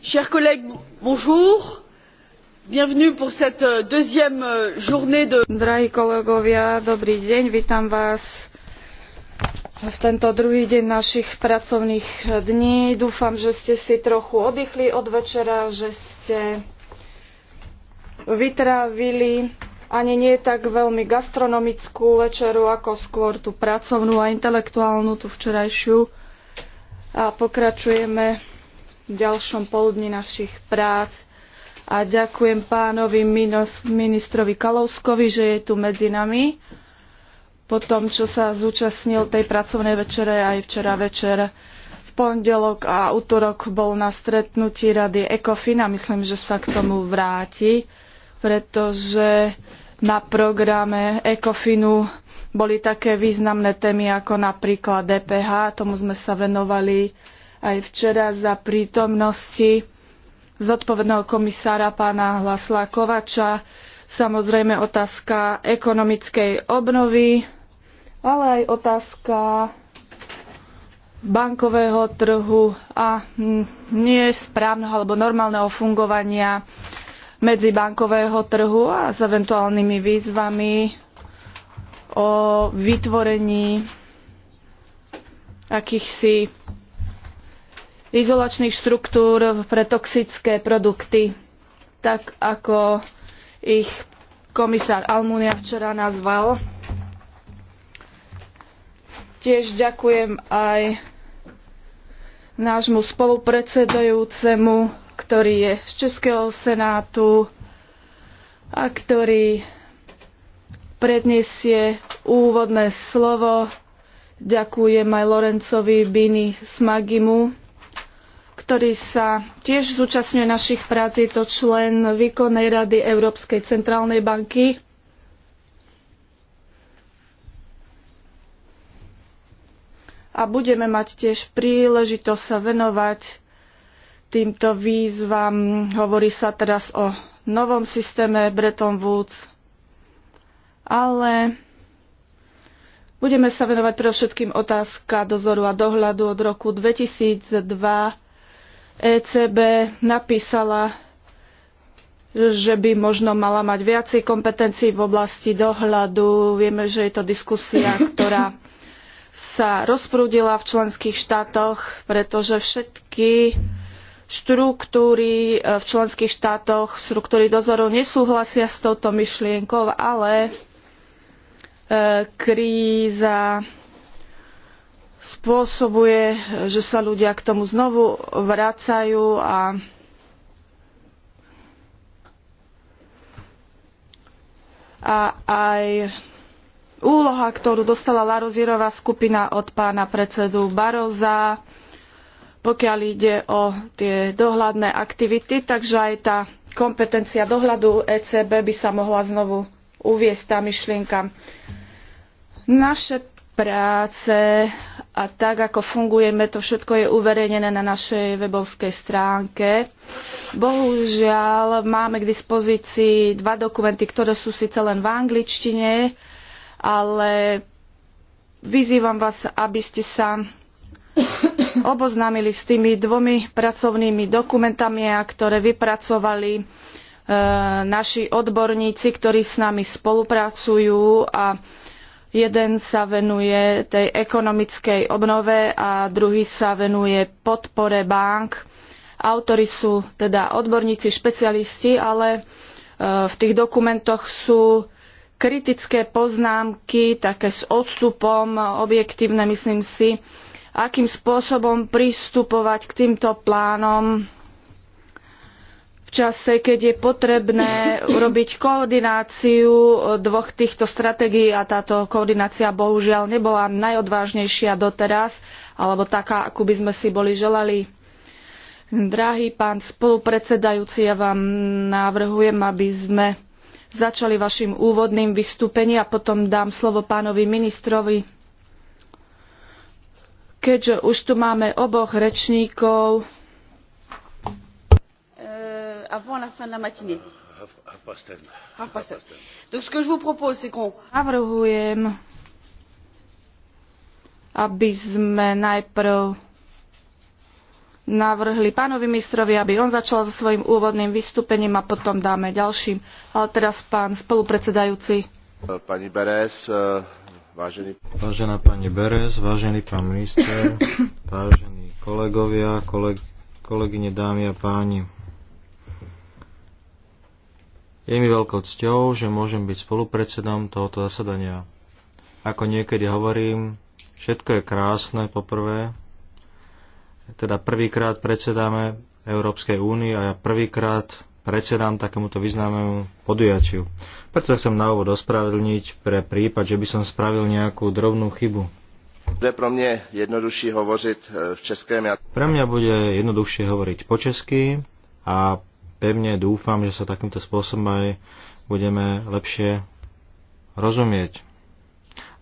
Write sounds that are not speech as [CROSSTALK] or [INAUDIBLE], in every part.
chers collègues bonjour bienvenue pour cette euh, deuxième euh, journée de. drahí kolegovia dobrý deň vítam vás v tento druhý deň našich pracovných eh, dní. dúfam že ste si trochu oddychli od večera že ste vytrávili ani nie tak veľmi gastronomickú večeru ako skôr tú pracovnú a intelektuálnu tú včerajšiu a pokračujeme ďalšom poludni našich prác a ďakujem pánovi ministrovi Kalovskovi, že je tu medzi nami po tom, čo sa zúčastnil tej pracovnej večere aj včera večer v pondelok a útorok bol na stretnutí rady ECOFIN a myslím, že sa k tomu vráti, pretože na programe ECOFINu boli také významné témy ako napríklad DPH, tomu sme sa venovali aj včera za prítomnosti zodpovedného komisára pána Hlasla Kovača, samozrejme otázka ekonomickej obnovy, ale aj otázka bankového trhu a hm, nie správneho alebo normálneho fungovania medzibankového trhu a s eventuálnymi výzvami o vytvorení akýchsi izolačných štruktúr pre toxické produkty, tak ako ich komisár Almunia včera nazval. Tiež ďakujem aj nášmu spolupredsedajúcemu, ktorý je z Českého senátu a ktorý predniesie úvodné slovo. Ďakujem aj Lorencovi Bini Smagimu, ktorý sa tiež zúčastňuje našich prác, je to člen výkonnej rady Európskej centrálnej banky. A budeme mať tiež príležitosť sa venovať týmto výzvam. Hovorí sa teraz o novom systéme Bretton Woods, ale budeme sa venovať všetkým otázka dozoru a dohľadu od roku 2002 ECB napísala, že by možno mala mať viacej kompetencií v oblasti dohľadu. Vieme, že je to diskusia, [COUGHS] ktorá sa rozprúdila v členských štátoch, pretože všetky štruktúry e, v členských štátoch, štruktúry dozoru nesúhlasia s touto myšlienkou, ale e, kríza spôsobuje, že sa ľudia k tomu znovu vracajú a a aj úloha, ktorú dostala Larozierová skupina od pána predsedu Baroza, pokiaľ ide o tie dohľadné aktivity, takže aj tá kompetencia dohľadu ECB by sa mohla znovu uviesť tá myšlienka. Naše práce a tak, ako fungujeme, to všetko je uverejnené na našej webovskej stránke. Bohužiaľ, máme k dispozícii dva dokumenty, ktoré sú síce len v angličtine, ale vyzývam vás, aby ste sa oboznámili s tými dvomi pracovnými dokumentami, ktoré vypracovali e, naši odborníci, ktorí s nami spolupracujú a Jeden sa venuje tej ekonomickej obnove a druhý sa venuje podpore bank. Autori sú teda odborníci, špecialisti, ale e, v tých dokumentoch sú kritické poznámky, také s odstupom, objektívne myslím si, akým spôsobom pristupovať k týmto plánom v čase, keď je potrebné urobiť koordináciu dvoch týchto stratégií a táto koordinácia bohužiaľ nebola najodvážnejšia doteraz, alebo taká, akú by sme si boli želali. Drahý pán spolupredsedajúci, ja vám navrhujem, aby sme začali vašim úvodným vystúpením a potom dám slovo pánovi ministrovi. Keďže už tu máme oboch rečníkov, avant la fin de la matinée. Euh, half past ten. Donc ce que je vous propose, c'est qu'on... Navrhujem, aby sme najprv navrhli pánovi ministrovi, aby on začal so svojím úvodným vystúpením a potom dáme ďalším. Ale teraz pán spolupredsedajúci. Pani Beres, eh, vážený... Vážená pani Beres, vážený pán minister, [COUGHS] vážení kolegovia, koleg, kolegyne, dámy a páni. Je mi veľkou cťou, že môžem byť spolupredsedom tohoto zasadania. Ako niekedy hovorím, všetko je krásne poprvé. Teda prvýkrát predsedáme Európskej únii a ja prvýkrát predsedám takémuto významnému podujatiu. Preto chcem na úvod ospravedlniť pre prípad, že by som spravil nejakú drobnú chybu. Bude pro mňa jednoduchšie hovoriť eh, v českém. Pre mňa bude jednoduchšie hovoriť po česky a pevne dúfam, že sa takýmto spôsobom aj budeme lepšie rozumieť.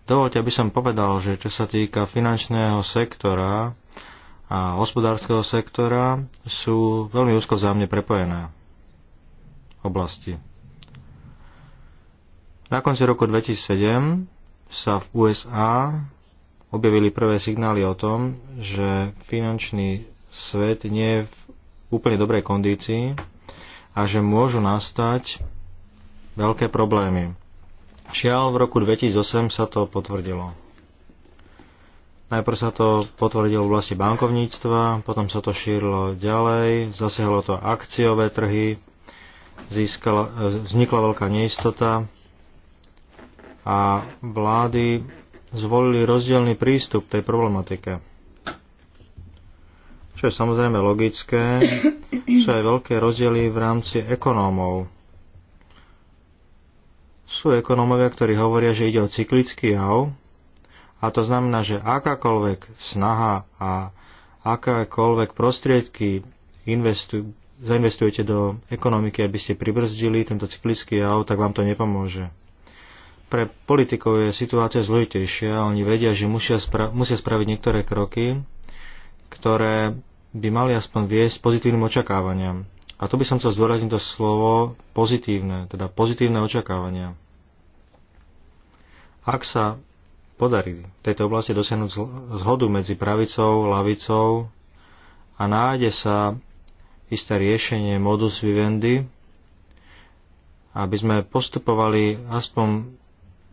Dovolte, aby som povedal, že čo sa týka finančného sektora a hospodárskeho sektora, sú veľmi úzko vzájomne prepojené oblasti. Na konci roku 2007 sa v USA objavili prvé signály o tom, že finančný svet nie je v úplne dobrej kondícii a že môžu nastať veľké problémy. Šiaľ v roku 2008 sa to potvrdilo. Najprv sa to potvrdilo v oblasti bankovníctva, potom sa to šírilo ďalej, zasiahlo to akciové trhy, získala, vznikla veľká neistota a vlády zvolili rozdielný prístup k tej problematike čo je samozrejme logické, [COUGHS] sú aj veľké rozdiely v rámci ekonómov. Sú ekonómovia, ktorí hovoria, že ide o cyklický jav, a to znamená, že akákoľvek snaha a akákoľvek prostriedky investu- zainvestujete do ekonomiky, aby ste pribrzdili tento cyklický jav, tak vám to nepomôže. Pre politikov je situácia zložitejšia, oni vedia, že musia, spra- musia spraviť niektoré kroky, ktoré by mali aspoň viesť pozitívnym očakávaniam. A tu by som chcel zdôrazniť to slovo pozitívne, teda pozitívne očakávania. Ak sa podarí v tejto oblasti dosiahnuť zhodu medzi pravicou, lavicou a nájde sa isté riešenie modus vivendi, aby sme postupovali aspoň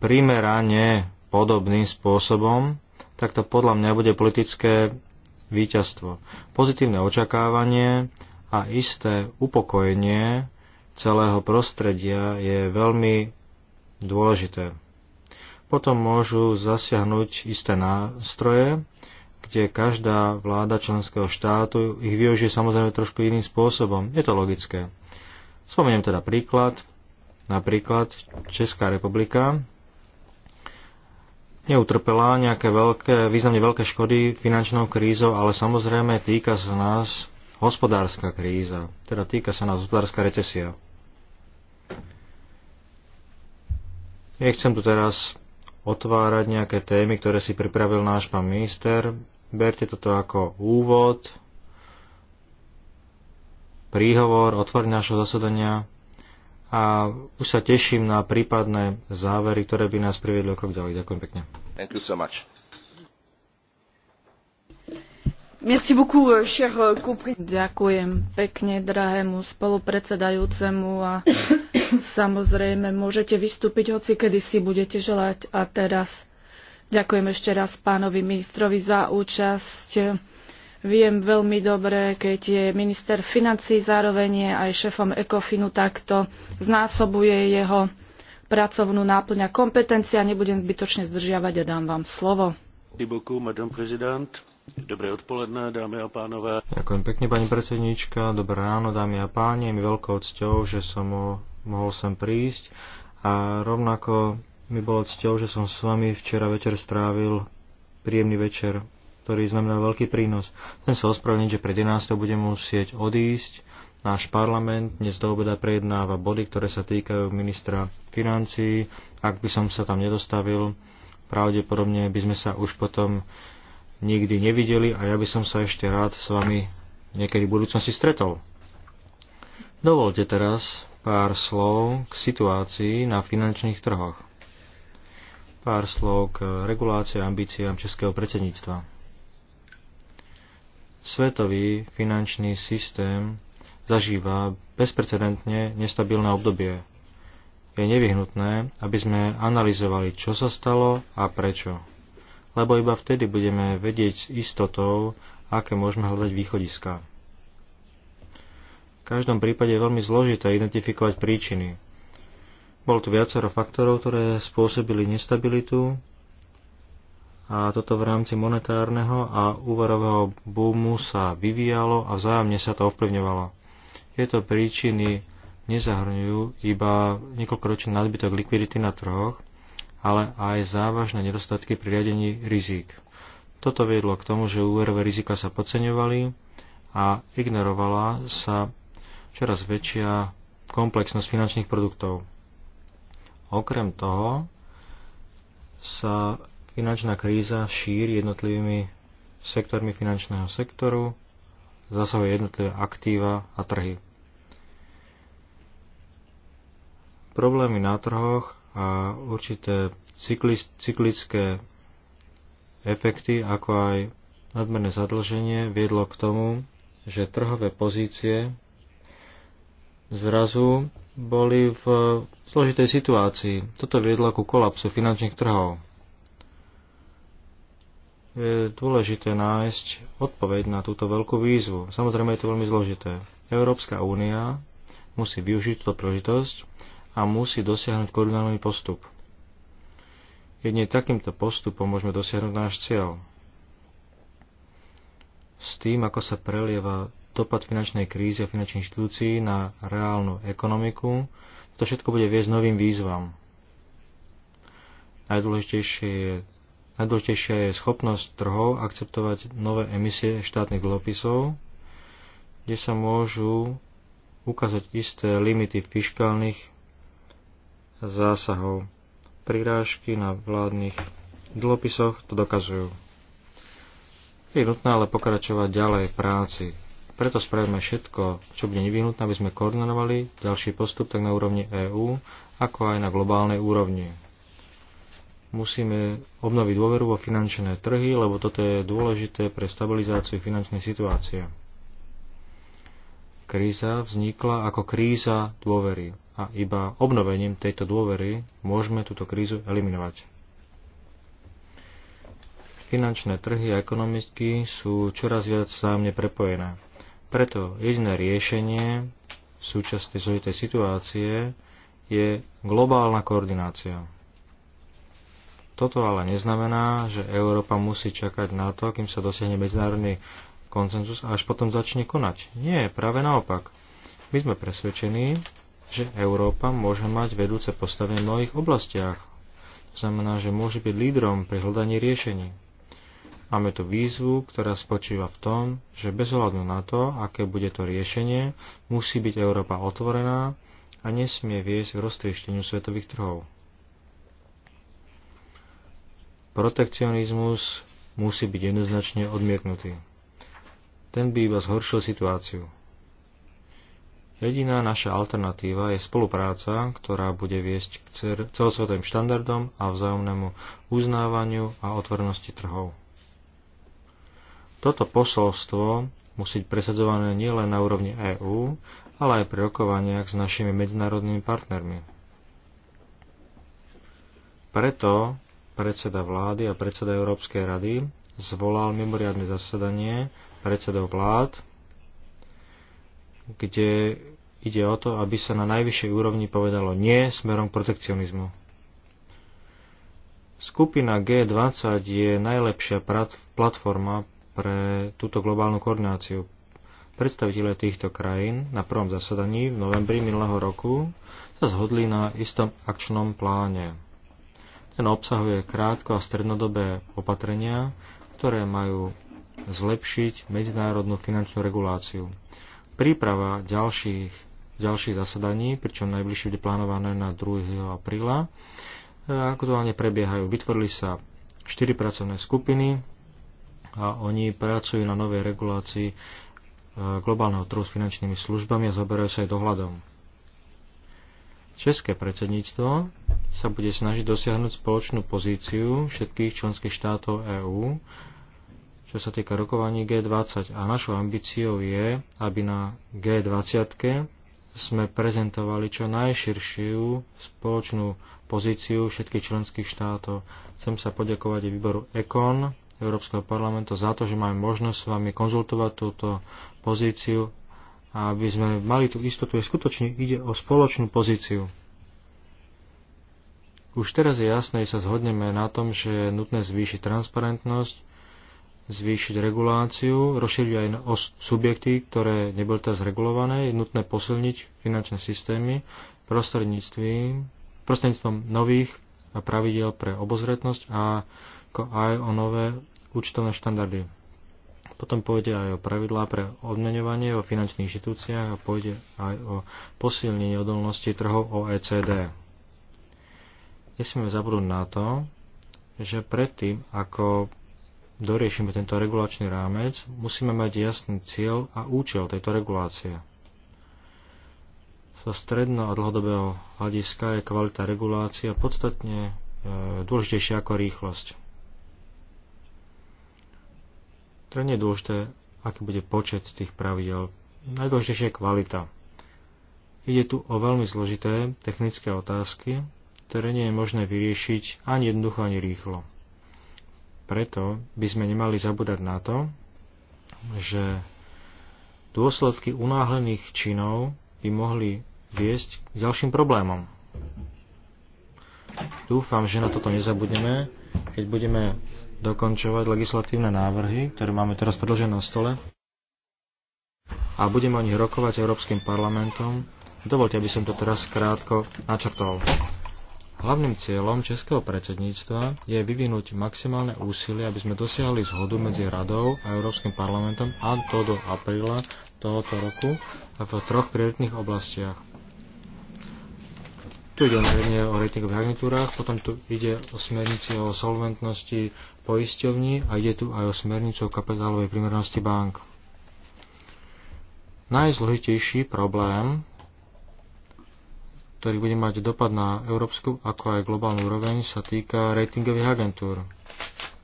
primerane podobným spôsobom, tak to podľa mňa bude politické víťazstvo. Pozitívne očakávanie a isté upokojenie celého prostredia je veľmi dôležité. Potom môžu zasiahnuť isté nástroje, kde každá vláda členského štátu ich využije samozrejme trošku iným spôsobom. Je to logické. Spomeniem teda príklad. Napríklad Česká republika neutrpela nejaké veľké, významne veľké škody finančnou krízou, ale samozrejme týka sa nás hospodárska kríza, teda týka sa nás hospodárska recesia. Nechcem tu teraz otvárať nejaké témy, ktoré si pripravil náš pán minister. Berte toto ako úvod, príhovor, otvorenie nášho zasadania a už sa teším na prípadné závery, ktoré by nás priviedli o krok ďalej. Ďakujem pekne. Thank you so much. Merci beaucoup, euh, cher euh, Ďakujem pekne drahému spolupredsedajúcemu a [COUGHS] samozrejme môžete vystúpiť hoci, kedy si budete želať. A teraz ďakujem ešte raz pánovi ministrovi za účasť Viem veľmi dobre, keď je minister financí zároveň je aj šéfom ECOFINu, takto znásobuje jeho pracovnú náplň a kompetencia. Nebudem zbytočne zdržiavať a dám vám slovo. Dobré odpoledne, dámy a pánové. Ďakujem pekne, pani predsednička. Dobré ráno, dámy a páni. Je mi veľkou cťou, že som mohol sem prísť. A rovnako mi bolo cťou, že som s vami včera večer strávil príjemný večer ktorý znamená veľký prínos. Chcem sa ospravedlniť, že pred 11. budem musieť odísť. Náš parlament dnes do obeda prejednáva body, ktoré sa týkajú ministra financií. Ak by som sa tam nedostavil, pravdepodobne by sme sa už potom nikdy nevideli a ja by som sa ešte rád s vami niekedy v budúcnosti stretol. Dovolte teraz pár slov k situácii na finančných trhoch. Pár slov k regulácii a ambíciám českého predsedníctva. Svetový finančný systém zažíva bezprecedentne nestabilné obdobie. Je nevyhnutné, aby sme analyzovali, čo sa stalo a prečo. Lebo iba vtedy budeme vedieť s istotou, aké môžeme hľadať východiska. V každom prípade je veľmi zložité identifikovať príčiny. Bol tu viacero faktorov, ktoré spôsobili nestabilitu a toto v rámci monetárneho a úverového boomu sa vyvíjalo a vzájomne sa to ovplyvňovalo. Tieto príčiny nezahrňujú iba niekoľkoročný nadbytok likvidity na trhoch, ale aj závažné nedostatky pri riadení rizík. Toto viedlo k tomu, že úverové rizika sa podceňovali a ignorovala sa čoraz väčšia komplexnosť finančných produktov. Okrem toho sa Finančná kríza šíri jednotlivými sektormi finančného sektoru, zasahuje jednotlivé aktíva a trhy. Problémy na trhoch a určité cyklické efekty, ako aj nadmerné zadlženie, viedlo k tomu, že trhové pozície zrazu boli v zložitej situácii. Toto viedlo ku kolapsu finančných trhov je dôležité nájsť odpoveď na túto veľkú výzvu. Samozrejme je to veľmi zložité. Európska únia musí využiť túto príležitosť a musí dosiahnuť koordinálny postup. Jedne takýmto postupom môžeme dosiahnuť náš cieľ. S tým, ako sa prelieva dopad finančnej krízy a finančných inštitúcií na reálnu ekonomiku, to všetko bude viesť novým výzvam. Najdôležitejšie je Najdôležitejšia je schopnosť trhov akceptovať nové emisie štátnych dlhopisov, kde sa môžu ukázať isté limity fiskálnych zásahov. Prirážky na vládnych dlhopisoch to dokazujú. Je nutné ale pokračovať ďalej v práci. Preto spravíme všetko, čo bude nevyhnutné, aby sme koordinovali ďalší postup tak na úrovni EÚ, ako aj na globálnej úrovni musíme obnoviť dôveru vo finančné trhy, lebo toto je dôležité pre stabilizáciu finančnej situácie. Kríza vznikla ako kríza dôvery a iba obnovením tejto dôvery môžeme túto krízu eliminovať. Finančné trhy a ekonomiky sú čoraz viac vzájomne prepojené. Preto jediné riešenie súčasnej zložitej situácie je globálna koordinácia. Toto ale neznamená, že Európa musí čakať na to, kým sa dosiahne medzinárodný koncenzus a až potom začne konať. Nie, práve naopak. My sme presvedčení, že Európa môže mať vedúce postavenie v mnohých oblastiach. To znamená, že môže byť lídrom pri hľadaní riešení. Máme tu výzvu, ktorá spočíva v tom, že bez ohľadu na to, aké bude to riešenie, musí byť Európa otvorená a nesmie viesť k roztriešteniu svetových trhov. Protekcionizmus musí byť jednoznačne odmietnutý. Ten by iba zhoršil situáciu. Jediná naša alternatíva je spolupráca, ktorá bude viesť k celosvetovým štandardom a vzájomnému uznávaniu a otvornosti trhov. Toto posolstvo musí byť presadzované nielen na úrovni EÚ, ale aj pri rokovaniach s našimi medzinárodnými partnermi. Preto predseda vlády a predseda Európskej rady zvolal mimoriadne zasadanie predsedov vlád, kde ide o to, aby sa na najvyššej úrovni povedalo nie smerom k protekcionizmu. Skupina G20 je najlepšia platforma pre túto globálnu koordináciu. Predstaviteľe týchto krajín na prvom zasadaní v novembri minulého roku sa zhodli na istom akčnom pláne ten obsahuje krátko a strednodobé opatrenia, ktoré majú zlepšiť medzinárodnú finančnú reguláciu. Príprava ďalších, ďalších zasadaní, pričom najbližšie bude plánované na 2. apríla, e, aktuálne prebiehajú. Vytvorili sa 4 pracovné skupiny a oni pracujú na novej regulácii e, globálneho trhu s finančnými službami a zoberajú sa aj dohľadom České predsedníctvo sa bude snažiť dosiahnuť spoločnú pozíciu všetkých členských štátov EÚ, čo sa týka rokovaní G20. A našou ambíciou je, aby na G20 sme prezentovali čo najširšiu spoločnú pozíciu všetkých členských štátov. Chcem sa poďakovať aj výboru ECON Európskeho parlamentu za to, že máme možnosť s vami konzultovať túto pozíciu a aby sme mali tú istotu, že skutočne ide o spoločnú pozíciu. Už teraz je jasné, že sa zhodneme na tom, že je nutné zvýšiť transparentnosť, zvýšiť reguláciu, rozšíriť aj o subjekty, ktoré neboli teraz regulované, je nutné posilniť finančné systémy prostredníctvom, prostredníctvom nových pravidel pre obozretnosť a ako aj o nové účtovné štandardy. Potom pôjde aj o pravidlá pre odmeňovanie o finančných inštitúciách a pôjde aj o posilnenie odolnosti trhov OECD. Nesmieme zabudnúť na to, že predtým, ako doriešime tento regulačný rámec, musíme mať jasný cieľ a účel tejto regulácie. Zo stredno- a dlhodobého hľadiska je kvalita regulácia podstatne e, dôležitejšia ako rýchlosť. Teda nie je dôležité, aký bude počet tých pravidel. Najdôležitejšia je kvalita. Ide tu o veľmi zložité technické otázky, ktoré nie je možné vyriešiť ani jednoducho, ani rýchlo. Preto by sme nemali zabúdať na to, že dôsledky unáhlených činov by mohli viesť k ďalším problémom. Dúfam, že na toto nezabudneme, keď budeme dokončovať legislatívne návrhy, ktoré máme teraz predložené na stole a budeme o nich rokovať s Európskym parlamentom. Dovolte, aby som to teraz krátko načrtol. Hlavným cieľom Českého predsedníctva je vyvinúť maximálne úsilie, aby sme dosiahli zhodu medzi Radou a Európskym parlamentom a to do apríla tohoto roku v troch prioritných oblastiach. Tu ide najmä o ratingových agentúrach, potom tu ide o smernici o solventnosti poisťovní a ide tu aj o smernicu o kapitálovej primernosti bank. Najzložitejší problém, ktorý bude mať dopad na európsku ako aj globálnu úroveň, sa týka ratingových agentúr.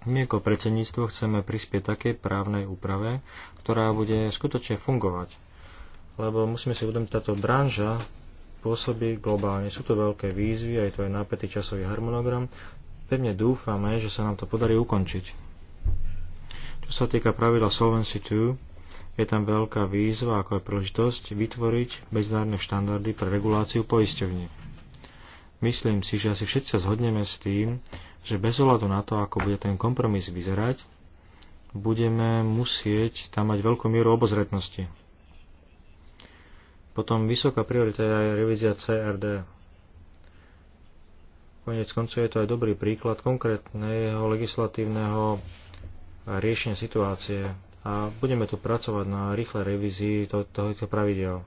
My ako predsedníctvo chceme prispieť takej právnej úprave, ktorá bude skutočne fungovať. Lebo musíme si uvedomiť, táto branža pôsobí globálne. Sú to veľké výzvy, aj to je napätý časový harmonogram. Pevne dúfame, že sa nám to podarí ukončiť. Čo sa týka pravidla Solvency 2, je tam veľká výzva, ako je príležitosť vytvoriť medzinárodné štandardy pre reguláciu poisťovní. Myslím si, že asi všetci sa zhodneme s tým, že bez ohľadu na to, ako bude ten kompromis vyzerať, budeme musieť tam mať veľkú mieru obozretnosti. Potom vysoká priorita je aj revízia CRD. Konec koncov je to aj dobrý príklad konkrétneho legislatívneho riešenia situácie a budeme tu pracovať na rýchlej revízii tohto pravidel.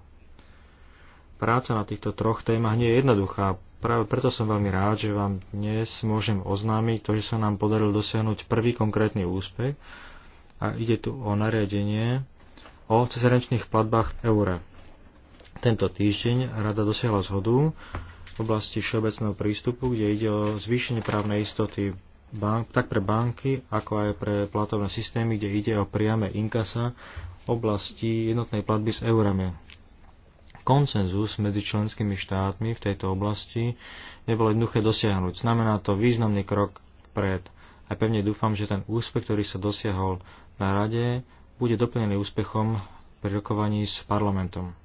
Práca na týchto troch témach nie je jednoduchá, práve preto som veľmi rád, že vám dnes môžem oznámiť to, že sa nám podarilo dosiahnuť prvý konkrétny úspech a ide tu o nariadenie o cezerenčných platbách v eure. Tento týždeň rada dosiahla zhodu v oblasti všeobecného prístupu, kde ide o zvýšenie právnej istoty bank, tak pre banky, ako aj pre platovné systémy, kde ide o priame inkasa v oblasti jednotnej platby s eurami. Konsenzus medzi členskými štátmi v tejto oblasti nebolo jednoduché dosiahnuť. Znamená to významný krok pred. A pevne dúfam, že ten úspech, ktorý sa dosiahol na rade, bude doplnený úspechom pri rokovaní s parlamentom.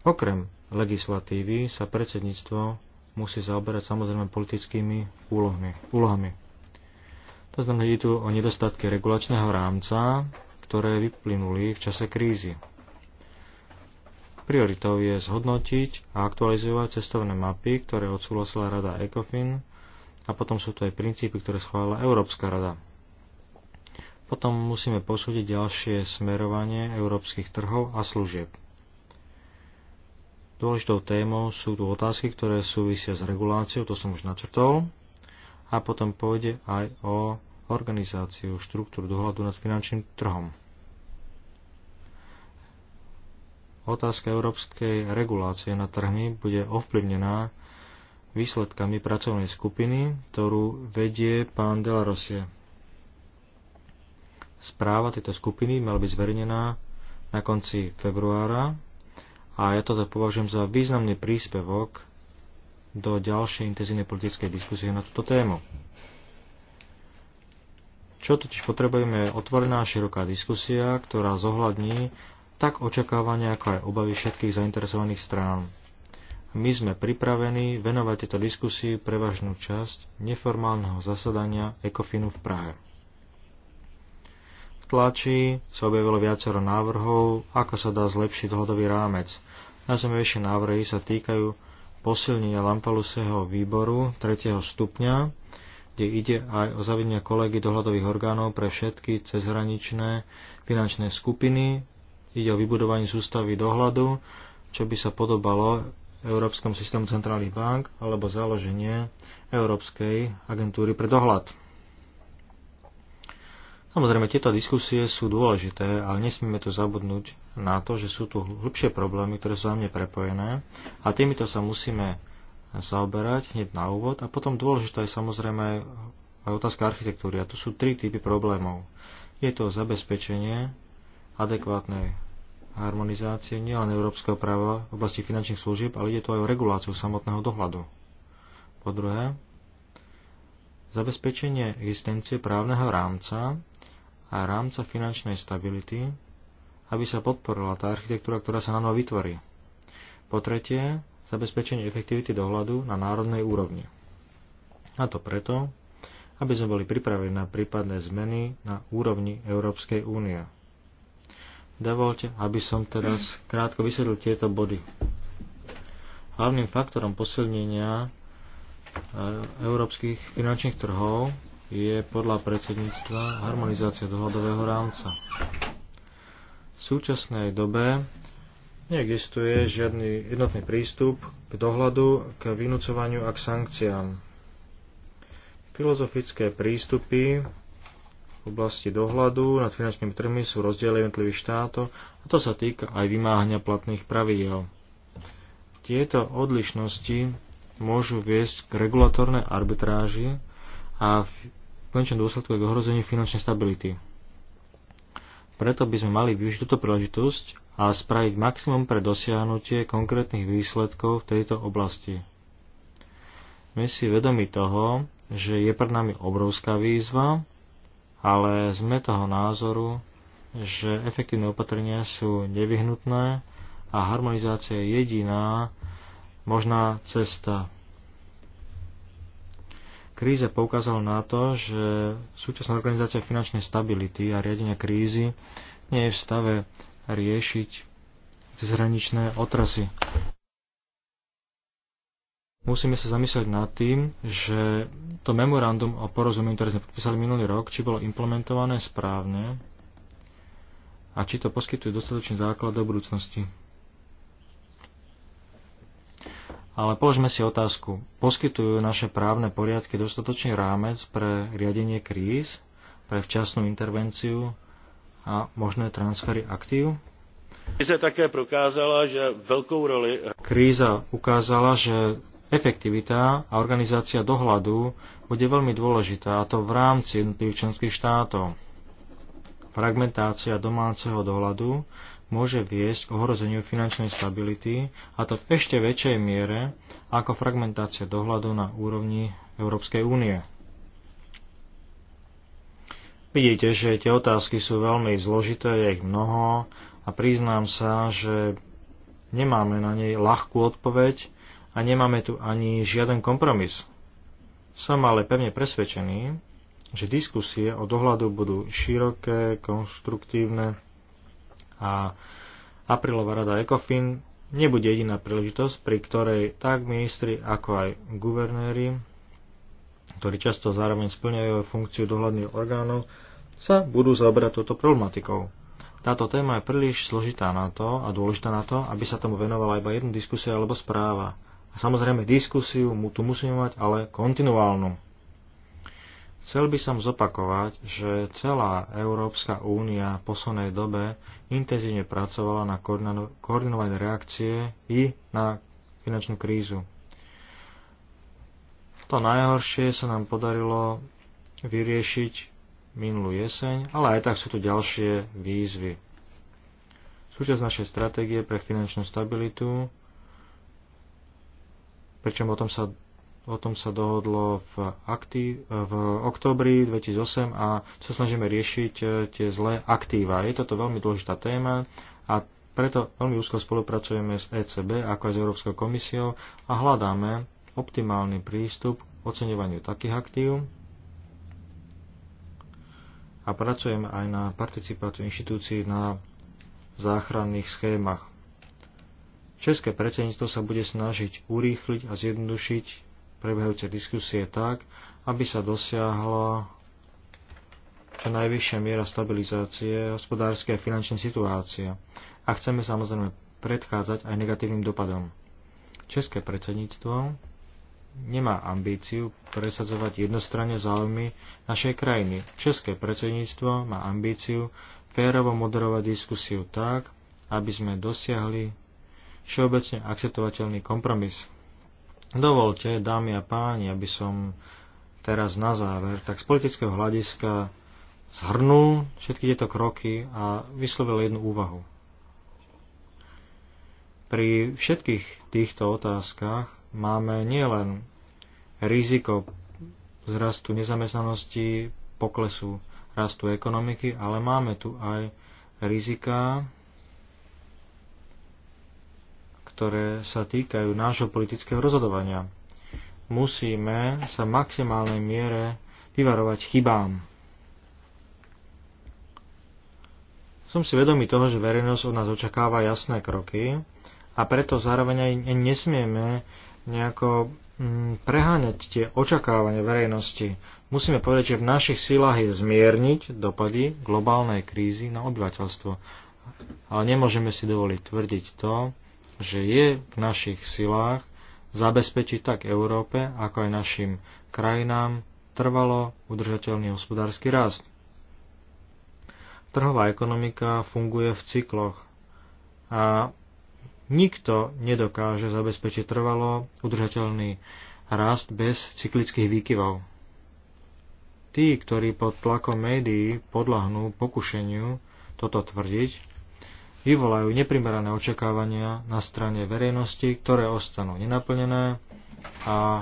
Okrem legislatívy sa predsedníctvo musí zaoberať samozrejme politickými úlohmi, úlohami. To znamená, že tu o nedostatky regulačného rámca, ktoré vyplynuli v čase krízy. Prioritou je zhodnotiť a aktualizovať cestovné mapy, ktoré odsúhlasila Rada ECOFIN a potom sú to aj princípy, ktoré schválila Európska rada. Potom musíme posúdiť ďalšie smerovanie európskych trhov a služieb. Dôležitou témou sú tu otázky, ktoré súvisia s reguláciou, to som už načrtol, a potom pôjde aj o organizáciu štruktúru dohľadu nad finančným trhom. Otázka európskej regulácie na trhmi bude ovplyvnená výsledkami pracovnej skupiny, ktorú vedie pán Delarosie. Správa tejto skupiny mala byť zverejnená na konci februára a ja toto považujem za významný príspevok do ďalšej intenzívnej politickej diskusie na túto tému. Čo totiž potrebujeme je otvorená široká diskusia, ktorá zohľadní tak očakávania, ako aj obavy všetkých zainteresovaných strán. My sme pripravení venovať tejto diskusii prevažnú časť neformálneho zasadania ECOFINu v Prahe. V tlači sa objavilo viacero návrhov, ako sa dá zlepšiť dohodový rámec – Najzaujímavejšie návrhy sa týkajú posilnenia Lampaluseho výboru 3. stupňa, kde ide aj o zavedenie kolegy dohľadových orgánov pre všetky cezhraničné finančné skupiny. Ide o vybudovanie sústavy dohľadu, čo by sa podobalo Európskom systému centrálnych bank alebo založenie Európskej agentúry pre dohľad. Samozrejme, tieto diskusie sú dôležité, ale nesmíme tu zabudnúť na to, že sú tu hĺbšie problémy, ktoré sú mne prepojené a týmito sa musíme zaoberať hneď na úvod a potom dôležitá je samozrejme aj otázka architektúry a tu sú tri typy problémov. Je to zabezpečenie adekvátnej harmonizácie nielen európskeho práva v oblasti finančných služieb, ale ide tu aj o reguláciu samotného dohľadu. Po druhé, zabezpečenie existencie právneho rámca a rámca finančnej stability, aby sa podporila tá architektúra, ktorá sa na novo vytvorí. Po tretie, zabezpečenie efektivity dohľadu na národnej úrovni. A to preto, aby sme boli pripravení na prípadné zmeny na úrovni Európskej únie. Dovolte, aby som teraz krátko vysvetlil tieto body. Hlavným faktorom posilnenia e, európskych finančných trhov je podľa predsedníctva harmonizácia dohodového rámca. V súčasnej dobe neexistuje žiadny jednotný prístup k dohľadu, k vynúcovaniu a k sankciám. Filozofické prístupy v oblasti dohľadu nad finančnými trhmi sú rozdiely jednotlivých štátov a to sa týka aj vymáhania platných pravidel. Tieto odlišnosti môžu viesť k regulatornej arbitráži a konečnom dôsledku k ohrozeniu finančnej stability. Preto by sme mali využiť túto príležitosť a spraviť maximum pre dosiahnutie konkrétnych výsledkov v tejto oblasti. My si vedomi toho, že je pred nami obrovská výzva, ale sme toho názoru, že efektívne opatrenia sú nevyhnutné a harmonizácia je jediná možná cesta Kríze poukázala na to, že súčasná organizácia finančnej stability a riadenia krízy nie je v stave riešiť cezhraničné otrasy. Musíme sa zamyslieť nad tým, že to memorandum o porozumení, ktoré sme podpísali minulý rok, či bolo implementované správne a či to poskytuje dostatočný základ do budúcnosti. ale položme si otázku. Poskytujú naše právne poriadky dostatočný rámec pre riadenie kríz, pre včasnú intervenciu a možné transfery aktív? Kríza také prokázala, že veľkou roli... Kríza ukázala, že efektivita a organizácia dohľadu bude veľmi dôležitá, a to v rámci jednotlivých členských štátov. Fragmentácia domáceho dohľadu môže viesť k ohrozeniu finančnej stability, a to v ešte väčšej miere ako fragmentácia dohľadu na úrovni Európskej únie. Vidíte, že tie otázky sú veľmi zložité, je ich mnoho a priznám sa, že nemáme na nej ľahkú odpoveď a nemáme tu ani žiaden kompromis. Som ale pevne presvedčený, že diskusie o dohľadu budú široké, konštruktívne a aprílová rada ECOFIN nebude jediná príležitosť, pri ktorej tak ministri ako aj guvernéri, ktorí často zároveň splňajú funkciu dohľadných orgánov, sa budú zaoberať touto problematikou. Táto téma je príliš zložitá na to a dôležitá na to, aby sa tomu venovala iba jedna diskusia alebo správa. A samozrejme diskusiu mu tu musíme mať, ale kontinuálnu. Chcel by som zopakovať, že celá Európska únia v poslednej dobe intenzívne pracovala na koordinované reakcie i na finančnú krízu. To najhoršie sa nám podarilo vyriešiť minulú jeseň, ale aj tak sú tu ďalšie výzvy. Súčasť našej stratégie pre finančnú stabilitu, pričom o tom sa o tom sa dohodlo v, akti- v októbri 2008 a sa snažíme riešiť e, tie zlé aktíva. Je toto veľmi dôležitá téma a preto veľmi úzko spolupracujeme s ECB ako aj s Európskou komisiou a hľadáme optimálny prístup k oceňovaniu takých aktív a pracujeme aj na participáciu inštitúcií na záchranných schémach. České predsedníctvo sa bude snažiť urýchliť a zjednodušiť prebehajúce diskusie tak, aby sa dosiahla čo najvyššia miera stabilizácie hospodárskej a finančnej situácie a chceme samozrejme predchádzať aj negatívnym dopadom. České predsedníctvo nemá ambíciu presadzovať jednostranne záujmy našej krajiny. České predsedníctvo má ambíciu férovo moderovať diskusiu tak, aby sme dosiahli všeobecne akceptovateľný kompromis. Dovolte, dámy a páni, aby som teraz na záver tak z politického hľadiska zhrnul všetky tieto kroky a vyslovil jednu úvahu. Pri všetkých týchto otázkach máme nielen riziko zrastu nezamestnanosti, poklesu rastu ekonomiky, ale máme tu aj rizika ktoré sa týkajú nášho politického rozhodovania. Musíme sa v maximálnej miere vyvarovať chybám. Som si vedomý toho, že verejnosť od nás očakáva jasné kroky a preto zároveň aj nesmieme nejako mm, preháňať tie očakávania verejnosti. Musíme povedať, že v našich silách je zmierniť dopady globálnej krízy na obyvateľstvo. Ale nemôžeme si dovoliť tvrdiť to, že je v našich silách zabezpečiť tak Európe, ako aj našim krajinám trvalo udržateľný hospodársky rast. Trhová ekonomika funguje v cykloch a nikto nedokáže zabezpečiť trvalo udržateľný rast bez cyklických výkyvov. Tí, ktorí pod tlakom médií podľahnú pokušeniu toto tvrdiť, vyvolajú neprimerané očakávania na strane verejnosti, ktoré ostanú nenaplnené a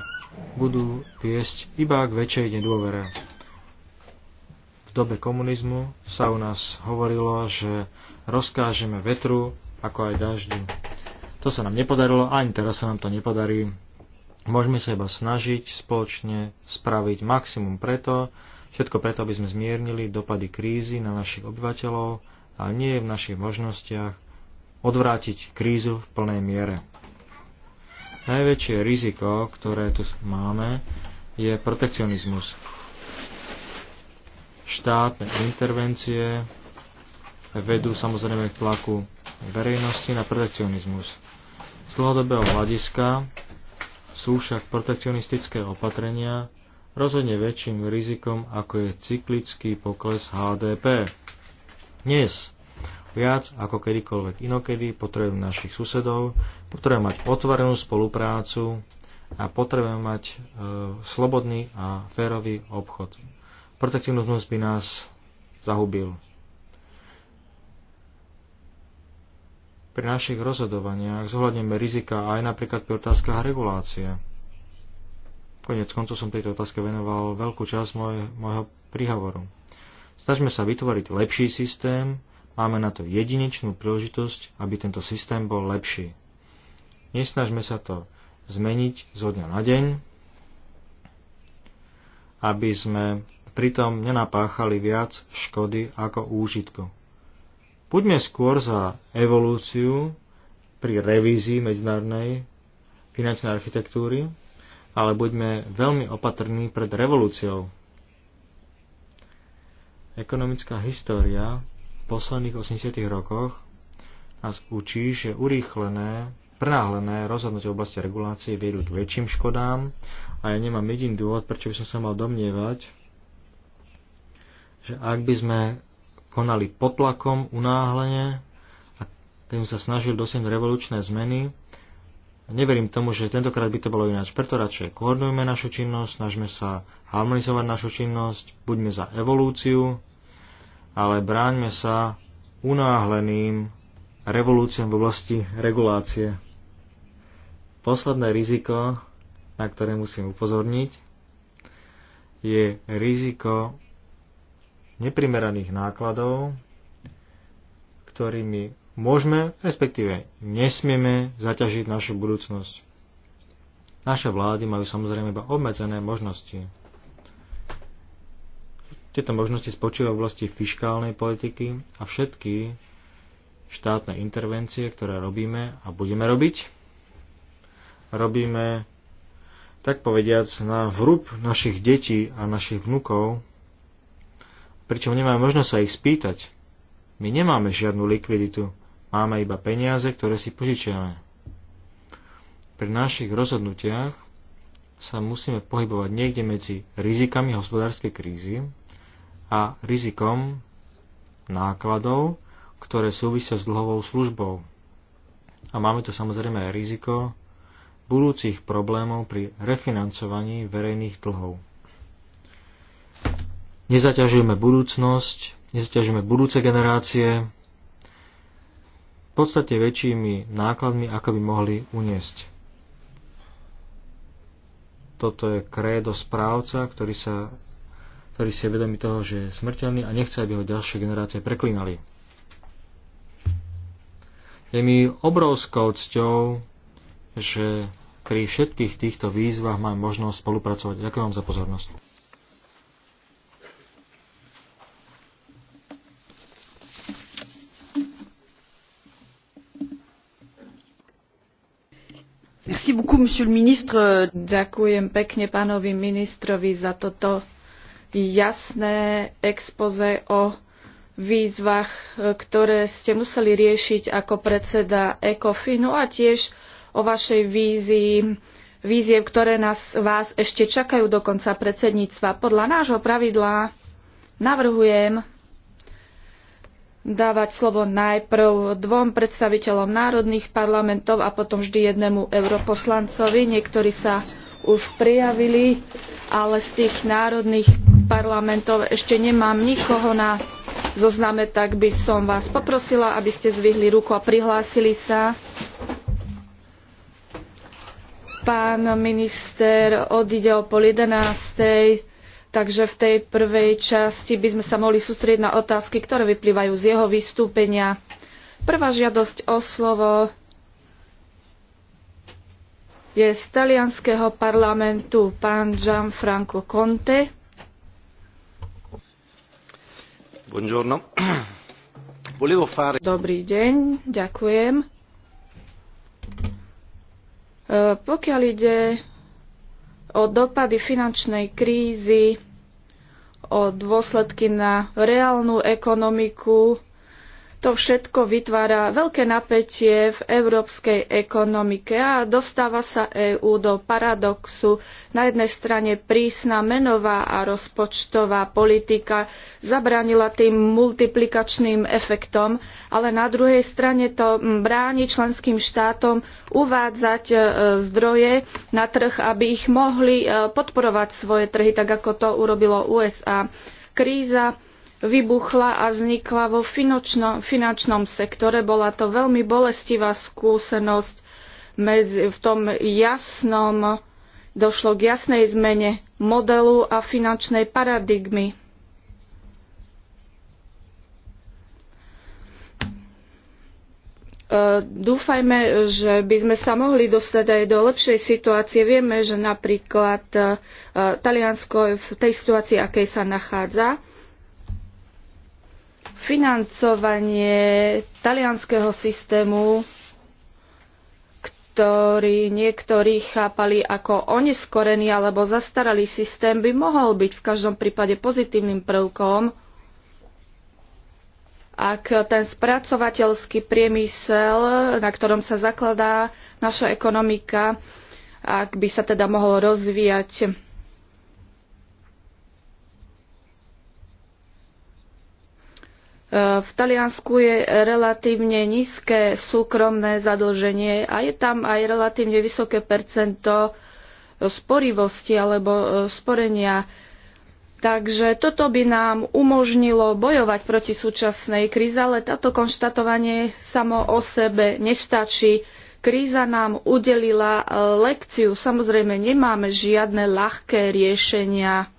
budú viesť iba k väčšej nedôvere. V dobe komunizmu sa u nás hovorilo, že rozkážeme vetru ako aj daždu. To sa nám nepodarilo, ani teraz sa nám to nepodarí. Môžeme sa iba snažiť spoločne spraviť maximum preto, všetko preto, aby sme zmiernili dopady krízy na našich obyvateľov, ale nie je v našich možnostiach odvrátiť krízu v plnej miere. Najväčšie riziko, ktoré tu máme, je protekcionizmus. Štátne intervencie vedú samozrejme k tlaku verejnosti na protekcionizmus. Z dlhodobého hľadiska sú však protekcionistické opatrenia rozhodne väčším rizikom, ako je cyklický pokles HDP. Dnes viac ako kedykoľvek inokedy potrebujeme našich susedov, potrebujeme mať otvorenú spoluprácu a potrebujeme mať e, slobodný a férový obchod. Protekcionizmus by nás zahubil. Pri našich rozhodovaniach zohľadneme rizika aj napríklad pri otázkach regulácie. Konec koncov som tejto otázke venoval veľkú časť môj, môjho príhovoru. Snažme sa vytvoriť lepší systém, máme na to jedinečnú príležitosť, aby tento systém bol lepší. Nesnažme sa to zmeniť zo dňa na deň, aby sme pritom nenapáchali viac škody ako úžitku. Buďme skôr za evolúciu pri revízii medzinárodnej finančnej architektúry, ale buďme veľmi opatrní pred revolúciou. Ekonomická história v posledných 80 rokoch nás učí, že urýchlené, prenáhlené rozhodnutie v oblasti regulácie vedú k väčším škodám a ja nemám jediný dôvod, prečo by som sa mal domnievať, že ak by sme konali potlakom unáhlene a tým sa snažil dosiahnuť revolučné zmeny, neverím tomu, že tentokrát by to bolo ináč. Preto radšej koordinujme našu činnosť, snažme sa harmonizovať našu činnosť, buďme za evolúciu, ale bráňme sa unáhleným revolúciám v oblasti regulácie. Posledné riziko, na ktoré musím upozorniť, je riziko neprimeraných nákladov, ktorými môžeme, respektíve nesmieme zaťažiť našu budúcnosť. Naše vlády majú samozrejme iba obmedzené možnosti. Tieto možnosti spočívajú v oblasti fiskálnej politiky a všetky štátne intervencie, ktoré robíme a budeme robiť, robíme tak povediac na vrúb našich detí a našich vnukov, pričom nemáme možnosť sa ich spýtať. My nemáme žiadnu likviditu, Máme iba peniaze, ktoré si požičiame. Pri našich rozhodnutiach sa musíme pohybovať niekde medzi rizikami hospodárskej krízy a rizikom nákladov, ktoré súvisia s dlhovou službou. A máme tu samozrejme aj riziko budúcich problémov pri refinancovaní verejných dlhov. Nezaťažujeme budúcnosť, nezaťažujeme budúce generácie, podstate väčšími nákladmi, ako by mohli uniesť. Toto je krédo správca, ktorý, sa, ktorý si je vedomý toho, že je smrteľný a nechce, aby ho ďalšie generácie preklínali. Je mi obrovskou cťou, že pri všetkých týchto výzvach mám možnosť spolupracovať. Ďakujem vám za pozornosť. Ďakujem pekne pánovi ministrovi za toto jasné expoze o výzvach, ktoré ste museli riešiť ako predseda ECOFINu a tiež o vašej vízii víziev, ktoré nás, vás ešte čakajú do konca predsedníctva. Podľa nášho pravidla navrhujem dávať slovo najprv dvom predstaviteľom národných parlamentov a potom vždy jednému europoslancovi. Niektorí sa už prijavili, ale z tých národných parlamentov ešte nemám nikoho na zozname, tak by som vás poprosila, aby ste zvihli ruku a prihlásili sa. Pán minister odíde o pol jedenástej Takže v tej prvej časti by sme sa mohli sústrieť na otázky, ktoré vyplývajú z jeho vystúpenia. Prvá žiadosť o slovo je z talianského parlamentu pán Gianfranco Conte. Buongiorno. Volevo fare... Dobrý deň, ďakujem. E, pokiaľ ide o dopady finančnej krízy o dôsledky na reálnu ekonomiku to všetko vytvára veľké napätie v európskej ekonomike a dostáva sa EÚ do paradoxu. Na jednej strane prísna menová a rozpočtová politika zabránila tým multiplikačným efektom, ale na druhej strane to bráni členským štátom uvádzať e, zdroje na trh, aby ich mohli e, podporovať svoje trhy, tak ako to urobilo USA. Kríza vybuchla a vznikla vo finančnom, finančnom sektore. Bola to veľmi bolestivá skúsenosť. Medzi, v tom jasnom došlo k jasnej zmene modelu a finančnej paradigmy. E, dúfajme, že by sme sa mohli dostať aj do lepšej situácie. Vieme, že napríklad e, Taliansko je v tej situácii, akej sa nachádza financovanie talianského systému, ktorý niektorí chápali ako oneskorený alebo zastaralý systém, by mohol byť v každom prípade pozitívnym prvkom, ak ten spracovateľský priemysel, na ktorom sa zakladá naša ekonomika, ak by sa teda mohol rozvíjať V Taliansku je relatívne nízke súkromné zadlženie a je tam aj relatívne vysoké percento sporivosti alebo e, sporenia. Takže toto by nám umožnilo bojovať proti súčasnej kríze, ale táto konštatovanie samo o sebe nestačí. Kríza nám udelila lekciu. Samozrejme, nemáme žiadne ľahké riešenia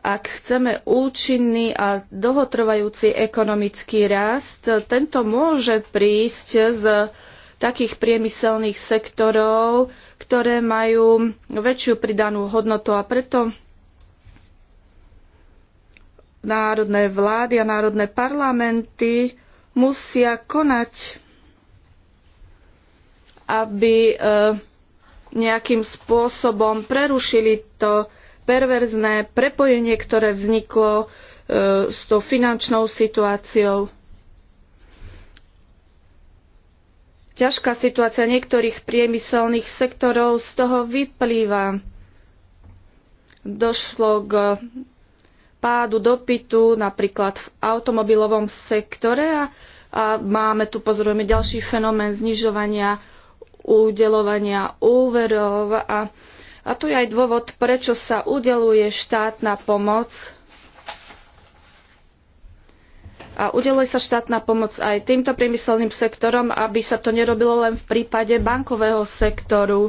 ak chceme účinný a dlhotrvajúci ekonomický rast, tento môže prísť z takých priemyselných sektorov, ktoré majú väčšiu pridanú hodnotu a preto národné vlády a národné parlamenty musia konať, aby eh, nejakým spôsobom prerušili to perverzné prepojenie, ktoré vzniklo e, s tou finančnou situáciou. Ťažká situácia niektorých priemyselných sektorov z toho vyplýva. Došlo k pádu dopytu napríklad v automobilovom sektore a, a máme tu, pozorujeme, ďalší fenomén znižovania udelovania úverov a a tu je aj dôvod, prečo sa udeluje štátna pomoc. A udeluje sa štátna pomoc aj týmto priemyselným sektorom, aby sa to nerobilo len v prípade bankového sektoru.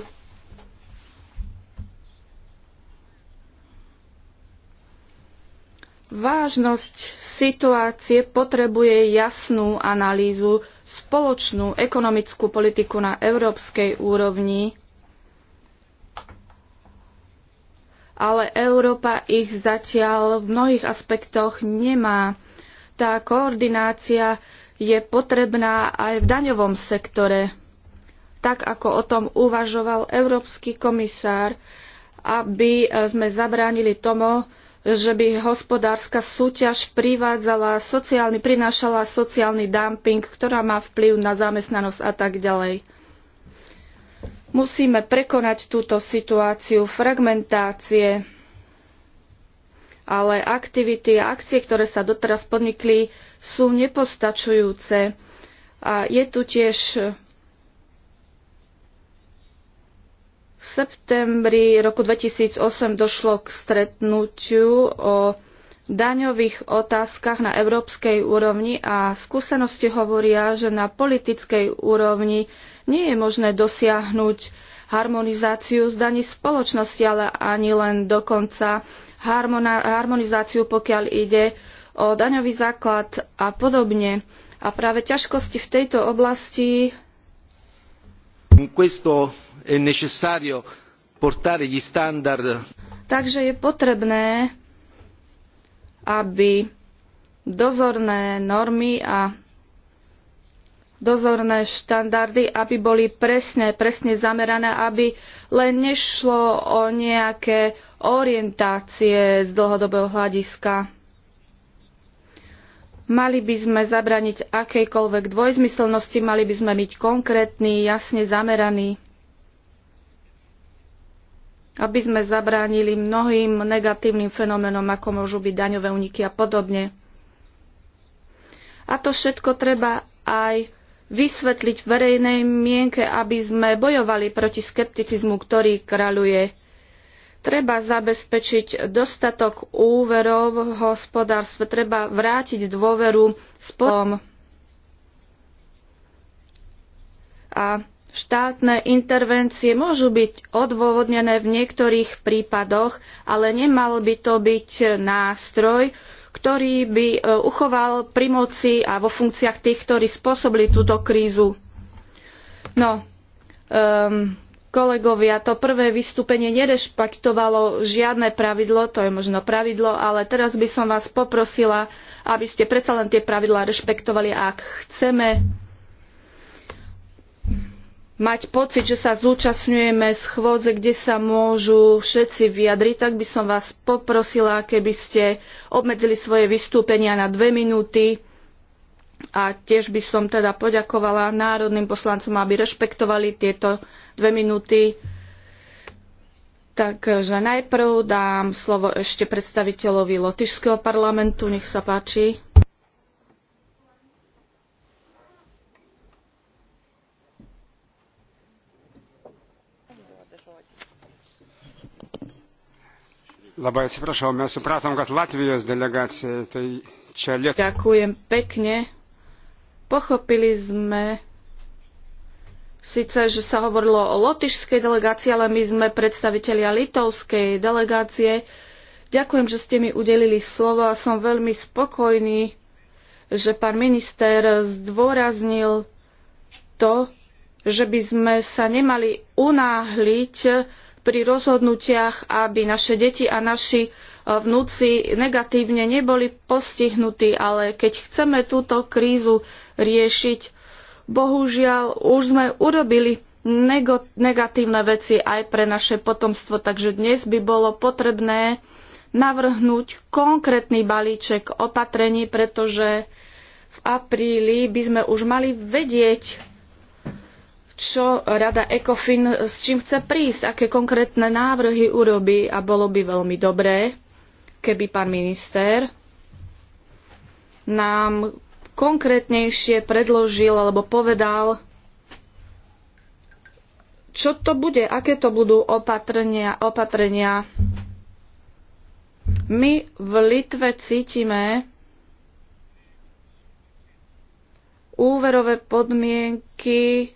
Vážnosť situácie potrebuje jasnú analýzu, spoločnú ekonomickú politiku na európskej úrovni ale Európa ich zatiaľ v mnohých aspektoch nemá. Tá koordinácia je potrebná aj v daňovom sektore, tak ako o tom uvažoval Európsky komisár, aby e, sme zabránili tomu, že by hospodárska súťaž privádzala sociálny, prinášala sociálny dumping, ktorá má vplyv na zamestnanosť a tak ďalej. Musíme prekonať túto situáciu fragmentácie, ale aktivity a akcie, ktoré sa doteraz podnikli, sú nepostačujúce. A je tu tiež V septembri roku 2008 došlo k stretnutiu o daňových otázkach na európskej úrovni a skúsenosti hovoria, že na politickej úrovni nie je možné dosiahnuť harmonizáciu z daní spoločnosti, ale ani len dokonca harmonizáciu, pokiaľ ide o daňový základ a podobne. A práve ťažkosti v tejto oblasti Takže je potrebné, aby dozorné normy a dozorné štandardy, aby boli presne, presne zamerané, aby len nešlo o nejaké orientácie z dlhodobého hľadiska. Mali by sme zabraniť akejkoľvek dvojzmyselnosti, mali by sme byť konkrétni, jasne zameraní, aby sme zabránili mnohým negatívnym fenoménom, ako môžu byť daňové úniky a podobne. A to všetko treba aj vysvetliť verejnej mienke, aby sme bojovali proti skepticizmu, ktorý kraľuje. Treba zabezpečiť dostatok úverov v hospodárstve, treba vrátiť dôveru spolom a štátne intervencie môžu byť odôvodnené v niektorých prípadoch, ale nemal by to byť nástroj, ktorý by e, uchoval pri moci a vo funkciách tých, ktorí spôsobili túto krízu. No, um, kolegovia, to prvé vystúpenie nerešpektovalo žiadne pravidlo, to je možno pravidlo, ale teraz by som vás poprosila, aby ste predsa len tie pravidlá rešpektovali, ak chceme mať pocit, že sa zúčastňujeme schôdze, kde sa môžu všetci vyjadriť, tak by som vás poprosila, keby ste obmedzili svoje vystúpenia na dve minúty. A tiež by som teda poďakovala národným poslancom, aby rešpektovali tieto dve minúty. Takže najprv dám slovo ešte predstaviteľovi Lotyšského parlamentu. Nech sa páči. Labai atsiprašau, mes supratom, kad Latvijos delegacija, tai čia Lietuva. Ďakujem pekne. Pochopili sme síce, že sa hovorilo o lotišskej delegácii, ale my sme predstavitelia litovskej delegácie. Ďakujem, že ste mi udelili slovo a som veľmi spokojný, že pán minister zdôraznil to, že by sme sa nemali unáhliť pri rozhodnutiach, aby naše deti a naši e, vnúci negatívne neboli postihnutí, ale keď chceme túto krízu riešiť, bohužiaľ už sme urobili negatívne veci aj pre naše potomstvo, takže dnes by bolo potrebné navrhnúť konkrétny balíček opatrení, pretože v apríli by sme už mali vedieť, čo rada ECOFIN s čím chce prísť, aké konkrétne návrhy urobí a bolo by veľmi dobré, keby pán minister nám konkrétnejšie predložil alebo povedal, čo to bude, aké to budú opatrenia. opatrenia. My v Litve cítime úverové podmienky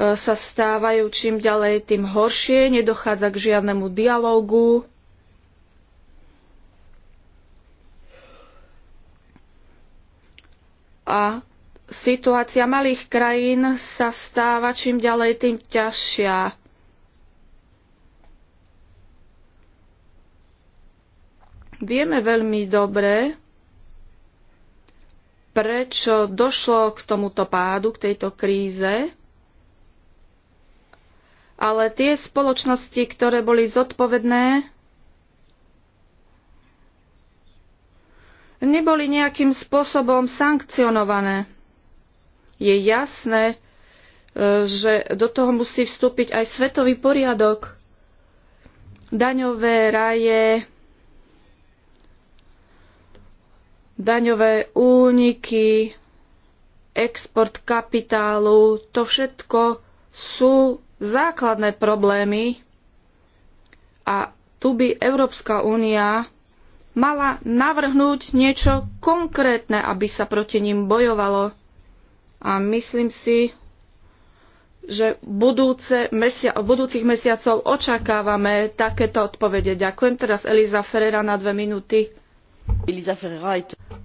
E, sa stávajú čím ďalej, tým horšie, nedochádza k žiadnemu dialogu. A situácia malých krajín sa stáva čím ďalej, tým ťažšia. Vieme veľmi dobre, prečo došlo k tomuto pádu, k tejto kríze ale tie spoločnosti, ktoré boli zodpovedné, neboli nejakým spôsobom sankcionované. Je jasné, e, že do toho musí vstúpiť aj svetový poriadok, daňové raje, daňové úniky, export kapitálu, to všetko sú základné problémy a tu by Európska únia mala navrhnúť niečo konkrétne, aby sa proti ním bojovalo. A myslím si, že budúce mesia- budúcich mesiacov očakávame takéto odpovede. Ďakujem teraz Eliza Ferrera na dve minúty.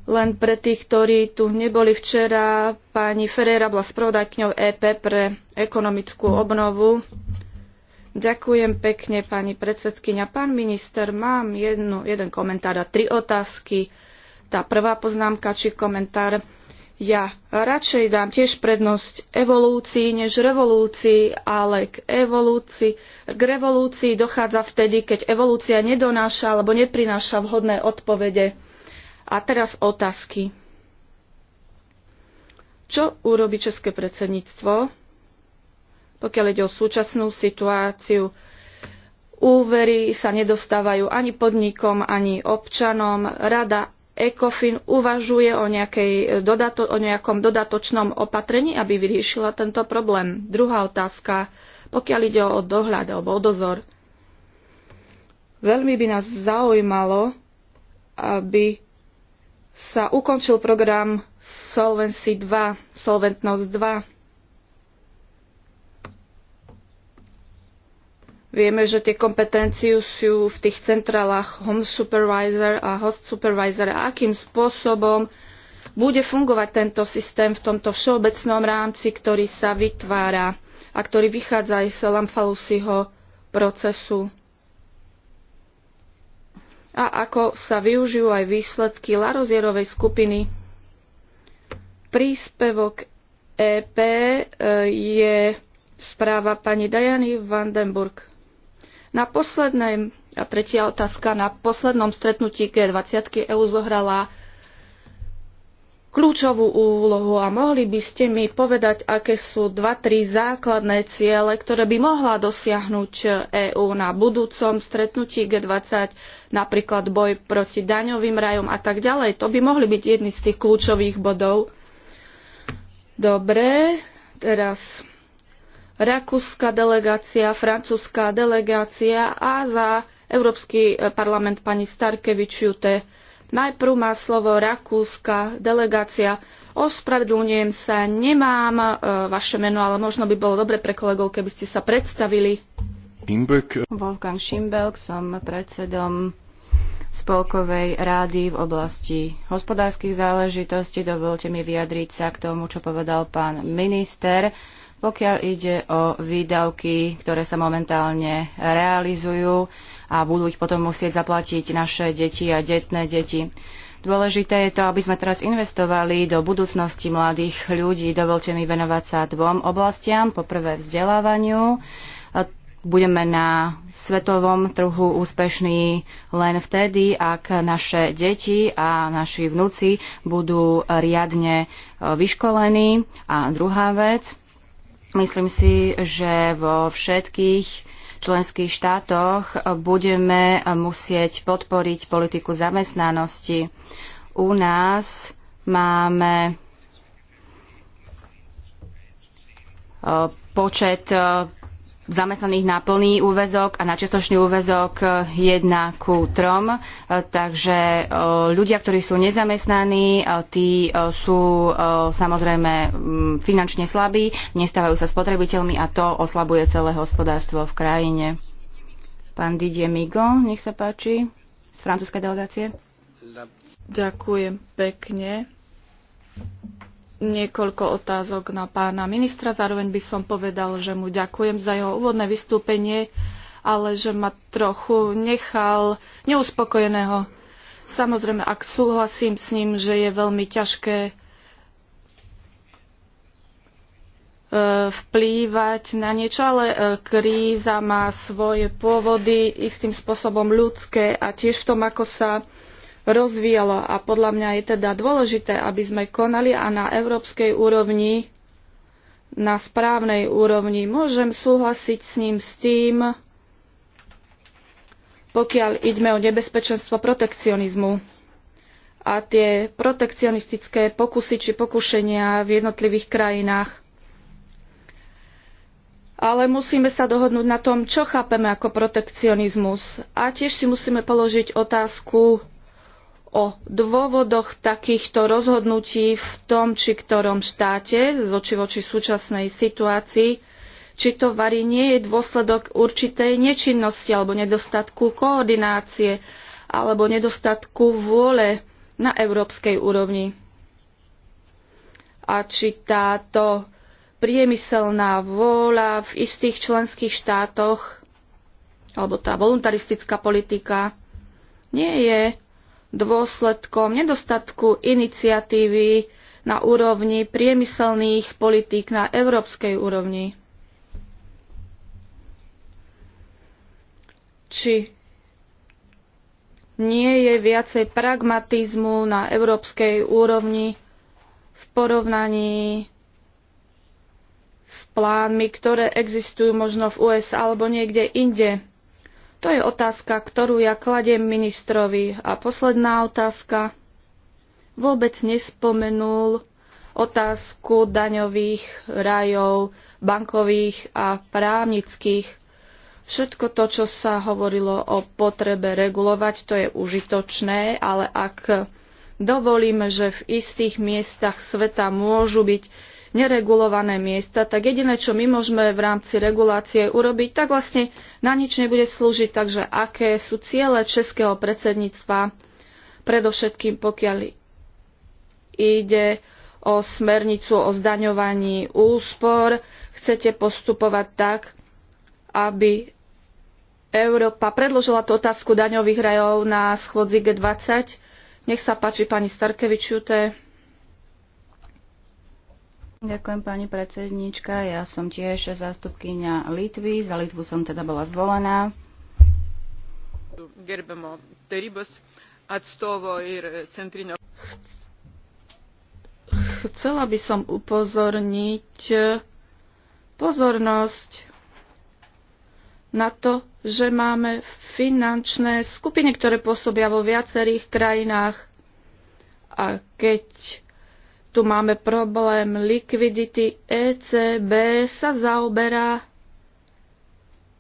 Len pre tých, ktorí tu neboli včera, pani Ferreira bola spravodajkňou EP pre ekonomickú obnovu. Ďakujem pekne, pani predsedkynia. Pán minister, mám jednu, jeden komentár a tri otázky. Tá prvá poznámka či komentár ja radšej dám tiež prednosť evolúcii než revolúcii, ale k evolúcii, k revolúcii dochádza vtedy, keď evolúcia nedonáša alebo neprináša vhodné odpovede. A teraz otázky. Čo urobí České predsedníctvo, pokiaľ ide o súčasnú situáciu? Úvery sa nedostávajú ani podnikom, ani občanom. Rada ECOFIN uvažuje o, nejakej, e, dodato, o nejakom dodatočnom opatrení, aby vyriešila tento problém. Druhá otázka, pokiaľ ide o dohľad alebo o dozor. Veľmi by nás zaujímalo, aby sa ukončil program Solvency 2, Solventnosť 2 Vieme, že tie kompetencie sú v tých centrálach home supervisor a host supervisor a akým spôsobom bude fungovať tento systém v tomto všeobecnom rámci, ktorý sa vytvára a ktorý vychádza aj z Lamfalusiho procesu. A ako sa využijú aj výsledky Larozierovej skupiny. Príspevok EP e, je správa pani Diany Vandenburg. Na poslednej, a tretia otázka, na poslednom stretnutí G20 EU zohrala kľúčovú úlohu a mohli by ste mi povedať, aké sú dva, tri základné ciele, ktoré by mohla dosiahnuť EÚ na budúcom stretnutí G20, napríklad boj proti daňovým rajom a tak ďalej. To by mohli byť jedny z tých kľúčových bodov. Dobre, teraz rakúska delegácia, francúzska delegácia a za Európsky e, parlament pani Jute. Najprv má slovo rakúska delegácia. Ospravedlňujem sa, nemám e, vaše meno, ale možno by bolo dobre pre kolegov, keby ste sa predstavili. Schimbeck. Wolfgang Schimbeck, som predsedom Spolkovej rády v oblasti hospodárskych záležitostí. Dovolte mi vyjadriť sa k tomu, čo povedal pán minister. Pokiaľ ide o výdavky, ktoré sa momentálne realizujú a budú ich potom musieť zaplatiť naše deti a detné deti. Dôležité je to, aby sme teraz investovali do budúcnosti mladých ľudí. Dovolte mi venovať sa dvom oblastiam. Poprvé vzdelávaniu. Budeme na svetovom trhu úspešní len vtedy, ak naše deti a naši vnúci budú riadne vyškolení. A druhá vec, Myslím si, že vo všetkých členských štátoch budeme musieť podporiť politiku zamestnanosti. U nás máme eh, počet eh, zamestnaných na plný úvezok a na čiastočný úvezok 1 ku 3. E, takže e, ľudia, ktorí sú nezamestnaní, e, tí sú samozrejme finančne slabí, nestávajú sa spotrebiteľmi a to oslabuje celé hospodárstvo v krajine. Pán Didier Migo, nech sa páči, z francúzskej delegácie. Ďakujem pekne niekoľko otázok na pána ministra. Zároveň by som povedal, že mu ďakujem za jeho úvodné vystúpenie, ale že ma trochu nechal neuspokojeného. Samozrejme, ak súhlasím s ním, že je veľmi ťažké e, vplývať na niečo, ale e, kríza má svoje pôvody istým spôsobom ľudské a tiež v tom, ako sa rozvíjalo. A podľa mňa je teda dôležité, aby sme konali a na európskej úrovni, na správnej úrovni. Môžem súhlasiť s ním s tým, pokiaľ ideme o nebezpečenstvo protekcionizmu a tie protekcionistické pokusy či pokušenia v jednotlivých krajinách. Ale musíme sa dohodnúť na tom, čo chápeme ako protekcionizmus. A tiež si musíme položiť otázku, o dôvodoch takýchto rozhodnutí v tom či ktorom štáte z oči súčasnej situácii, či to varí nie je dôsledok určitej nečinnosti alebo nedostatku koordinácie alebo nedostatku vôle na európskej úrovni. A či táto priemyselná vôľa v istých členských štátoch alebo tá voluntaristická politika nie je dôsledkom nedostatku iniciatívy na úrovni priemyselných politík na európskej úrovni. Či nie je viacej pragmatizmu na európskej úrovni v porovnaní s plánmi, ktoré existujú možno v USA alebo niekde inde. To je otázka, ktorú ja kladiem ministrovi. A posledná otázka. Vôbec nespomenul otázku daňových rajov, bankových a právnických. Všetko to, čo sa hovorilo o potrebe regulovať, to je užitočné, ale ak dovolíme, že v istých miestach sveta môžu byť neregulované miesta, tak jediné, čo my môžeme v rámci regulácie urobiť, tak vlastne na nič nebude slúžiť. Takže aké sú ciele českého predsedníctva, predovšetkým pokiaľ ide o smernicu o zdaňovaní úspor, chcete postupovať tak, aby Európa predložila tú otázku daňových rajov na schôdzi G20. Nech sa páči pani Starkevičiute. Ďakujem pani predsednička. Ja som tiež zástupkynia Litvy. Za Litvu som teda bola zvolená. Gerbemo Teribos, atstovo ir Centrino. Chcela by som upozorniť pozornosť na to, že máme finančné skupiny, ktoré pôsobia vo viacerých krajinách. A keď tu máme problém likvidity. ECB sa zaoberá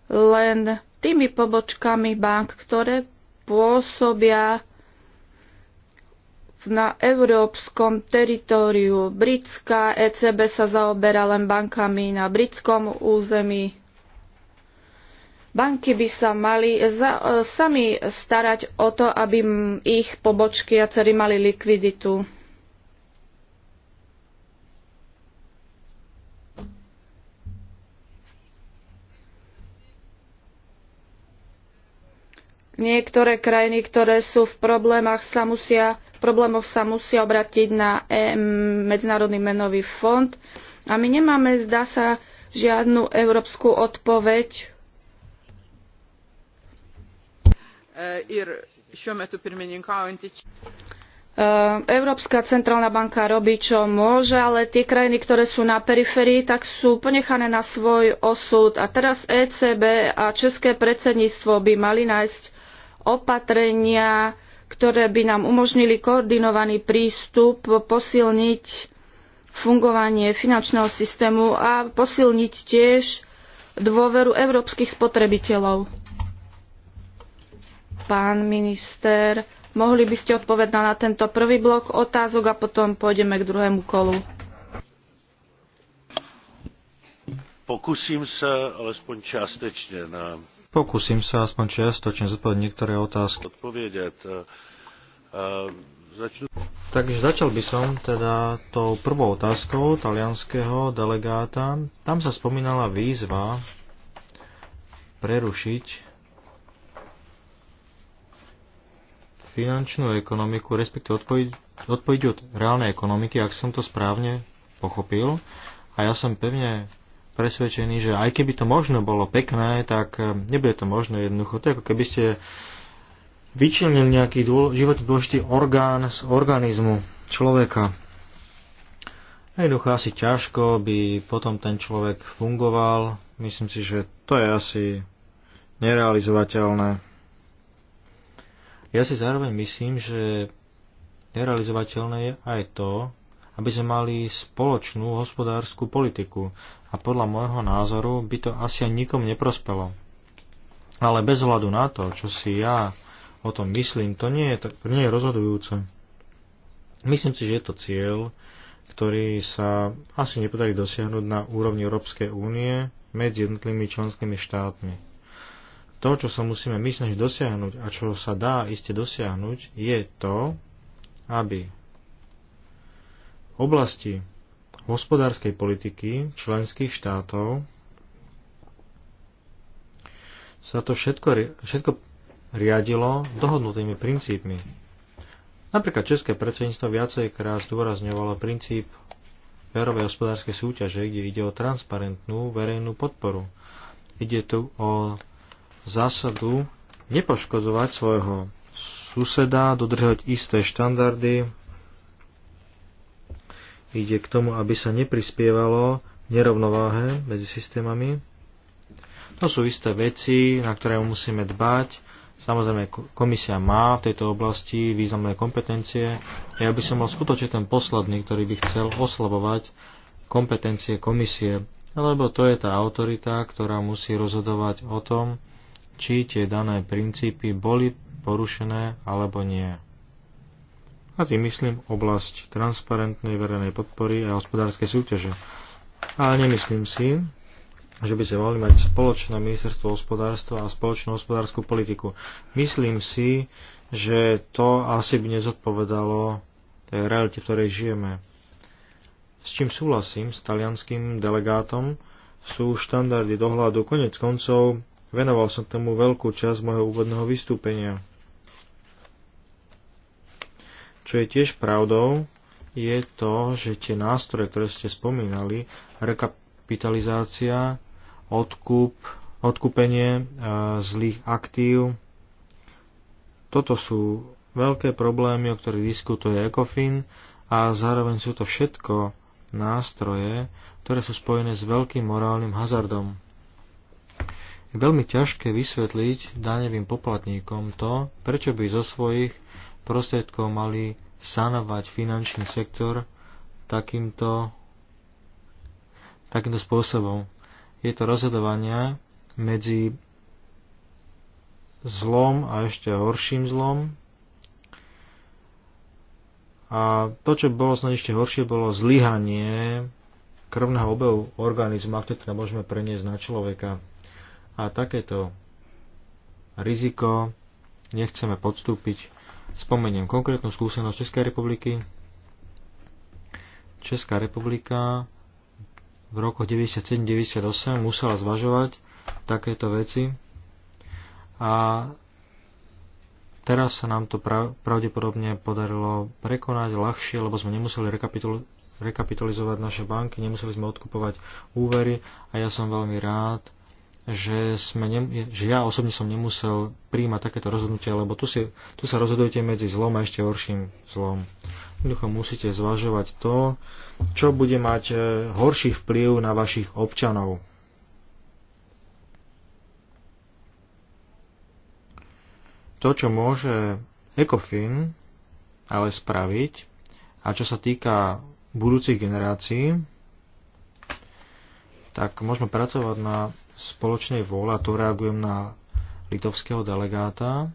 len tými pobočkami bank, ktoré pôsobia na európskom teritóriu. Britská ECB sa zaoberá len bankami na britskom území. Banky by sa mali za, e, sami starať o to, aby ich pobočky a cery mali likviditu. Niektoré krajiny, ktoré sú v problémach, sa musia, v problémoch sa musia obratiť na e Medzinárodný menový fond. A my nemáme, zdá sa, žiadnu európsku odpoveď. E, e, Európska centrálna banka robí, čo môže, ale tie krajiny, ktoré sú na periférii, tak sú ponechané na svoj osud. A teraz ECB a České predsedníctvo by mali nájsť opatrenia, ktoré by nám umožnili koordinovaný prístup, posilniť fungovanie finančného systému a posilniť tiež dôveru európskych spotrebiteľov. Pán minister, mohli by ste odpovedať na tento prvý blok otázok a potom pôjdeme k druhému kolu. Pokúsim sa alespoň častečne na Pokúsim sa aspoň čiastočne zodpovedať niektoré otázky. E, e, začnú... Takže začal by som teda tou prvou otázkou talianského delegáta. Tam sa spomínala výzva prerušiť finančnú ekonomiku, respektíve odpojiť, odpojiť od reálnej ekonomiky, ak som to správne pochopil. A ja som pevne presvedčený, že aj keby to možno bolo pekné, tak eh, nebude to možné jednoducho. To je ako keby ste vyčlenili nejaký dôl, životne dôležitý orgán z organizmu človeka. Jednoducho asi ťažko by potom ten človek fungoval. Myslím si, že to je asi nerealizovateľné. Ja si zároveň myslím, že nerealizovateľné je aj to, aby sme mali spoločnú hospodárskú politiku. A podľa môjho názoru by to asi nikom neprospelo. Ale bez hľadu na to, čo si ja o tom myslím, to nie je, to nie je rozhodujúce. Myslím si, že je to cieľ, ktorý sa asi nepodarí dosiahnuť na úrovni Európskej únie medzi jednotlivými členskými štátmi. To, čo sa musíme my snažiť dosiahnuť a čo sa dá iste dosiahnuť, je to, aby oblasti hospodárskej politiky členských štátov sa to všetko, všetko riadilo dohodnutými princípmi. Napríklad České predsedníctvo viacejkrát zdôrazňovalo princíp férovej hospodárskej súťaže, kde ide o transparentnú verejnú podporu. Ide tu o zásadu nepoškodzovať svojho suseda, dodržovať isté štandardy, ide k tomu, aby sa neprispievalo nerovnováhe medzi systémami. To sú isté veci, na ktoré musíme dbať. Samozrejme, komisia má v tejto oblasti významné kompetencie. Ja by som bol skutočne ten posledný, ktorý by chcel oslabovať kompetencie komisie, lebo to je tá autorita, ktorá musí rozhodovať o tom, či tie dané princípy boli porušené alebo nie a tým myslím oblasť transparentnej verejnej podpory a hospodárskej súťaže. Ale nemyslím si, že by sa mali mať spoločné ministerstvo hospodárstva a spoločnú hospodárskú politiku. Myslím si, že to asi by nezodpovedalo tej realite, v ktorej žijeme. S čím súhlasím s talianským delegátom, sú štandardy dohľadu. Konec koncov venoval som tomu veľkú časť môjho úvodného vystúpenia. Čo je tiež pravdou, je to, že tie nástroje, ktoré ste spomínali, rekapitalizácia, odkup, odkúpenie e, zlých aktív, toto sú veľké problémy, o ktorých diskutuje ECOFIN a zároveň sú to všetko nástroje, ktoré sú spojené s veľkým morálnym hazardom. Je veľmi ťažké vysvetliť daňovým poplatníkom to, prečo by zo svojich prostriedkov mali sanovať finančný sektor takýmto, takýmto spôsobom. Je to rozhodovanie medzi zlom a ešte horším zlom. A to, čo bolo snad ešte horšie, bolo zlyhanie krvného obehu organizma, ktoré teda môžeme preniesť na človeka. A takéto riziko nechceme podstúpiť Spomeniem konkrétnu skúsenosť Českej republiky. Česká republika v roku 1997-1998 musela zvažovať takéto veci a teraz sa nám to pravdepodobne podarilo prekonať ľahšie, lebo sme nemuseli rekapitalizovať naše banky, nemuseli sme odkupovať úvery a ja som veľmi rád, že, sme ne, že ja osobne som nemusel príjmať takéto rozhodnutie, lebo tu, si, tu sa rozhodujete medzi zlom a ešte horším zlom. Jednoducho musíte zvažovať to, čo bude mať e, horší vplyv na vašich občanov. To, čo môže ECOFIN ale spraviť, a čo sa týka budúcich generácií, tak môžeme pracovať na spoločnej vôle, a tu reagujem na litovského delegáta,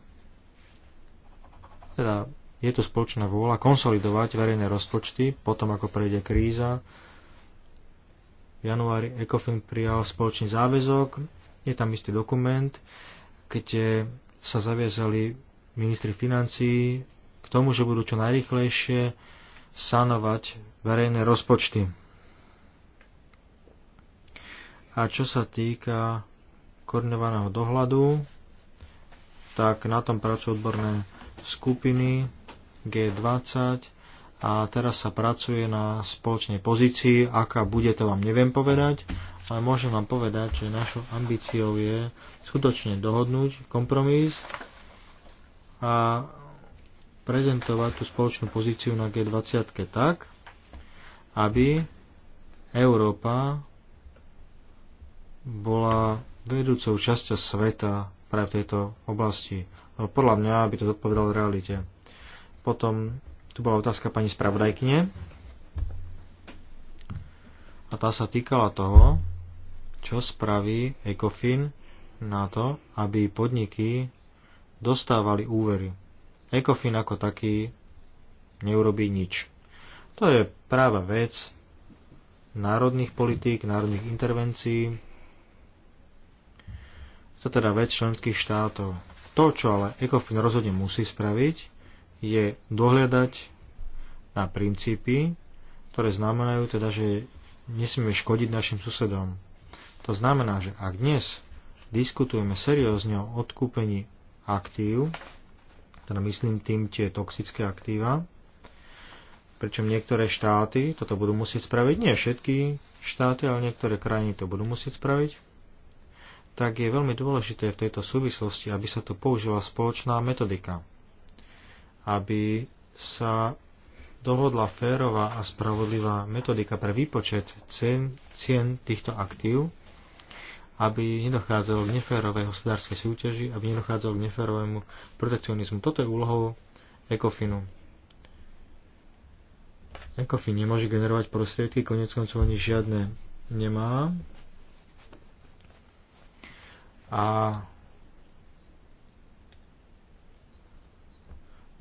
teda je tu spoločná vôľa konsolidovať verejné rozpočty, potom ako prejde kríza. V januári ECOFIN prijal spoločný záväzok, je tam istý dokument, keď sa zaviazali ministri financií k tomu, že budú čo najrychlejšie sanovať verejné rozpočty. A čo sa týka koordinovaného dohľadu, tak na tom pracujú odborné skupiny G20 a teraz sa pracuje na spoločnej pozícii. Aká bude, to vám neviem povedať, ale môžem vám povedať, že našou ambíciou je skutočne dohodnúť kompromis a prezentovať tú spoločnú pozíciu na G20 tak, aby Európa bola vedúcou časťou sveta práve v tejto oblasti. Podľa mňa by to zodpovedalo realite. Potom tu bola otázka pani spravodajkyne a tá sa týkala toho, čo spraví ECOFIN na to, aby podniky dostávali úvery. ECOFIN ako taký neurobí nič. To je práva vec národných politík, národných intervencií, to teda vec členských štátov. To, čo ale ECOFIN rozhodne musí spraviť, je dohľadať na princípy, ktoré znamenajú teda, že nesmieme škodiť našim susedom. To znamená, že ak dnes diskutujeme seriózne o odkúpení aktív, teda myslím tým tie toxické aktíva, pričom niektoré štáty toto budú musieť spraviť, nie všetky štáty, ale niektoré krajiny to budú musieť spraviť, tak je veľmi dôležité v tejto súvislosti, aby sa tu použila spoločná metodika, aby sa dohodla férová a spravodlivá metodika pre výpočet cien, cien týchto aktív, aby nedochádzalo k neférovej hospodárskej súťaži, aby nedochádzalo k neférovému protekcionizmu. Toto je úlohou ECOFINu. ECOFIN nemôže generovať prostriedky, konec koncov ani žiadne nemá a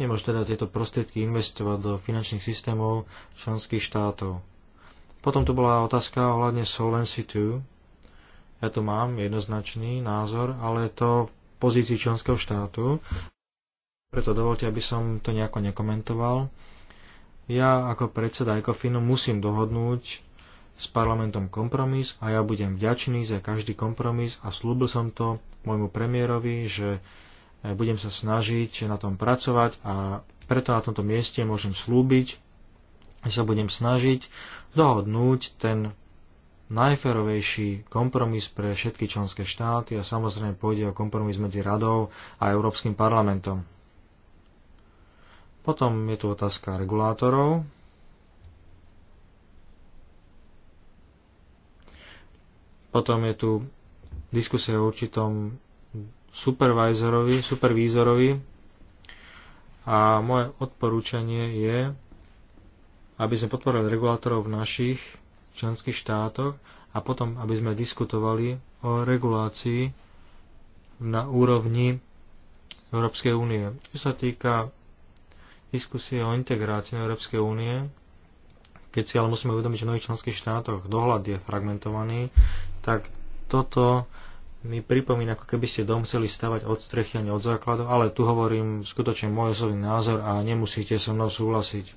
nemôže teda tieto prostriedky investovať do finančných systémov členských štátov. Potom tu bola otázka ohľadne Solvency 2. Ja tu mám jednoznačný názor, ale je to v pozícii členského štátu. Preto dovolte, aby som to nejako nekomentoval. Ja ako predseda ECOFINu musím dohodnúť s parlamentom kompromis a ja budem vďačný za každý kompromis a slúbil som to môjmu premiérovi, že eh, budem sa snažiť na tom pracovať a preto na tomto mieste môžem slúbiť, že sa budem snažiť dohodnúť ten najferovejší kompromis pre všetky členské štáty a samozrejme pôjde o kompromis medzi radou a Európskym parlamentom. Potom je tu otázka regulátorov. Potom je tu diskusia o určitom supervisorovi, supervízorovi a moje odporúčanie je, aby sme podporovali regulátorov v našich členských štátoch a potom, aby sme diskutovali o regulácii na úrovni Európskej únie. Čo sa týka diskusie o integrácii na Európskej únie, keď si ale musíme uvedomiť, že v nových členských štátoch dohľad je fragmentovaný, tak toto mi pripomína, ako keby ste dom chceli stavať od strechy a od základov, ale tu hovorím skutočne môj osobný názor a nemusíte so mnou súhlasiť.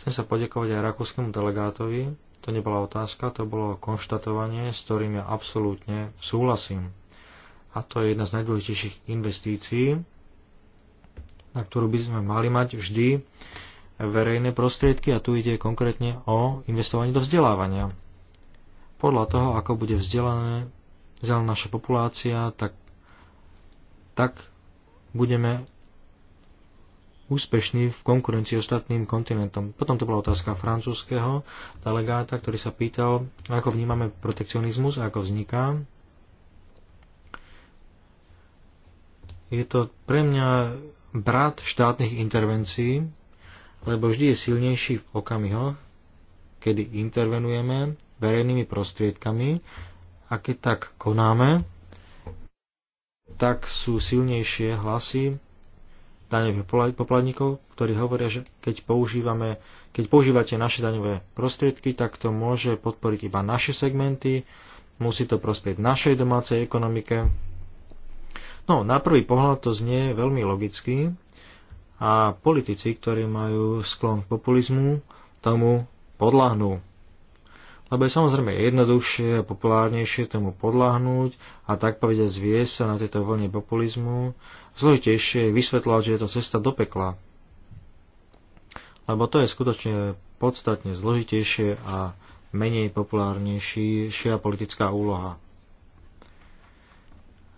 Chcem sa poďakovať aj rakúskému delegátovi, to nebola otázka, to bolo konštatovanie, s ktorým ja absolútne súhlasím. A to je jedna z najdôležitejších investícií, na ktorú by sme mali mať vždy verejné prostriedky a tu ide konkrétne o investovanie do vzdelávania podľa toho, ako bude vzdelané, vzdelaná naša populácia, tak, tak budeme úspešní v konkurencii ostatným kontinentom. Potom to bola otázka francúzského delegáta, ktorý sa pýtal, ako vnímame protekcionizmus a ako vzniká. Je to pre mňa brat štátnych intervencií, lebo vždy je silnejší v okamihoch, kedy intervenujeme verejnými prostriedkami a keď tak konáme, tak sú silnejšie hlasy daňových poplatníkov, ktorí hovoria, že keď, používame, keď používate naše daňové prostriedky, tak to môže podporiť iba naše segmenty, musí to prospieť našej domácej ekonomike. No, na prvý pohľad to znie veľmi logicky a politici, ktorí majú sklon k populizmu, tomu podľahnú. Lebo je samozrejme jednoduchšie a populárnejšie tomu podľahnúť a tak povedať zviesť sa na tejto vlne populizmu. Zložitejšie je vysvetľovať, že je to cesta do pekla. Lebo to je skutočne podstatne zložitejšie a menej populárnejšia politická úloha.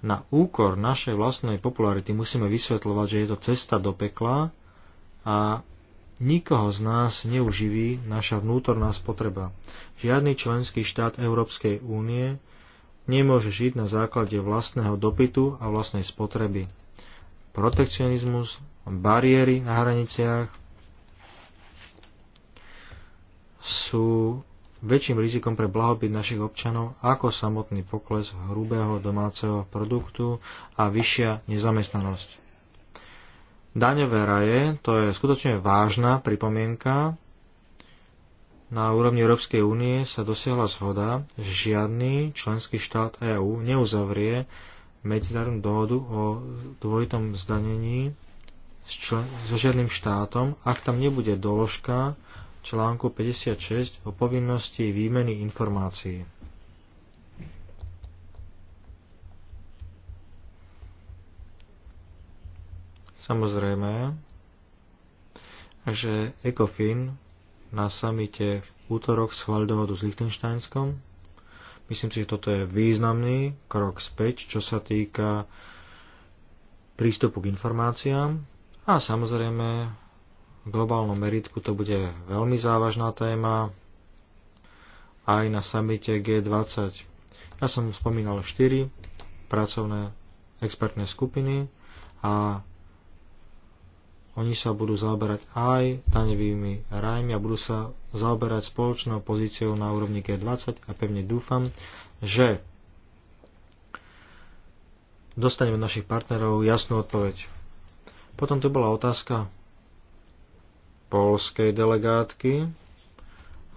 Na úkor našej vlastnej popularity musíme vysvetľovať, že je to cesta do pekla a nikoho z nás neuživí naša vnútorná spotreba. Žiadny členský štát Európskej únie nemôže žiť na základe vlastného dopytu a vlastnej spotreby. Protekcionizmus, bariéry na hraniciach sú väčším rizikom pre blahobyt našich občanov ako samotný pokles hrubého domáceho produktu a vyššia nezamestnanosť. Daňové raje, to je skutočne vážna pripomienka. Na úrovni Európskej únie sa dosiahla zhoda, že žiadny členský štát EÚ neuzavrie medzinárodnú dohodu o dvojitom zdanení s člen- so žiadnym štátom, ak tam nebude doložka článku 56 o povinnosti výmeny informácií. Samozrejme, že ECOFIN na samite v útorok schvál dohodu s Lichtensteinskom. Myslím si, že toto je významný krok späť, čo sa týka prístupu k informáciám. A samozrejme, v globálnom meritku to bude veľmi závažná téma aj na samite G20. Ja som spomínal 4 pracovné expertné skupiny a oni sa budú zaoberať aj daňovými rajmi a budú sa zaoberať spoločnou pozíciou na úrovni G20 a pevne dúfam, že dostaneme našich partnerov jasnú odpoveď. Potom tu bola otázka polskej delegátky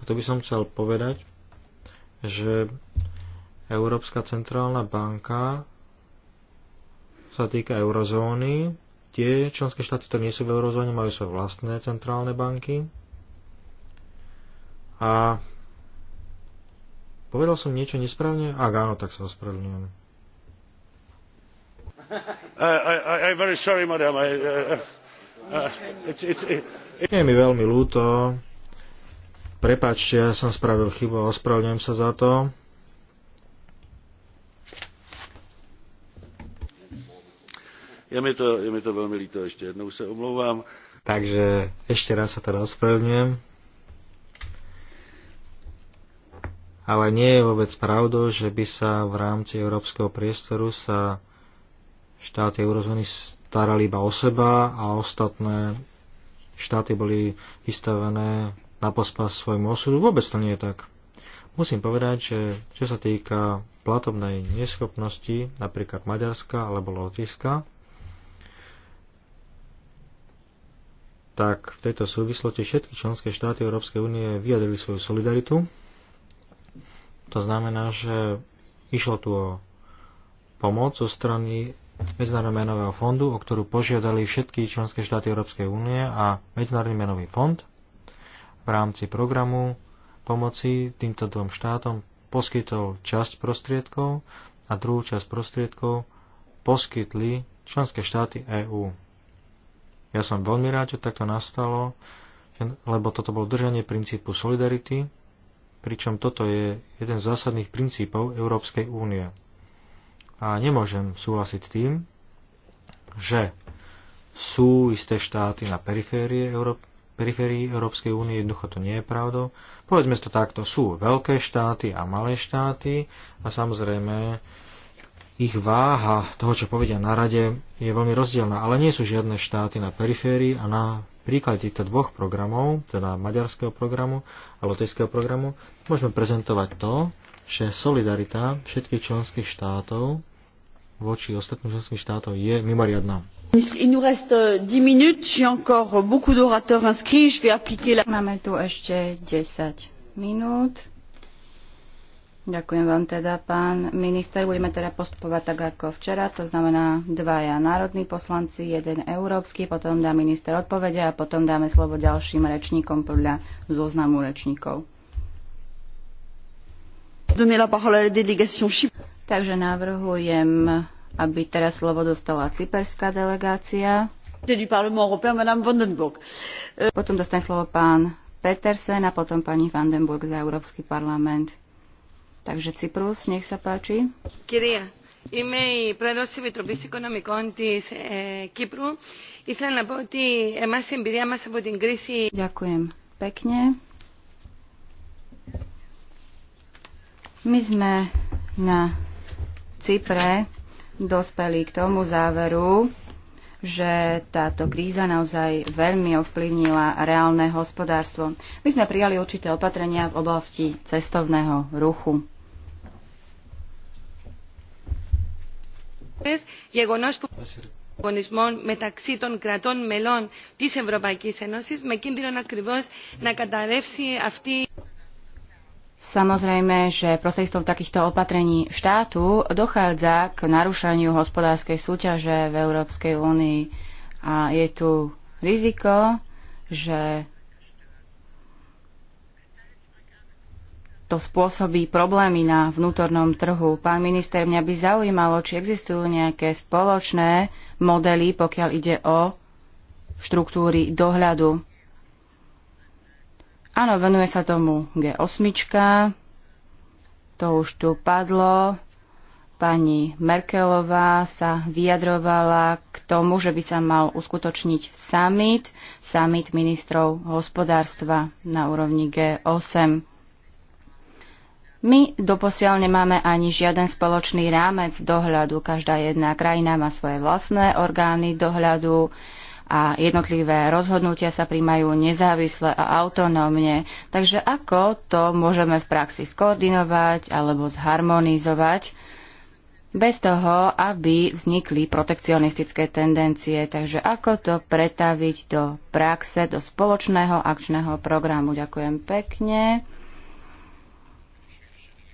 a to by som chcel povedať, že Európska centrálna banka sa týka eurozóny, tie členské štáty, ktoré nie sú v eurozóne, majú svoje vlastné centrálne banky. A povedal som niečo nesprávne? Ak áno, tak sa ospravedlňujem. Je mi veľmi ľúto. Prepačte, ja som spravil chybu a ospravedlňujem sa za to. Je mi to, je mi to veľmi líto, ešte jednou sa omlouvám. Takže ešte raz sa teda ospravedlňujem. Ale nie je vôbec pravdou, že by sa v rámci európskeho priestoru sa štáty eurozóny starali iba o seba a ostatné štáty boli vystavené na pospas svojmu osudu. Vôbec to nie je tak. Musím povedať, že čo sa týka platobnej neschopnosti napríklad Maďarska alebo Lotiska, tak v tejto súvislosti všetky členské štáty Európskej únie vyjadrili svoju solidaritu. To znamená, že išlo tu o pomoc zo strany Medzinárodného menového fondu, o ktorú požiadali všetky členské štáty Európskej únie a Medzinárodný menový fond v rámci programu pomoci týmto dvom štátom poskytol časť prostriedkov a druhú časť prostriedkov poskytli členské štáty EÚ. Ja som veľmi rád, že takto nastalo, lebo toto bolo držanie princípu solidarity, pričom toto je jeden z zásadných princípov Európskej únie. A nemôžem súhlasiť s tým, že sú isté štáty na periférie Euró- periférii Európskej únie, jednoducho to nie je pravdou. Povedzme to takto, sú veľké štáty a malé štáty a samozrejme ich váha toho, čo povedia na rade, je veľmi rozdielna, ale nie sú žiadne štáty na periférii a na príklade týchto dvoch programov, teda maďarského programu a lotejského programu, môžeme prezentovať to, že solidarita všetkých členských štátov voči ostatným členským štátom je mimoriadná. Euh, Máme tu ešte 10 minút. Ďakujem vám teda, pán minister. Budeme teda postupovať tak ako včera, to znamená dvaja národní poslanci, jeden európsky, potom dá minister odpovede a potom dáme slovo ďalším rečníkom podľa zoznamu rečníkov. Takže navrhujem, aby teraz slovo dostala cyperská delegácia. Euh, potom dostane slovo pán Petersen a potom pani Vandenburg za Európsky parlament. Takže Cyprus, nech sa páči. Kyria, Είμαι η πρόεδρος της Επιτροπής Οικονομικών της ε, Κύπρου. Ήθελα να πω ότι εμάς η εμπειρία μας από την κρίση... Ďakujem pekne. My sme na Cypre dospeli k tomu záveru, že táto kríza naozaj veľmi ovplyvnila reálne hospodárstvo. My sme prijali určité opatrenia v oblasti cestovného ruchu. ανταγωνισμών μεταξύ των κρατών μελών της Ευρωπαϊκής Ένωσης με κίνδυνο ακριβώς να καταρρεύσει αυτή Samozrejme, že prostredstvom takýchto opatrení štátu dochádza k narušaniu hospodárskej súťaže v Európskej únii a je tu riziko, že to spôsobí problémy na vnútornom trhu. Pán minister, mňa by zaujímalo, či existujú nejaké spoločné modely, pokiaľ ide o štruktúry dohľadu. Áno, venuje sa tomu G8, to už tu padlo. Pani Merkelová sa vyjadrovala k tomu, že by sa mal uskutočniť summit, summit ministrov hospodárstva na úrovni G8 my doposiaľ nemáme ani žiaden spoločný rámec dohľadu. Každá jedna krajina má svoje vlastné orgány dohľadu a jednotlivé rozhodnutia sa príjmajú nezávisle a autonómne. Takže ako to môžeme v praxi skoordinovať alebo zharmonizovať bez toho, aby vznikli protekcionistické tendencie. Takže ako to pretaviť do praxe, do spoločného akčného programu. Ďakujem pekne.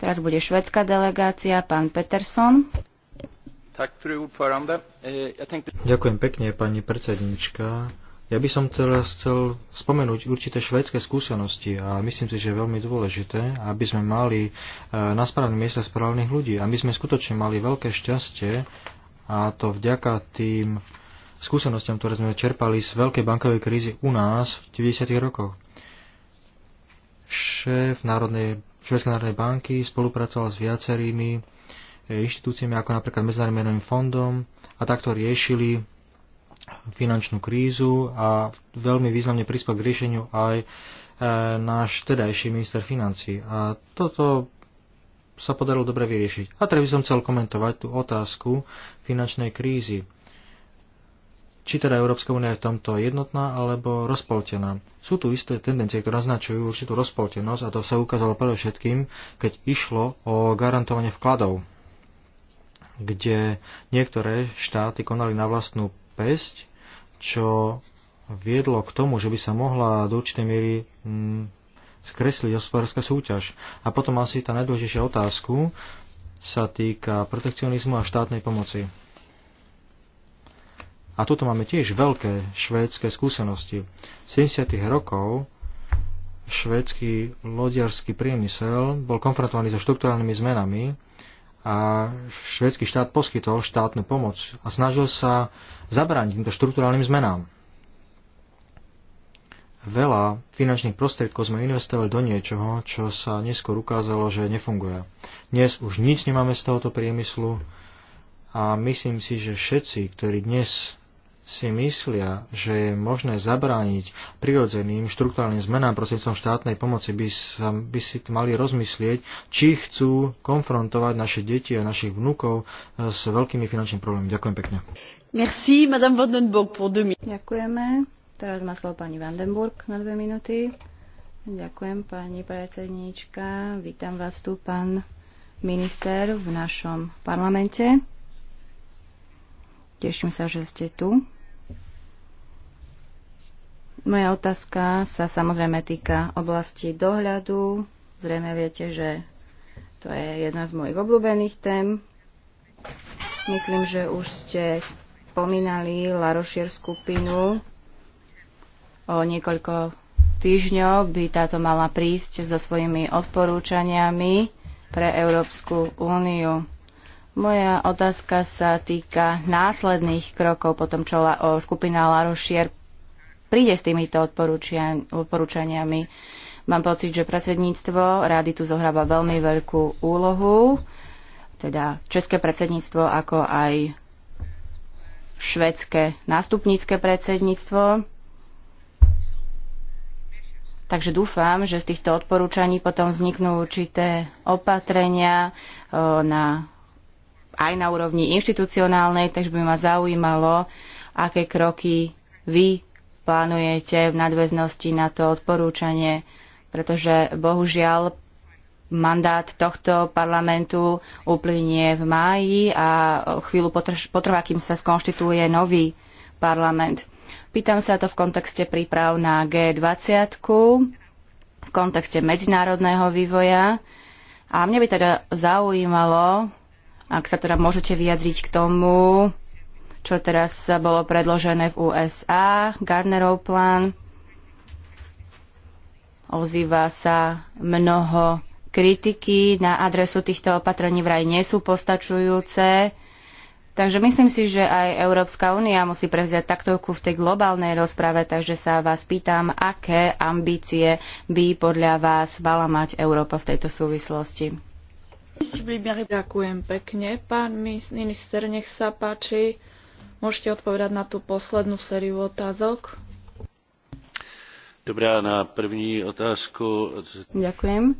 Teraz bude švedská delegácia, pán Peterson. Eh, Ďakujem pekne, pani predsednička. Ja by som teraz chcel spomenúť určité švédske skúsenosti a myslím si, že je veľmi dôležité, aby sme mali eh, na správne miesta správnych ľudí. A my sme skutočne mali veľké šťastie a to vďaka tým skúsenostiam, ktoré sme čerpali z veľkej bankovej krízy u nás v 90. rokoch. Šéf Národnej Švedskej národnej banky, spolupracoval s viacerými e, inštitúciami, ako napríklad Medzinárodným menovým fondom a takto riešili finančnú krízu a veľmi významne prispel k riešeniu aj e, náš tedajší minister financí. A toto sa podarilo dobre vyriešiť. A teraz by som chcel komentovať tú otázku finančnej krízy či teda Európska únia je v tomto jednotná alebo rozpoltená. Sú tu isté tendencie, ktoré naznačujú určitú rozpoltenosť a to sa ukázalo všetkým, keď išlo o garantovanie vkladov, kde niektoré štáty konali na vlastnú pesť, čo viedlo k tomu, že by sa mohla do určitej miery mm, skresliť hospodárska súťaž. A potom asi tá najdôležitejšia otázku sa týka protekcionizmu a štátnej pomoci a toto máme tiež veľké švédske skúsenosti. V 70. rokov švédsky lodiarský priemysel bol konfrontovaný so štruktúralnými zmenami a švédsky štát poskytol štátnu pomoc a snažil sa zabrániť týmto štruktúralným zmenám. Veľa finančných prostriedkov sme investovali do niečoho, čo sa neskôr ukázalo, že nefunguje. Dnes už nič nemáme z tohoto priemyslu a myslím si, že všetci, ktorí dnes si myslia, že je možné zabrániť prirodzeným štruktúrnym zmenám prostredníctvom štátnej pomoci, by, sa, by si mali rozmyslieť, či chcú konfrontovať naše deti a našich vnúkov eh, s veľkými finančnými problémami. Ďakujem pekne. Merci, Madame Vandenburg, pour deux minutes. Ďakujeme. Teraz má slovo pani Vandenburg na dve minúty. Ďakujem, pani predsedníčka. Vítam vás tu, pán minister, v našom parlamente. Teším sa, že ste tu. Moja otázka sa samozrejme týka oblasti dohľadu. Zrejme viete, že to je jedna z mojich obľúbených tém. Myslím, že už ste spomínali Larošier skupinu. O niekoľko týždňov by táto mala prísť so svojimi odporúčaniami pre Európsku úniu. Moja otázka sa týka následných krokov po tom, čo skupina Larošier príde s týmito odporúčaniami. Mám pocit, že predsedníctvo rády tu zohráva veľmi veľkú úlohu, teda české predsedníctvo ako aj švedské nástupnícke predsedníctvo. Takže dúfam, že z týchto odporúčaní potom vzniknú určité opatrenia na aj na úrovni inštitucionálnej, takže by ma zaujímalo, aké kroky vy plánujete v nadväznosti na to odporúčanie, pretože bohužiaľ mandát tohto parlamentu uplynie v máji a chvíľu potrvá, kým sa skonštituje nový parlament. Pýtam sa to v kontexte príprav na G20, v kontexte medzinárodného vývoja. A mne by teda zaujímalo, ak sa teda môžete vyjadriť k tomu, čo teraz bolo predložené v USA, Gardnerov plán, ozýva sa mnoho kritiky na adresu týchto opatrení vraj nie sú postačujúce. Takže myslím si, že aj Európska únia musí prevziať taktovku v tej globálnej rozprave, takže sa vás pýtam, aké ambície by podľa vás mala mať Európa v tejto súvislosti. Ďakujem pekne. Pán minister, nech sa páči. Môžete odpovedať na tú poslednú sériu otázok. Dobrá, na první otázku. Ďakujem.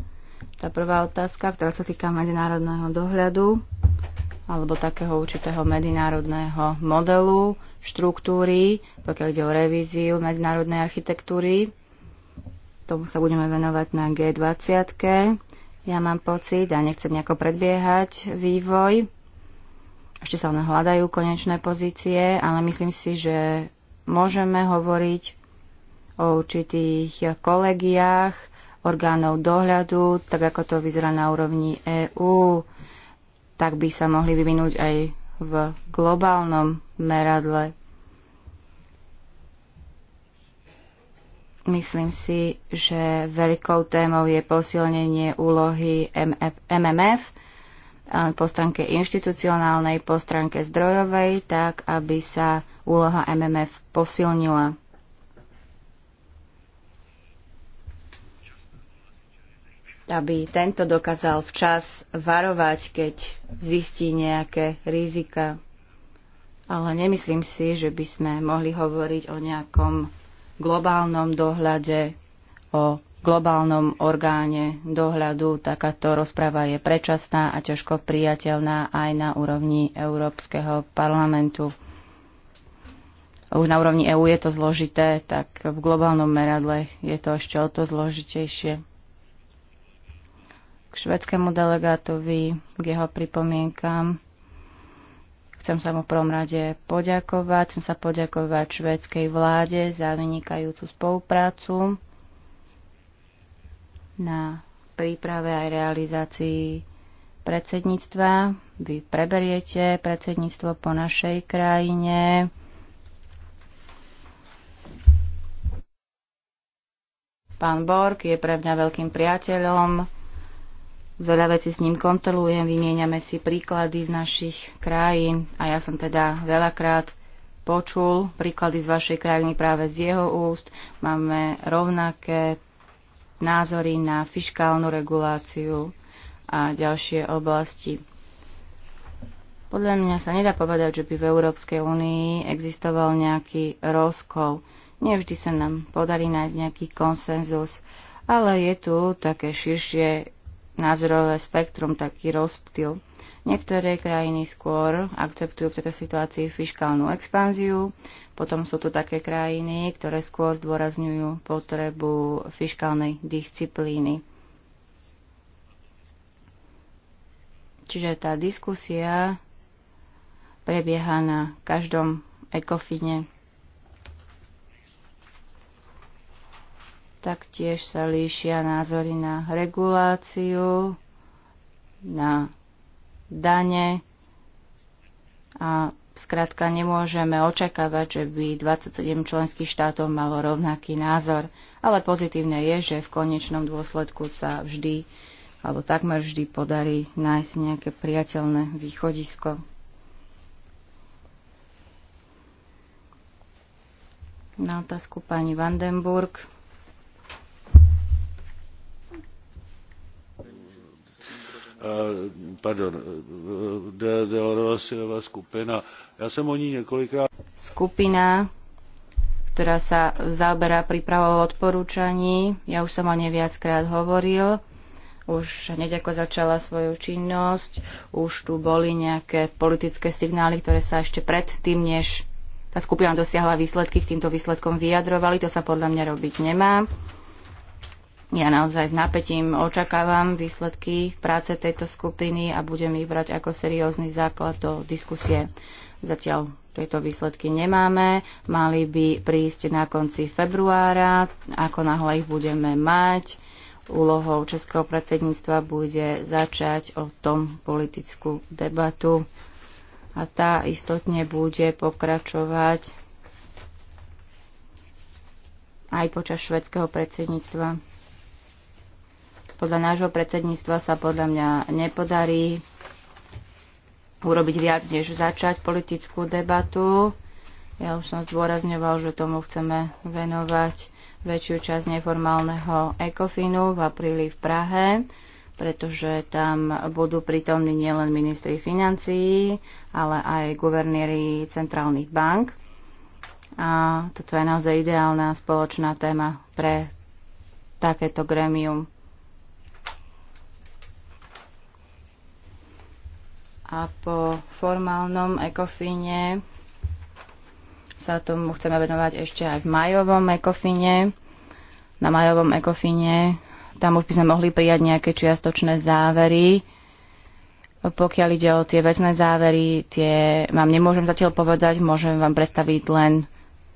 Tá prvá otázka, ktorá sa týka medzinárodného dohľadu alebo takého určitého medzinárodného modelu, štruktúry, pokiaľ ide o revíziu medzinárodnej architektúry. Tomu sa budeme venovať na G20. Ja mám pocit, a nechcem nejako predbiehať vývoj, ešte sa len hľadajú konečné pozície, ale myslím si, že môžeme hovoriť o určitých kolegiách orgánov dohľadu, tak ako to vyzerá na úrovni EÚ, tak by sa mohli vyvinúť aj v globálnom meradle. Myslím si, že veľkou témou je posilnenie úlohy MMF po stránke inštitucionálnej, po stránke zdrojovej, tak aby sa úloha MMF posilnila. Aby tento dokázal včas varovať, keď zistí nejaké rizika. Ale nemyslím si, že by sme mohli hovoriť o nejakom globálnom dohľade, o globálnom orgáne dohľadu. Takáto rozpráva je predčasná a ťažko priateľná aj na úrovni Európskeho parlamentu. Už na úrovni EÚ je to zložité, tak v globálnom meradle je to ešte o to zložitejšie. K švedskému delegátovi, k jeho pripomienkám Chcem sa mu v prvom rade poďakovať. Chcem sa poďakovať švedskej vláde za vynikajúcu spoluprácu na príprave aj realizácii predsedníctva. Vy preberiete predsedníctvo po našej krajine. Pán Borg je pre mňa veľkým priateľom Veľa vecí s ním kontrolujem, vymieňame si príklady z našich krajín a ja som teda veľakrát počul príklady z vašej krajiny práve z jeho úst. Máme rovnaké názory na fiskálnu reguláciu a ďalšie oblasti. Podľa mňa sa nedá povedať, že by v Európskej únii existoval nejaký rozkol. Nevždy sa nám podarí nájsť nejaký konsenzus, ale je tu také širšie názorové spektrum taký rozptyl. Niektoré krajiny skôr akceptujú v tejto situácii fiskálnu expanziu, potom sú tu také krajiny, ktoré skôr zdôrazňujú potrebu fiskálnej disciplíny. Čiže tá diskusia prebieha na každom ekofine Taktiež sa líšia názory na reguláciu, na dane a zkrátka nemôžeme očakávať, že by 27 členských štátov malo rovnaký názor, ale pozitívne je, že v konečnom dôsledku sa vždy alebo takmer vždy podarí nájsť nejaké priateľné východisko. Na otázku pani Vandenburg. pardon, de, de skupina. Ja som o ní několikrát... Skupina, ktorá sa zaoberá prípravou odporúčaní. Ja už som o nej viackrát hovoril. Už hneď ako začala svoju činnosť, už tu boli nejaké politické signály, ktoré sa ešte predtým, než tá skupina dosiahla výsledky, k týmto výsledkom vyjadrovali. To sa podľa mňa robiť nemá. Ja naozaj s napätím očakávam výsledky práce tejto skupiny a budem ich brať ako seriózny základ do diskusie. Zatiaľ tieto výsledky nemáme. Mali by prísť na konci februára. Ako náhle ich budeme mať, úlohou Českého predsedníctva bude začať o tom politickú debatu. A tá istotne bude pokračovať aj počas švedského predsedníctva. Podľa nášho predsedníctva sa podľa mňa nepodarí urobiť viac, než začať politickú debatu. Ja už som zdôrazňoval, že tomu chceme venovať väčšiu časť neformálneho ekofinu v apríli v Prahe, pretože tam budú prítomní nielen ministri financií, ale aj guvernéri centrálnych bank. A toto je naozaj ideálna spoločná téma pre takéto gremium. a po formálnom ekofíne sa tomu chceme venovať ešte aj v majovom ekofíne. Na majovom ekofíne tam už by sme mohli prijať nejaké čiastočné závery. Pokiaľ ide o tie vecné závery, tie vám nemôžem zatiaľ povedať, môžem vám predstaviť len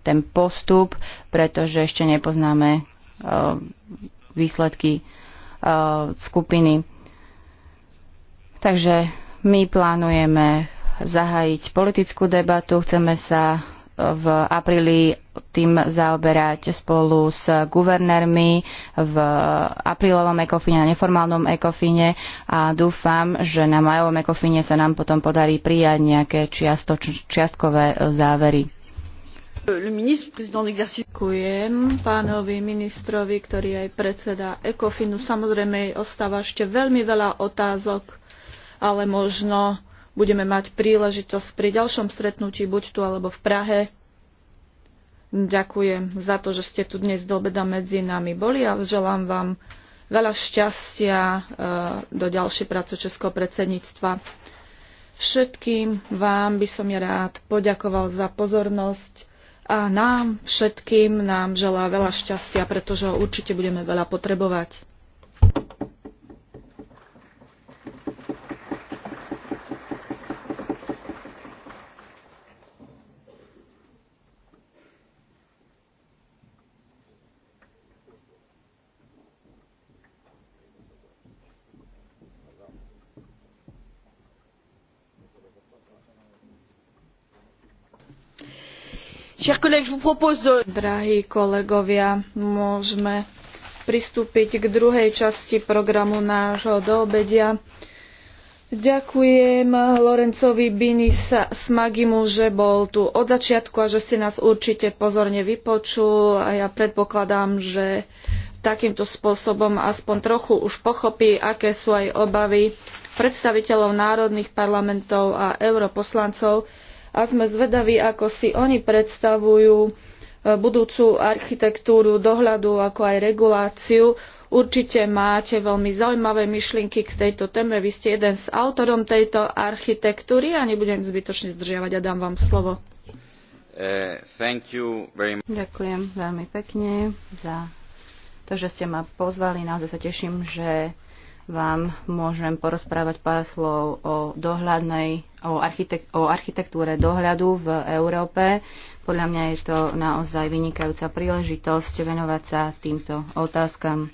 ten postup, pretože ešte nepoznáme eh, výsledky eh, skupiny. Takže my plánujeme zahájiť politickú debatu, chceme sa v apríli tým zaoberať spolu s guvernérmi v aprílovom ekofíne a neformálnom ekofine a dúfam, že na majovom ekofíne sa nám potom podarí prijať nejaké čiastoč- čiastkové závery. Ďakujem pánovi ministrovi, ktorý aj predseda Ekofinu. Samozrejme, ostáva ešte veľmi veľa otázok ale možno budeme mať príležitosť pri ďalšom stretnutí, buď tu alebo v Prahe. Ďakujem za to, že ste tu dnes do obeda medzi nami boli a želám vám veľa šťastia e, do ďalšej práce Českého predsedníctva. Všetkým vám by som ja rád poďakoval za pozornosť a nám všetkým nám želá veľa šťastia, pretože ho určite budeme veľa potrebovať. Drahí kolegovia, môžeme pristúpiť k druhej časti programu nášho doobedia. Ďakujem Lorencovi Bini Smagimu, že bol tu od začiatku a že si nás určite pozorne vypočul a ja predpokladám, že takýmto spôsobom aspoň trochu už pochopí, aké sú aj obavy predstaviteľov národných parlamentov a europoslancov, a sme zvedaví, ako si oni predstavujú e, budúcu architektúru dohľadu, ako aj reguláciu. Určite máte veľmi zaujímavé myšlienky k tejto téme. Vy ste jeden z autorom tejto architektúry a nebudem zbytočne zdržiavať a dám vám slovo. Uh, Ďakujem veľmi pekne za to, že ste ma pozvali. Naozaj sa teším, že vám môžem porozprávať pár slov o dohľadnej, o, architek- o architektúre dohľadu v Európe. Podľa mňa je to naozaj vynikajúca príležitosť venovať sa týmto otázkam.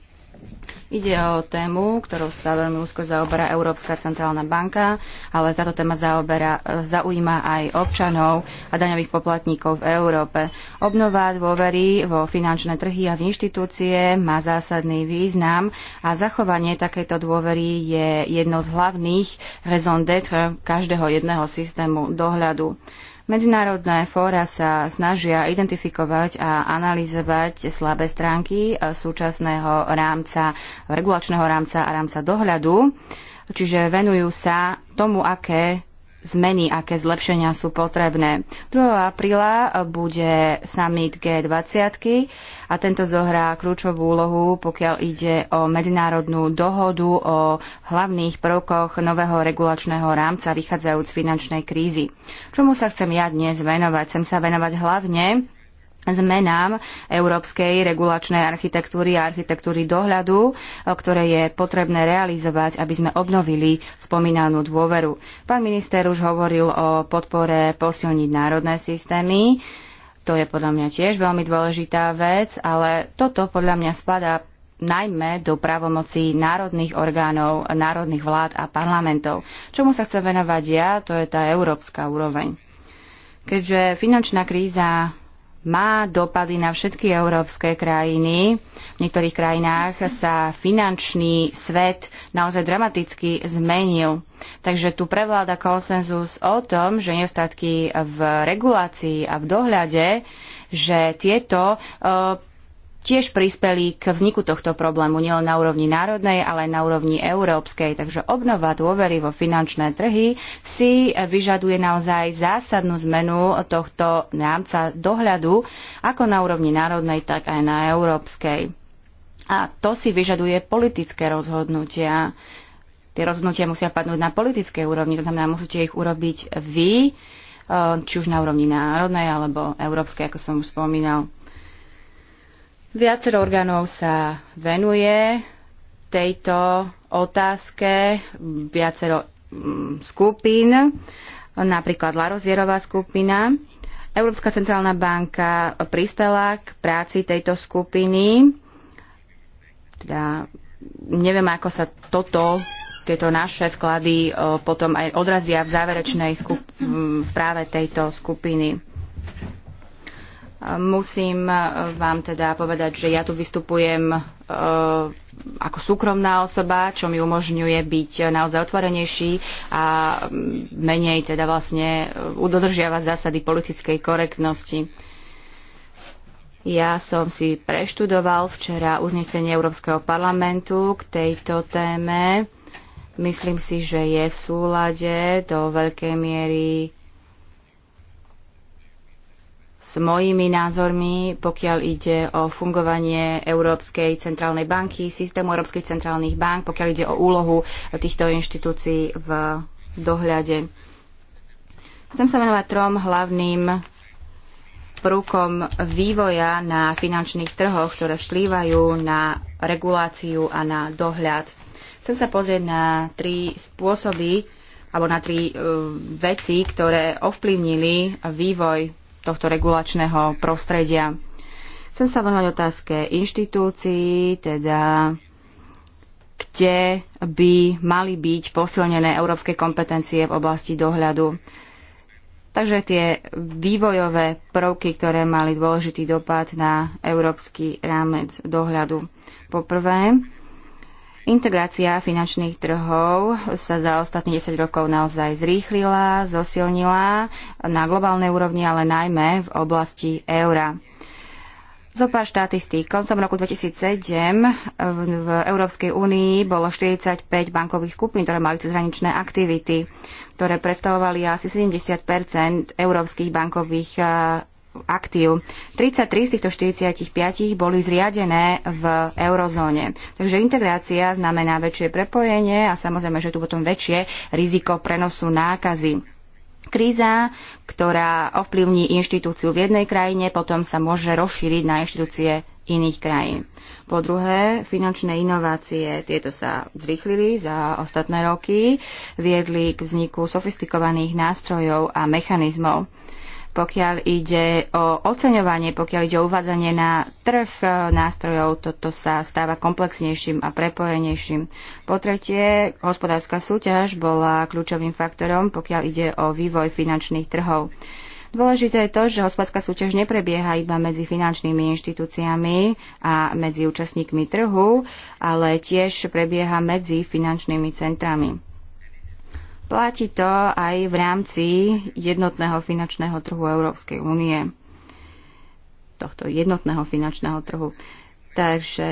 Ide o tému, ktorou sa veľmi úzko zaoberá Európska centrálna banka, ale táto téma zaoberá, zaujíma aj občanov a daňových poplatníkov v Európe. Obnova dôvery vo finančné trhy a v inštitúcie má zásadný význam a zachovanie takejto dôvery je jedno z hlavných raison d'être každého jedného systému dohľadu. Medzinárodné fóra sa snažia identifikovať a analyzovať slabé stránky e, súčasného rámca, regulačného rámca a rámca dohľadu, čiže venujú sa tomu, aké zmeny, aké zlepšenia sú potrebné. 2. apríla bude summit G20 a tento zohrá kľúčovú úlohu, pokiaľ ide o medzinárodnú dohodu o hlavných prvkoch nového regulačného rámca vychádzajúc z finančnej krízy. Čomu sa chcem ja dnes venovať? Chcem sa venovať hlavne zmenám európskej regulačnej architektúry a architektúry dohľadu, ktoré je potrebné realizovať, aby sme obnovili spomínanú dôveru. Pán minister už hovoril o podpore posilniť národné systémy. To je podľa mňa tiež veľmi dôležitá vec, ale toto podľa mňa spadá najmä do právomocí národných orgánov, národných vlád a parlamentov. Čomu sa chcem venovať ja, to je tá európska úroveň. Keďže finančná kríza má dopady na všetky európske krajiny. V niektorých krajinách sa finančný svet naozaj dramaticky zmenil. Takže tu prevláda konsenzus o tom, že nedostatky v regulácii a v dohľade, že tieto eh, tiež prispeli k vzniku tohto problému nielen na úrovni národnej, ale aj na úrovni európskej. Takže obnova dôvery vo finančné trhy si vyžaduje naozaj zásadnú zmenu tohto rámca dohľadu, ako na úrovni národnej, tak aj na európskej. A to si vyžaduje politické rozhodnutia. Tie rozhodnutia musia padnúť na politickej úrovni, to znamená, musíte ich urobiť vy, či už na úrovni národnej alebo európskej, ako som už spomínal. Viacero orgánov sa venuje tejto otázke, viacero mm, skupín, napríklad Larozierová skupina. Európska centrálna banka prispela k práci tejto skupiny. Teda neviem, ako sa toto, tieto naše vklady e, potom aj odrazia v záverečnej skup- správe tejto skupiny. Musím e, vám teda povedať, že ja tu vystupujem e, ako súkromná osoba, čo mi umožňuje byť naozaj otvorenejší a menej teda vlastne e, udodržiavať zásady politickej korektnosti. Ja som si preštudoval včera uznesenie Európskeho parlamentu k tejto téme. Myslím si, že je v súlade do veľkej miery s mojimi názormi, pokiaľ ide o fungovanie Európskej centrálnej banky, systému Európskych centrálnych bank, pokiaľ ide o úlohu týchto inštitúcií v dohľade. Chcem sa venovať trom hlavným prvkom vývoja na finančných trhoch, ktoré vplývajú na reguláciu a na dohľad. Chcem sa pozrieť na tri spôsoby alebo na tri e, veci, ktoré ovplyvnili vývoj tohto regulačného prostredia. Chcem sa venovať otázke inštitúcií, teda kde by mali byť posilnené európske kompetencie v oblasti dohľadu. Takže tie vývojové prvky, ktoré mali dôležitý dopad na európsky rámec dohľadu. Poprvé, Integrácia finančných trhov sa za ostatných 10 rokov naozaj zrýchlila, zosilnila na globálnej úrovni, ale najmä v oblasti eura. Zo pár štatistík. Koncom roku 2007 v Európskej únii bolo 45 bankových skupín, ktoré mali cezhraničné aktivity, ktoré predstavovali asi 70 európskych bankových aktív. 33 z týchto 45 boli zriadené v eurozóne. Takže integrácia znamená väčšie prepojenie a samozrejme, že tu potom väčšie riziko prenosu nákazy kríza, ktorá ovplyvní inštitúciu v jednej krajine, potom sa môže rozšíriť na inštitúcie iných krajín. Po druhé, finančné inovácie, tieto sa zrýchlili za ostatné roky, viedli k vzniku sofistikovaných nástrojov a mechanizmov. Pokiaľ ide o oceňovanie, pokiaľ ide o uvádzanie na trh e, nástrojov, toto sa stáva komplexnejším a prepojenejším. Po tretie, hospodárska súťaž bola kľúčovým faktorom, pokiaľ ide o vývoj finančných trhov. Dôležité je to, že hospodárska súťaž neprebieha iba medzi finančnými inštitúciami a medzi účastníkmi trhu, ale tiež prebieha medzi finančnými centrami. Platí to aj v rámci jednotného finančného trhu Európskej únie. Tohto jednotného finančného trhu. Takže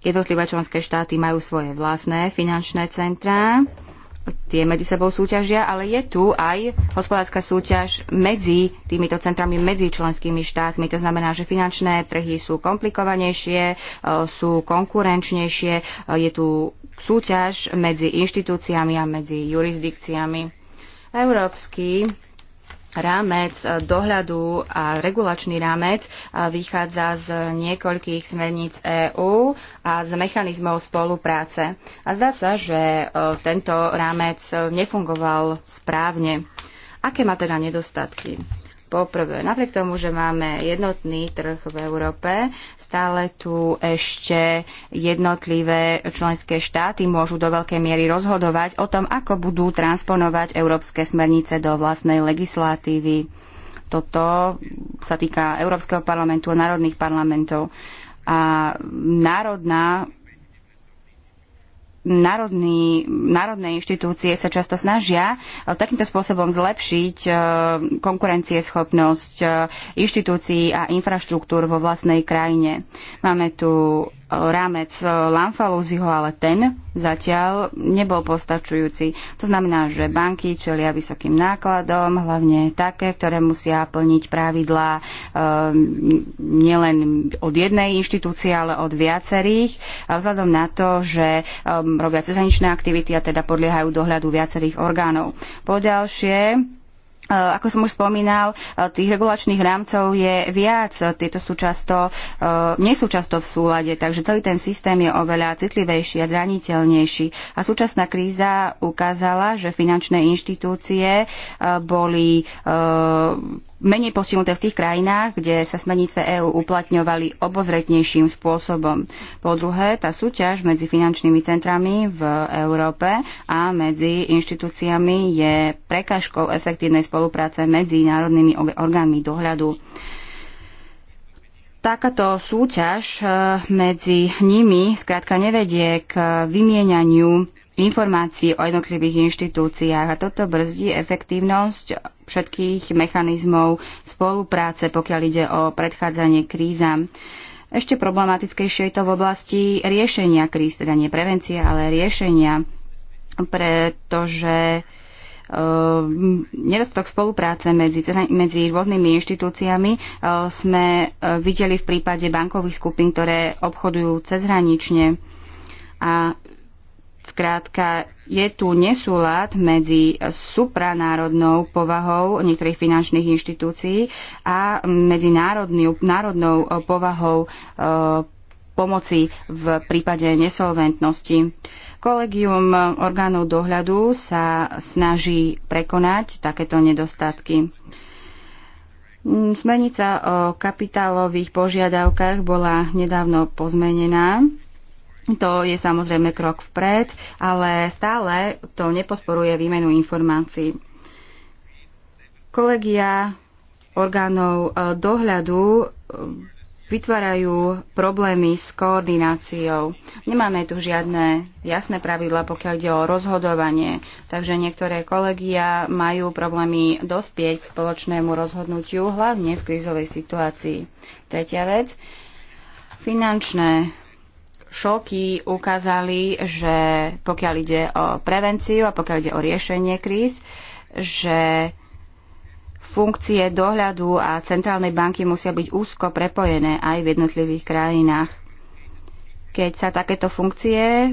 jednotlivé členské štáty majú svoje vlastné finančné centrá tie medzi sebou súťažia, ale je tu aj hospodárska súťaž medzi týmito centrami, medzi členskými štátmi. To znamená, že finančné trhy sú komplikovanejšie, e, sú konkurenčnejšie, e, je tu súťaž medzi inštitúciami a medzi jurisdikciami. Európsky rámec eh, dohľadu a regulačný rámec eh, vychádza z niekoľkých smerníc EÚ a z mechanizmov spolupráce. A zdá sa, že eh, tento rámec nefungoval správne. Aké má teda nedostatky? Poprvé, napriek tomu, že máme jednotný trh v Európe, stále tu ešte jednotlivé členské štáty môžu do veľkej miery rozhodovať o tom, ako budú transponovať európske smernice do vlastnej legislatívy. Toto sa týka Európskeho parlamentu a národných parlamentov. A národná národní, národné inštitúcie sa často snažia e, takýmto spôsobom zlepšiť e, konkurencieschopnosť e, inštitúcií a infraštruktúr vo vlastnej krajine. Máme tu rámec eh, Lamfalúziho, ale ten zatiaľ nebol postačujúci. To znamená, že banky čelia vysokým nákladom, hlavne také, ktoré musia plniť pravidlá e, nielen od jednej inštitúcie, ale od viacerých. A vzhľadom na to, že e, robia cezaničné aktivity a teda podliehajú dohľadu viacerých orgánov. Po ďalšie, E, ako som už spomínal, e, tých regulačných rámcov je viac, e, tieto sú často, nie sú často v súlade, takže celý ten systém je oveľa citlivejší a zraniteľnejší. A súčasná kríza ukázala, že finančné inštitúcie boli menej postihnuté v tých krajinách, kde sa smernice EÚ uplatňovali obozretnejším spôsobom. Po druhé, tá súťaž medzi finančnými centrami v Európe a medzi inštitúciami je prekážkou efektívnej spolupráce medzi národnými orgánmi dohľadu. Takáto súťaž eh, medzi nimi skrátka nevedie k vymieňaniu informácií o jednotlivých inštitúciách a toto brzdí efektívnosť všetkých mechanizmov spolupráce, pokiaľ ide o predchádzanie krízam. Ešte problematickejšie je to v oblasti riešenia kríz, teda nie prevencie, ale riešenia, pretože ehm, nedostatok spolupráce medzi, medzi rôznymi inštitúciami e, sme e, videli v prípade bankových skupín, ktoré obchodujú cezhranične. A Zkrátka je tu nesúlad medzi supranárodnou povahou niektorých finančných inštitúcií a medzi národnou, národnou eh, povahou e, pomoci v prípade nesolventnosti. Kolegium orgánov dohľadu sa snaží prekonať takéto nedostatky. Smernica o kapitálových požiadavkách bola nedávno pozmenená to je samozrejme krok vpred, ale stále to nepodporuje výmenu informácií. Kolegia orgánov e, dohľadu e, vytvárajú problémy s koordináciou. Nemáme tu žiadne jasné pravidla, pokiaľ ide o rozhodovanie, takže niektoré kolegia majú problémy dospieť k spoločnému rozhodnutiu, hlavne v krízovej situácii. Tretia vec, finančné šoky ukázali, že pokiaľ ide o prevenciu a pokiaľ ide o riešenie kríz, že funkcie dohľadu a centrálnej banky musia byť úzko prepojené aj v jednotlivých krajinách. Keď sa takéto funkcie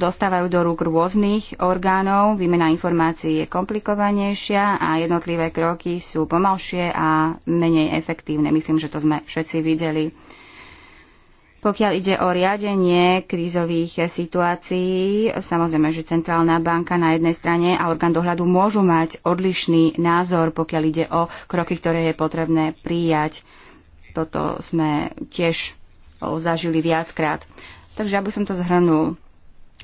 dostávajú do rúk rôznych orgánov, výmena informácií je komplikovanejšia a jednotlivé kroky sú pomalšie a menej efektívne. Myslím, že to sme všetci videli. Pokiaľ ide o riadenie krízových situácií, samozrejme, že centrálna banka na jednej strane a orgán dohľadu môžu mať odlišný názor, pokiaľ ide o kroky, ktoré je potrebné prijať. Toto sme tiež zažili viackrát. Takže aby som to zhrnul,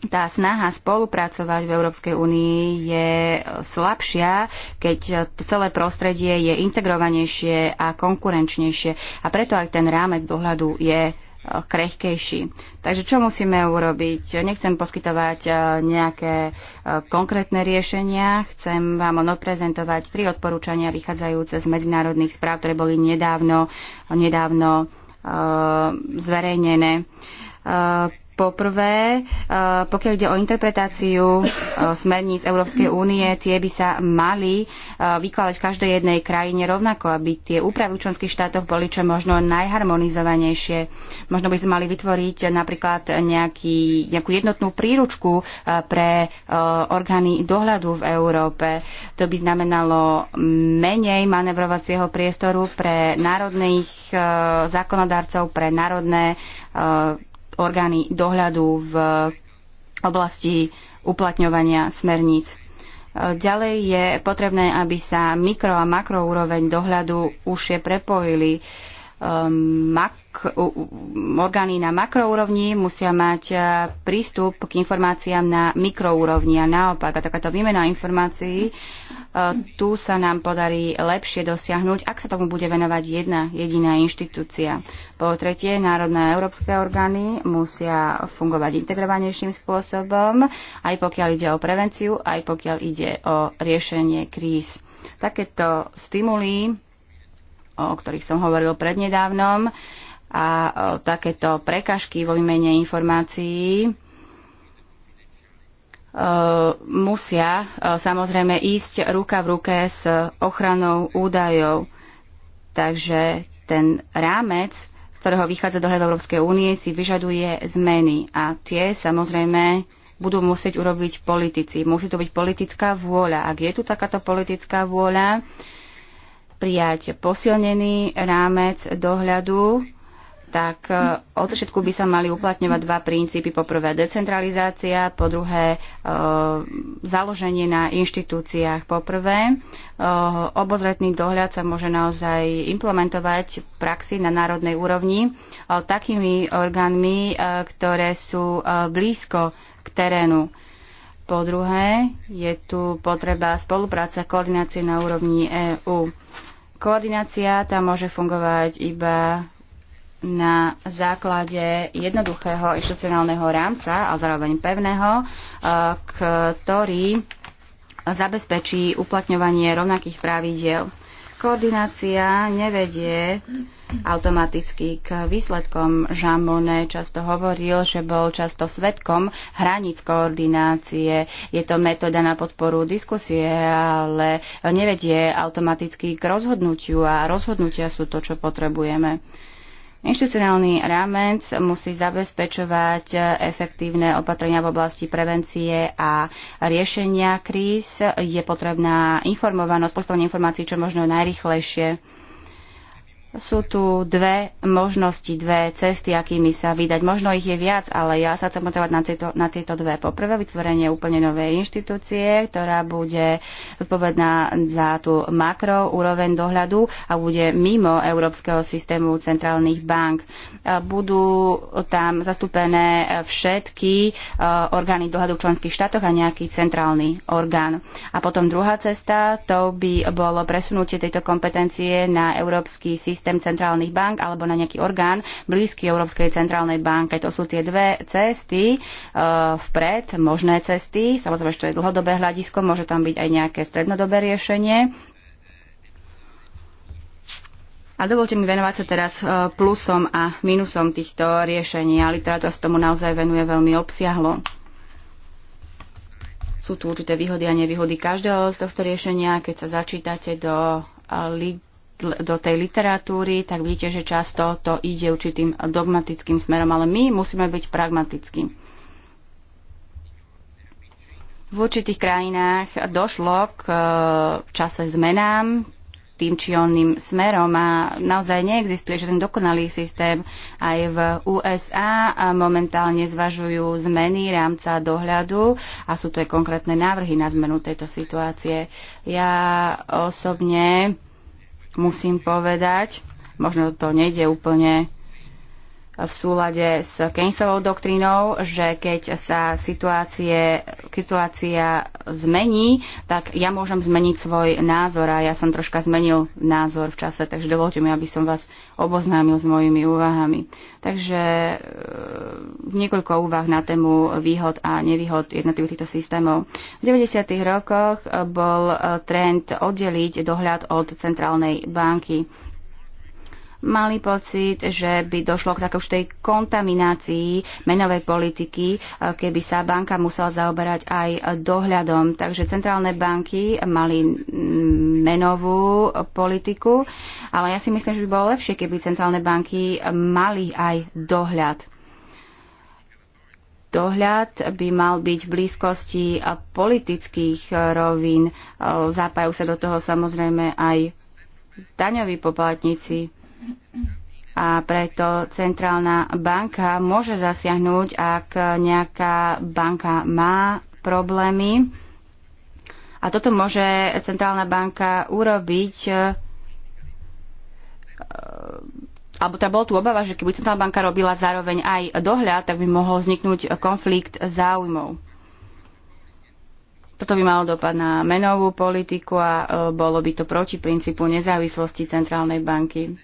tá snaha spolupracovať v Európskej únii je slabšia, keď celé prostredie je integrovanejšie a konkurenčnejšie. A preto aj ten rámec dohľadu je krehkejší. Takže čo musíme urobiť? Nechcem poskytovať e, nejaké e, konkrétne riešenia, chcem vám ono prezentovať tri odporúčania vychádzajúce z medzinárodných správ, ktoré boli nedávno, nedávno e, zverejnené Poprvé, e, pokiaľ ide o interpretáciu e, smerníc Európskej únie, tie by sa mali e, vykladať v každej jednej krajine rovnako, aby tie úpravy v členských štátoch boli čo možno najharmonizovanejšie. Možno by sme mali vytvoriť napríklad nejaký, nejakú jednotnú príručku pre orgány dohľadu v Európe. To by znamenalo menej manevrovacieho priestoru pre národných zákonodárcov, pre národné orgány dohľadu v oblasti uplatňovania smerníc. Ďalej je potrebné, aby sa mikro a makroúroveň dohľadu už je prepojili. Uh, mak- orgány na makroúrovni musia mať e, prístup k informáciám na mikroúrovni a naopak. A takáto výmena informácií, e, tu sa nám podarí lepšie dosiahnuť, ak sa tomu bude venovať jedna jediná inštitúcia. Po tretie, národné a európske orgány musia fungovať integrovanejším spôsobom, aj pokiaľ ide o prevenciu, aj pokiaľ ide o riešenie kríz. Takéto stimuly o ktorých som hovoril prednedávnom. A e, takéto prekažky vo výmene informácií e, musia e, samozrejme ísť ruka v ruke s ochranou údajov. Takže ten rámec, z ktorého vychádza dohľad Európskej únie, si vyžaduje zmeny. A tie samozrejme budú musieť urobiť politici. Musí to byť politická vôľa. Ak je tu takáto politická vôľa, prijať posilnený rámec dohľadu, tak e, od všetku by sa mali uplatňovať dva princípy. Po prvé decentralizácia, po druhé e, založenie na inštitúciách. Po prvé, e, obozretný dohľad sa môže naozaj implementovať v praxi na národnej úrovni e, takými orgánmi, e, ktoré sú e, blízko k terénu. Po druhé, je tu potreba spolupráce a koordinácie na úrovni EÚ Koordinácia tam môže fungovať iba na základe jednoduchého inštitucionálneho rámca a zároveň pevného, eh, ktorý zabezpečí uplatňovanie rovnakých pravidiel. Koordinácia nevedie automaticky k výsledkom. Jean Monnet často hovoril, že bol často svetkom hraníc koordinácie. Je to metóda na podporu diskusie, ale nevedie automaticky k rozhodnutiu a rozhodnutia sú to, čo potrebujeme. Inštitucionálny rámec musí zabezpečovať efektívne opatrenia v oblasti prevencie a riešenia kríz. Je potrebná informovanosť, postavenie informácií čo možno najrychlejšie sú tu dve možnosti, dve cesty, akými sa vydať. Možno ich je viac, ale ja sa chcem potrebovať na tieto, na tieto dve. Poprvé vytvorenie úplne novej inštitúcie, ktorá bude zodpovedná za tú makro úroveň dohľadu a bude mimo európskeho systému centrálnych bank. Budú tam zastúpené všetky e, orgány dohľadu v členských štátoch a nejaký centrálny orgán. A potom druhá cesta, to by bolo presunutie tejto kompetencie na európsky systém systém centrálnych bank alebo na nejaký orgán blízky Európskej centrálnej banke. To sú tie dve cesty e, vpred, možné cesty. Samozrejme, že to je dlhodobé hľadisko, môže tam byť aj nejaké strednodobé riešenie. A dovolte mi venovať sa teraz e, plusom a minusom týchto riešení a literatúra sa tomu naozaj venuje veľmi obsiahlo. Sú tu určité výhody a nevýhody každého z tohto riešenia. Keď sa začítate do, e, do tej literatúry, tak vidíte, že často to ide určitým dogmatickým smerom, ale my musíme byť pragmatickí. V určitých krajinách došlo k e, čase zmenám tým či oným smerom a naozaj neexistuje ten dokonalý systém. Aj v USA momentálne zvažujú zmeny rámca dohľadu a sú tu aj konkrétne návrhy na zmenu tejto situácie. Ja osobne musím povedať, možno to nejde úplne v súlade s Keynesovou doktrínou, že keď sa situácie, situácia zmení, tak ja môžem zmeniť svoj názor a ja som troška zmenil názor v čase, takže dovolte mi, aby som vás oboznámil s mojimi úvahami. Takže e, niekoľko úvah na tému výhod a nevýhod jednotlivých týchto systémov. V 90. rokoch bol e, trend oddeliť dohľad od centrálnej banky mali pocit, že by došlo k takej tej kontaminácii menovej politiky, e, keby sa banka musela zaoberať aj dohľadom. Takže centrálne banky mali menovú politiku, ale ja si myslím, že by bolo lepšie, keby centrálne banky mali aj dohľad dohľad by mal byť v blízkosti politických rovín. E, Zápajú sa do toho samozrejme aj daňoví poplatníci a preto centrálna banka môže zasiahnuť, ak nejaká banka má problémy. A toto môže centrálna banka urobiť e, alebo tá teda bola tu obava, že keby centrálna banka robila zároveň aj dohľad, tak by mohol vzniknúť konflikt záujmov. Toto by malo dopad na menovú politiku a e, bolo by to proti princípu nezávislosti centrálnej banky.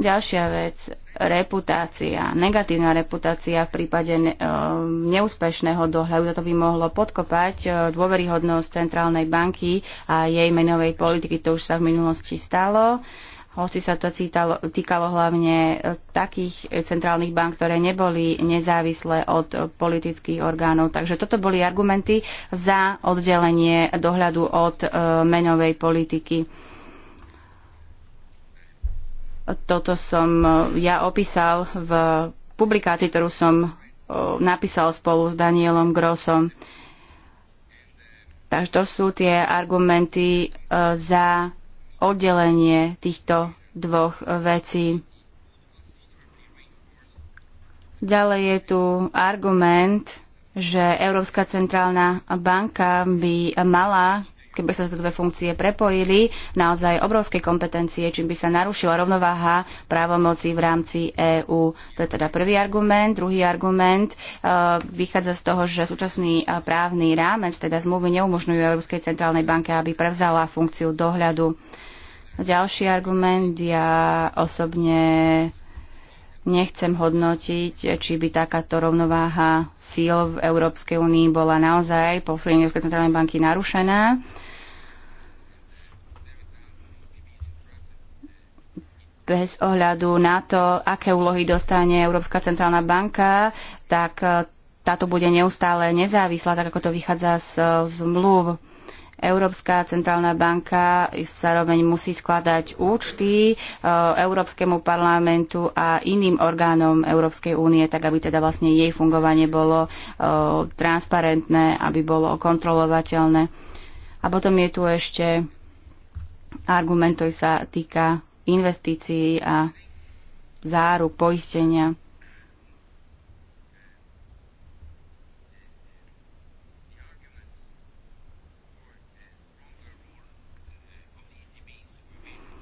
Ďalšia vec, reputácia, negatívna reputácia v prípade eh, neúspešného dohľadu, to by mohlo podkopať eh, dôveryhodnosť centrálnej banky a jej menovej politiky, to už sa v minulosti stalo hoci sa to cítalo, týkalo hlavne eh, takých centrálnych bank, ktoré neboli nezávislé od politických orgánov. Takže toto boli argumenty za oddelenie dohľadu od menovej politiky. Toto som e, ja opísal v publikácii, ktorú som e, napísal spolu s Danielom Grossom. Takže to sú tie argumenty e, za oddelenie týchto dvoch vecí. Ďalej je tu argument, že Európska centrálna banka by mala keby sa tieto dve funkcie prepojili, naozaj obrovské kompetencie, čím by sa narušila rovnováha právomoci v rámci EÚ. To je teda prvý argument. Druhý argument e, vychádza z toho, že súčasný e, právny rámec, teda zmluvy neumožňujú Európskej centrálnej banke, aby prevzala funkciu dohľadu. Ďalší argument, ja osobne Nechcem hodnotiť, či by takáto rovnováha síl v Európskej únii bola naozaj po Európskej centrálnej banky narušená. bez ohľadu na to, aké úlohy dostane Európska centrálna banka, tak táto bude neustále nezávislá, tak ako to vychádza z zmluv. Európska centrálna banka zároveň musí skladať účty e, Európskemu parlamentu a iným orgánom Európskej únie, tak aby teda vlastne jej fungovanie bolo e, transparentné, aby bolo kontrolovateľné. A potom je tu ešte argument, ktorý sa týka investícií a záruk, poistenia.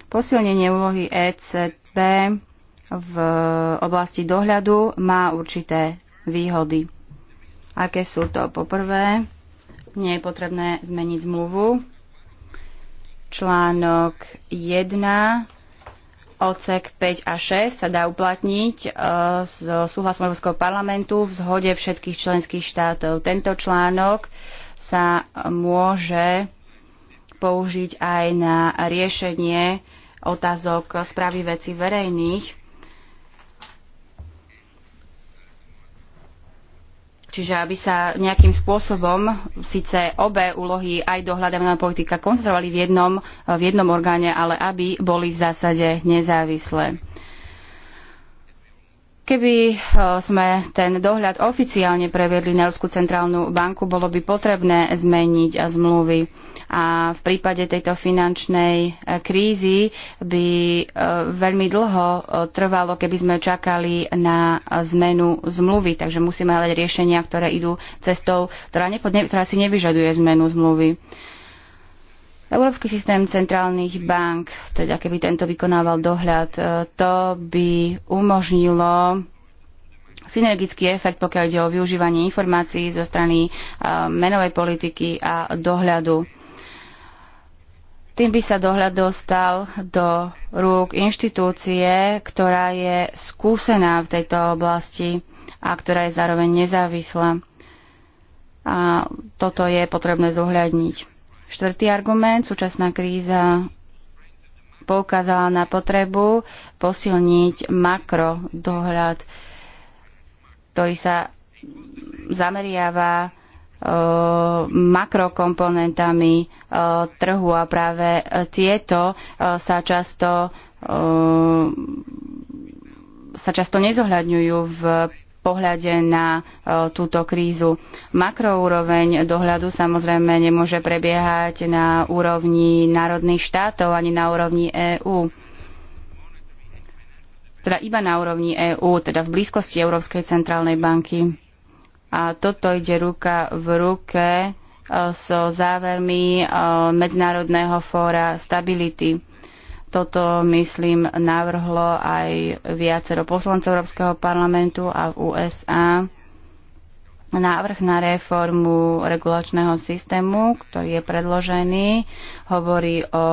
Posilnenie úlohy ECB v oblasti dohľadu má určité výhody. Aké sú to? Poprvé, nie je potrebné zmeniť zmluvu. Článok 1 odsek 5 a 6 sa dá uplatniť e, s súhlasom Európskeho parlamentu v zhode všetkých členských štátov. Tento článok sa môže použiť aj na riešenie otázok správy veci verejných. Čiže aby sa nejakým spôsobom síce obe úlohy aj dohľadávaná politika koncentrovali v jednom, v jednom orgáne, ale aby boli v zásade nezávislé. Keby e, sme ten dohľad oficiálne previedli na Európsku centrálnu banku, bolo by potrebné zmeniť zmluvy a v prípade tejto finančnej e, krízy by e, veľmi dlho e, trvalo, keby sme čakali na zmenu zmluvy. Takže musíme hľadať riešenia, ktoré idú cestou, ktorá, nepodne, ktorá si nevyžaduje zmenu zmluvy. Európsky systém centrálnych bank, teda keby tento vykonával dohľad, to by umožnilo synergický efekt, pokiaľ ide o využívanie informácií zo strany menovej politiky a dohľadu. Tým by sa dohľad dostal do rúk inštitúcie, ktorá je skúsená v tejto oblasti a ktorá je zároveň nezávislá. A toto je potrebné zohľadniť. Štvrtý argument, súčasná kríza poukázala na potrebu posilniť makrodohľad, ktorý sa zameriava Eh, makrokomponentami eh, trhu a práve eh, tieto sa často sa často nezohľadňujú v pohľade na túto krízu. Makroúroveň dohľadu samozrejme nemôže prebiehať na úrovni národných štátov ani na úrovni EÚ teda iba na úrovni EÚ, teda v blízkosti Európskej centrálnej banky. A toto ide ruka v ruke e, so závermi e, Medzinárodného fóra stability. Toto, myslím, navrhlo aj viacero poslancov Európskeho parlamentu a v USA návrh na reformu regulačného systému, ktorý je predložený, hovorí o, o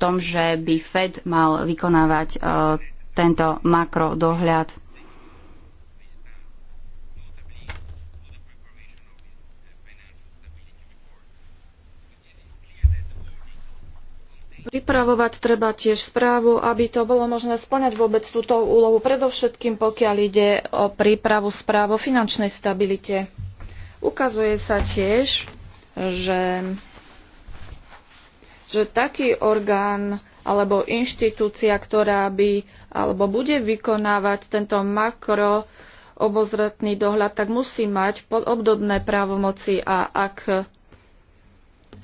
tom, že by Fed mal vykonávať o, e, tento makrodohľad. Pripravovať treba tiež správu, aby to bolo možné splňať vôbec túto úlohu, predovšetkým pokiaľ ide o prípravu správ o finančnej stabilite. Ukazuje sa tiež, že, že taký orgán alebo inštitúcia, ktorá by alebo bude vykonávať tento makro obozretný dohľad, tak musí mať obdobné právomoci a ak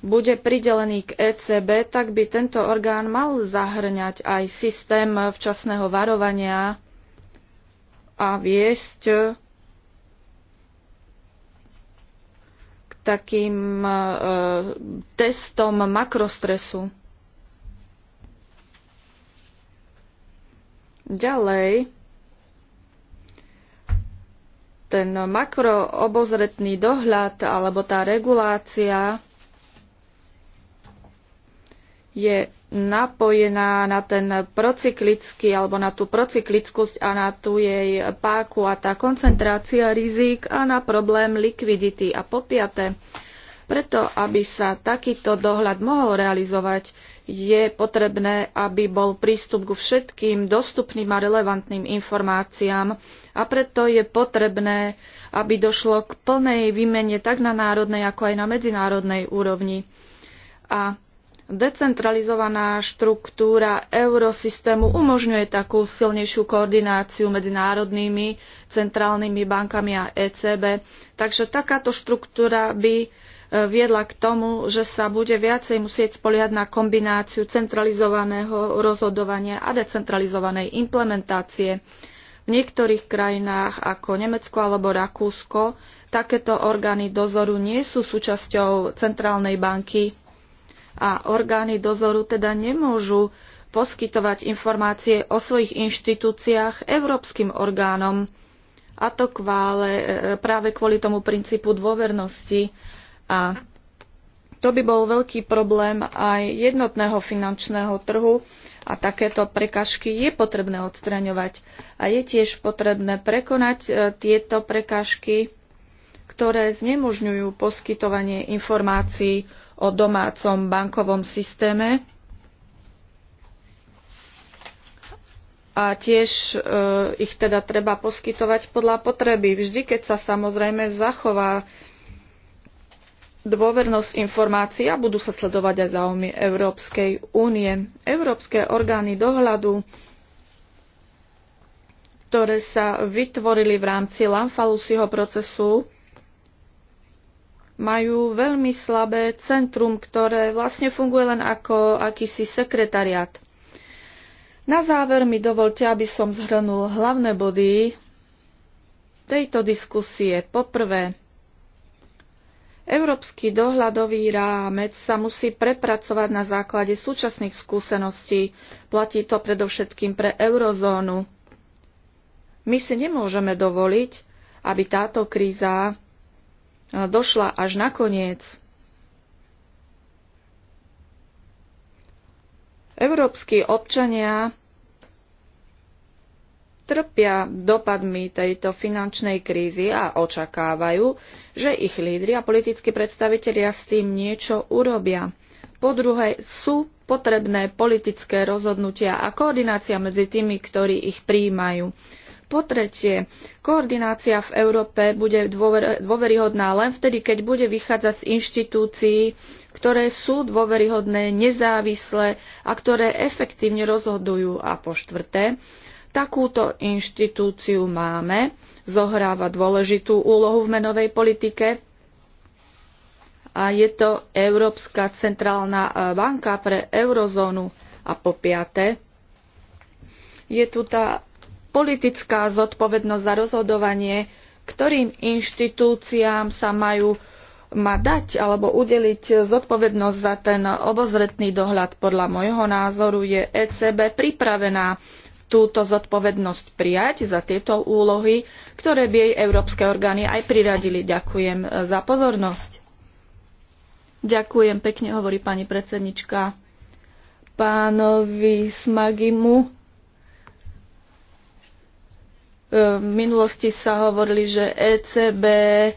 bude pridelený k ECB, tak by tento orgán mal zahrňať aj systém včasného varovania a viesť k takým e, testom makrostresu. Ďalej, ten makroobozretný dohľad alebo tá regulácia je napojená na ten procyklický alebo na tú procyklickosť a na tú jej páku a tá koncentrácia rizik a na problém likvidity. A po piaté, preto, aby sa takýto dohľad mohol realizovať, je potrebné, aby bol prístup ku všetkým dostupným a relevantným informáciám a preto je potrebné, aby došlo k plnej výmene tak na národnej, ako aj na medzinárodnej úrovni. A Decentralizovaná štruktúra eurosystému umožňuje takú silnejšiu koordináciu medzi národnými centrálnymi bankami a ECB. Takže takáto štruktúra by e, viedla k tomu, že sa bude viacej musieť spoliať na kombináciu centralizovaného rozhodovania a decentralizovanej implementácie. V niektorých krajinách ako Nemecko alebo Rakúsko takéto orgány dozoru nie sú súčasťou centrálnej banky a orgány dozoru teda nemôžu poskytovať informácie o svojich inštitúciách európskym orgánom, a to kvále, e, práve kvôli tomu princípu dôvernosti. A to by bol veľký problém aj jednotného finančného trhu a takéto prekažky je potrebné odstraňovať. A je tiež potrebné prekonať e, tieto prekažky, ktoré znemožňujú poskytovanie informácií o domácom bankovom systéme. A tiež e, ich teda treba poskytovať podľa potreby, vždy keď sa samozrejme zachová dôvernosť informácií a budú sa sledovať aj záujmy Európskej únie. Európske orgány dohľadu, ktoré sa vytvorili v rámci Lamfalusiho procesu, majú veľmi slabé centrum, ktoré vlastne funguje len ako akýsi sekretariat. Na záver mi dovolte, aby som zhrnul hlavné body tejto diskusie. Poprvé, Európsky dohľadový rámec sa musí prepracovať na základe súčasných skúseností. Platí to predovšetkým pre eurozónu. My si nemôžeme dovoliť, aby táto kríza došla až na koniec. Európsky občania trpia dopadmi tejto finančnej krízy a očakávajú, že ich lídri a politickí predstavitelia s tým niečo urobia. Po druhé, sú potrebné politické rozhodnutia a koordinácia medzi tými, ktorí ich príjmajú. Po tretie, koordinácia v Európe bude dôver, dôveryhodná len vtedy, keď bude vychádzať z inštitúcií, ktoré sú dôveryhodné, nezávislé a ktoré efektívne rozhodujú. A po štvrté, takúto inštitúciu máme, zohráva dôležitú úlohu v menovej politike a je to Európska centrálna e, banka pre eurozónu. A po piaté, je tu tá politická zodpovednosť za rozhodovanie, ktorým inštitúciám sa majú ma dať alebo udeliť zodpovednosť za ten obozretný dohľad. Podľa môjho názoru je ECB pripravená túto zodpovednosť prijať za tieto úlohy, ktoré by jej európske orgány aj priradili. Ďakujem e, za pozornosť. Ďakujem pekne, hovorí pani predsednička pánovi Smagimu v minulosti sa hovorili, že ECB e,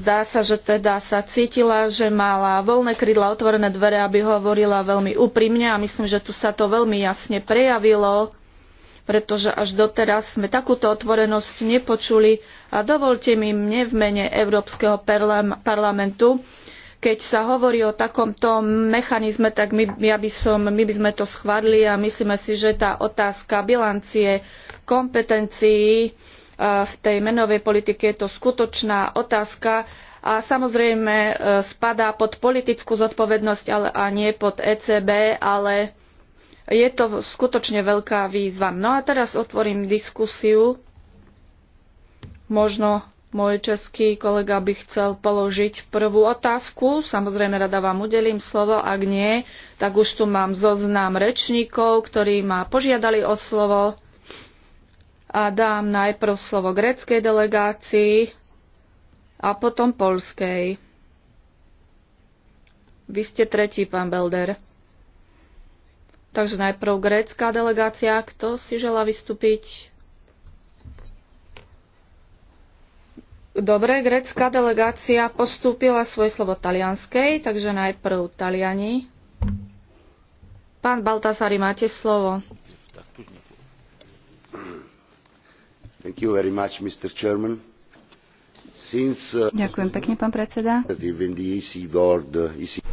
zdá sa, že teda sa cítila, že mala voľné krídla, otvorené dvere, aby hovorila veľmi úprimne a myslím, že tu sa to veľmi jasne prejavilo, pretože až doteraz sme takúto otvorenosť nepočuli a dovolte mi mne v mene Európskeho parlamentu keď sa hovorí o takomto mechanizme, tak my, ja by som, my by sme to schválili a myslíme si, že tá otázka bilancie kompetencií eh, v tej menovej politike je to skutočná otázka a samozrejme eh, spadá pod politickú zodpovednosť ale, a nie pod ECB, ale je to skutočne veľká výzva. No a teraz otvorím diskusiu. Možno môj český kolega by chcel položiť prvú otázku. Samozrejme, rada vám udelím slovo. Ak nie, tak už tu mám zoznam rečníkov, ktorí ma požiadali o slovo. A dám najprv slovo greckej delegácii a potom polskej. Vy ste tretí, pán Belder. Takže najprv grécka delegácia. Kto si želá vystúpiť? Dobre, grecká delegácia postúpila svoje slovo talianskej, takže najprv Taliani. Pán Baltasari, máte slovo. Thank you very much, Mr. Chairman. Since, uh, Ďakujem pekne, pán predseda. E uh, e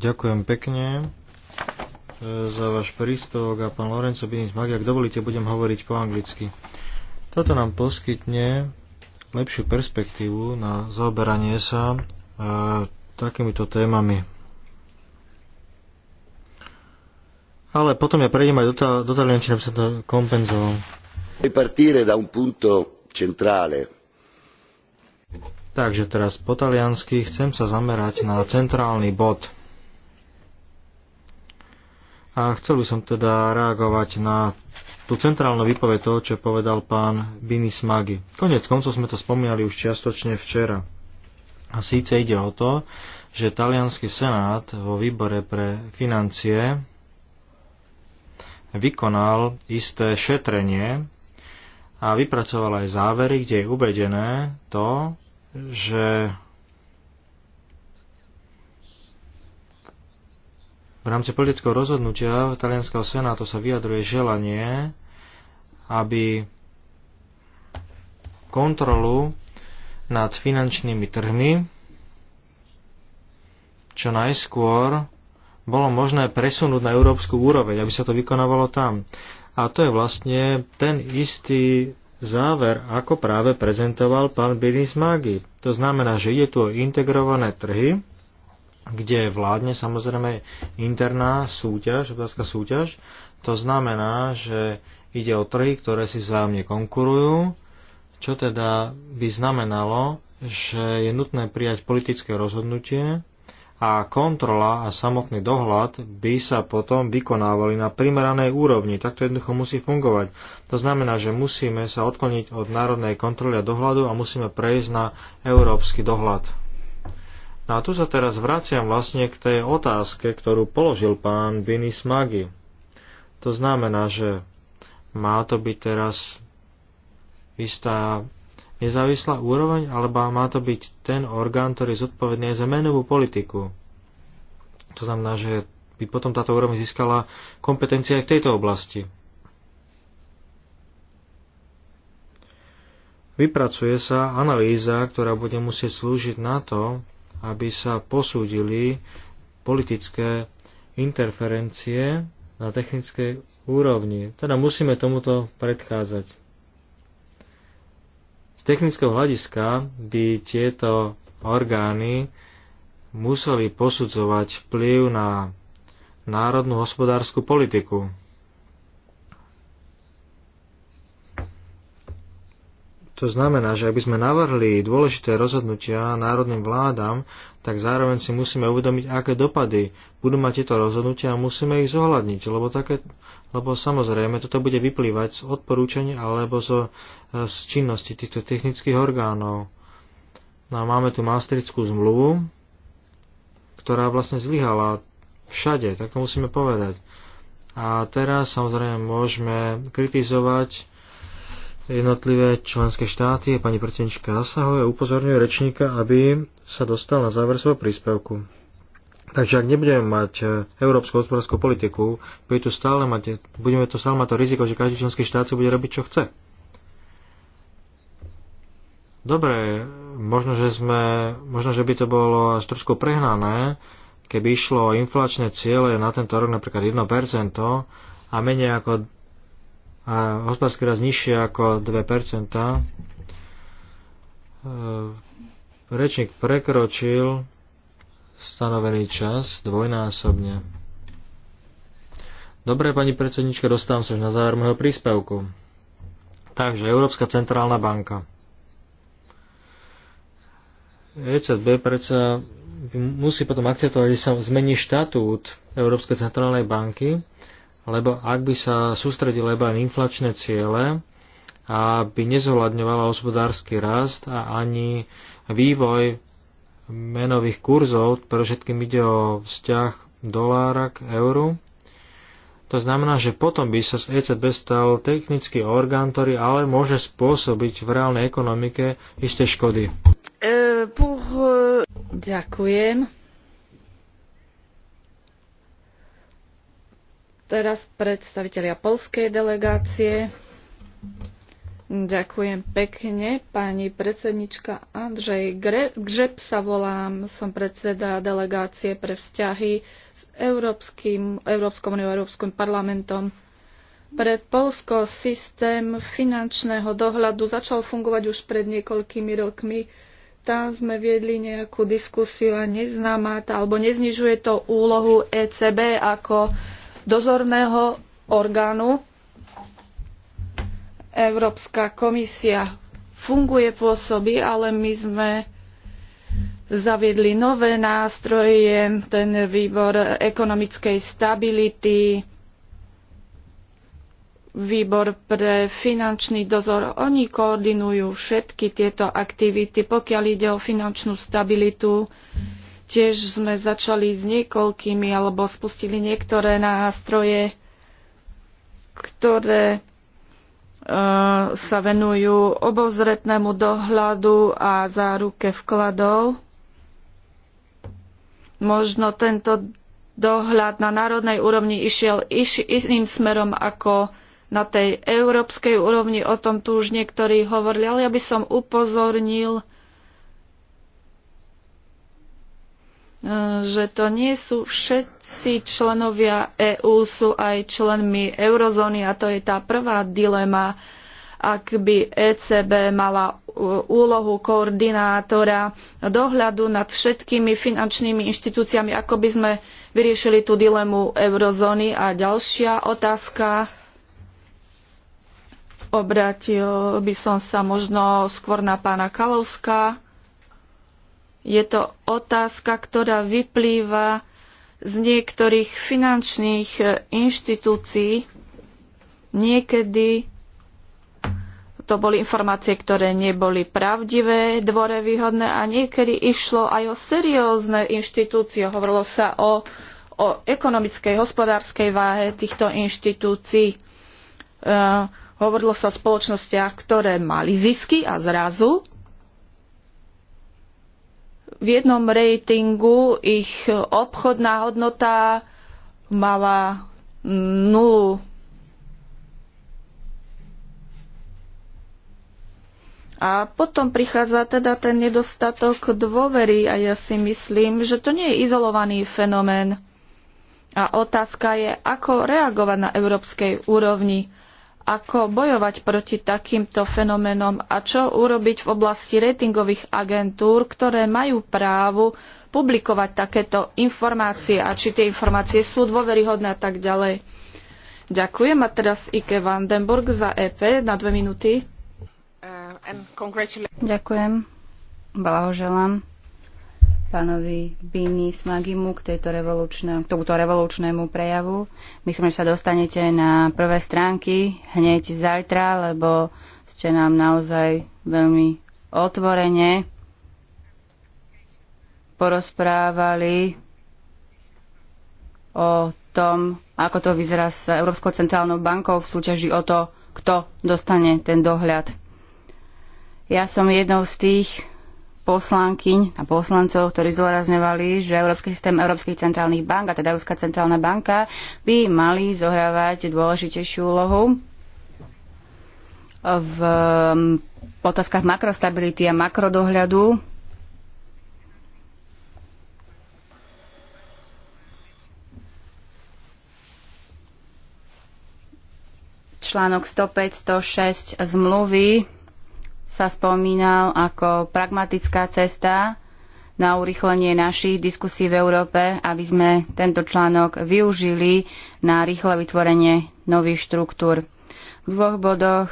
Ďakujem pekne uh, za váš príspevok a pán Lorenzo Binic Magia. Ak dovolíte, budem hovoriť po anglicky. Uh, toto nám poskytne lepšiu perspektívu na zaoberanie sa e, takýmito témami. Ale potom ja prejdem aj do, Taliančina, aby sa to kompenzoval. Partire da un punto centrale. Takže teraz po taliansky chcem sa zamerať na centrálny bod. A chcel by som teda reagovať na tú centrálnu výpoveď toho, čo povedal pán Bini Smagi. Konec koncov sme to spomínali už čiastočne včera. A síce ide o to, že talianský senát vo výbore pre financie vykonal isté šetrenie a vypracoval aj závery, kde je uvedené to, že V rámci politického rozhodnutia talianského senátu sa vyjadruje želanie, aby kontrolu nad finančnými trhmi čo najskôr bolo možné presunúť na európsku úroveň, aby sa to vykonávalo tam. A to je vlastne ten istý záver, ako práve prezentoval pán Bilis Magi. To znamená, že ide tu o integrované trhy, kde vládne samozrejme interná súťaž, obrázka súťaž. To znamená, že ide o trhy, ktoré si vzájomne konkurujú, čo teda by znamenalo, že je nutné prijať politické rozhodnutie a kontrola a samotný dohľad by sa potom vykonávali na primeranej úrovni. Takto jednoducho musí fungovať. To znamená, že musíme sa odkloniť od národnej kontroly a dohľadu a musíme prejsť na európsky dohľad. No a tu sa teraz vraciam vlastne k tej otázke, ktorú položil pán Bini Magi. To znamená, že má to byť teraz istá nezávislá úroveň, alebo má to byť ten orgán, ktorý je zodpovedný za menovú politiku. To znamená, že by potom táto úroveň získala kompetencie aj v tejto oblasti. Vypracuje sa analýza, ktorá bude musieť slúžiť na to, aby sa posúdili politické interferencie na technickej úrovni. Teda musíme tomuto predchádzať. Z technického hľadiska by tieto orgány museli posudzovať vplyv na národnú hospodárskú politiku. To znamená, že ak by sme navrhli dôležité rozhodnutia národným vládam, tak zároveň si musíme uvedomiť, aké dopady budú mať tieto rozhodnutia a musíme ich zohľadniť, lebo, také, lebo samozrejme toto bude vyplývať z odporúčaní alebo zo, e, z činnosti týchto technických orgánov. No a máme tu Maastrichtskú zmluvu, ktorá vlastne zlyhala všade, tak to musíme povedať. A teraz samozrejme môžeme kritizovať jednotlivé členské štáty. Pani predsednička zasahuje a upozorňuje rečníka, aby sa dostal na záver svojho príspevku. Takže ak nebudeme mať e, európsku hospodárskú politiku, bude tu stále mať, budeme tu stále mať to riziko, že každý členský štát si bude robiť, čo chce. Dobre, možno, že sme, možno, že by to bolo až trošku prehnané, keby išlo o inflačné ciele na tento rok napríklad 1% a menej ako a hospodársky rast nižšie ako 2%. E, rečník prekročil stanovený čas dvojnásobne. Dobre, pani predsednička, dostávam sa už na záver môjho príspevku. Takže Európska centrálna banka. ECB predsa musí potom akceptovať, že sa zmení štatút Európskej centrálnej banky lebo ak by sa sústredil iba na inflačné ciele, aby nezohľadňovala hospodársky rast a ani vývoj menových kurzov, pre všetkým ide o vzťah dolára k euru. To znamená, že potom by sa z ECB stal technický orgán, ktorý ale môže spôsobiť v reálnej ekonomike isté škody. E, puh... E, Ďakujem. Teraz predstavitelia polskej delegácie. Ďakujem pekne, pani predsednička Andrzej Grzeb sa volám, som predseda delegácie pre vzťahy s Európskym, Európskom uniou Európskym parlamentom. Pre Polsko systém finančného dohľadu začal fungovať už pred niekoľkými rokmi. Tam sme viedli nejakú diskusiu a neznámá alebo neznižuje to úlohu ECB ako dozorného orgánu. Európska komisia funguje, pôsobí, ale my sme zaviedli nové nástroje, ten výbor ekonomickej stability, výbor pre finančný dozor. Oni koordinujú všetky tieto aktivity, pokiaľ ide o finančnú stabilitu. Mm Tiež sme začali s niekoľkými alebo spustili niektoré nástroje, ktoré e, sa venujú obozretnému dohľadu a záruke vkladov. Možno tento dohľad na národnej úrovni išiel iš, iným smerom ako na tej európskej úrovni. O tom tu už niektorí hovorili, ale ja by som upozornil že to nie sú všetci členovia EÚ, sú aj členmi eurozóny a to je tá prvá dilema, ak by ECB mala e, úlohu koordinátora dohľadu nad všetkými finančnými inštitúciami, ako by sme vyriešili tú dilemu eurozóny. A ďalšia otázka, obratil by som sa možno skôr na pána Kalovská je to otázka, ktorá vyplýva z niektorých finančných e, inštitúcií. Niekedy to boli informácie, ktoré neboli pravdivé, dvore výhodné a niekedy išlo aj o seriózne inštitúcie. Hovorilo sa o, o ekonomickej, hospodárskej váhe týchto inštitúcií. Uh, hovorilo sa o spoločnostiach, ktoré mali zisky a zrazu v jednom ratingu ich obchodná hodnota mala nulu. A potom prichádza teda ten nedostatok dôvery a ja si myslím, že to nie je izolovaný fenomén. A otázka je, ako reagovať na európskej úrovni ako bojovať proti takýmto fenoménom a čo urobiť v oblasti ratingových agentúr, ktoré majú právo publikovať takéto informácie a či tie informácie sú dôveryhodné a tak ďalej. Ďakujem a teraz Ike Vandenburg za EP na dve minúty. Uh, Ďakujem. Blahoželám pánovi Bini Smagimu k, tejto revolučné, k tomuto revolučnému prejavu. Myslím, že sa dostanete na prvé stránky hneď zajtra, lebo ste nám naozaj veľmi otvorene porozprávali o tom, ako to vyzerá s Európskou centrálnou bankou v súťaži o to, kto dostane ten dohľad. Ja som jednou z tých, poslankyň a poslancov, ktorí zdôrazňovali, že Európsky systém Európskych centrálnych bank, a teda Európska centrálna banka, by mali zohrávať dôležitejšiu úlohu v um, otázkach makrostability a makrodohľadu. Článok 105, 106 zmluvy sa spomínal ako pragmatická cesta na urychlenie našich diskusí v Európe, aby sme tento článok využili na rýchle vytvorenie nových štruktúr. V dvoch bodoch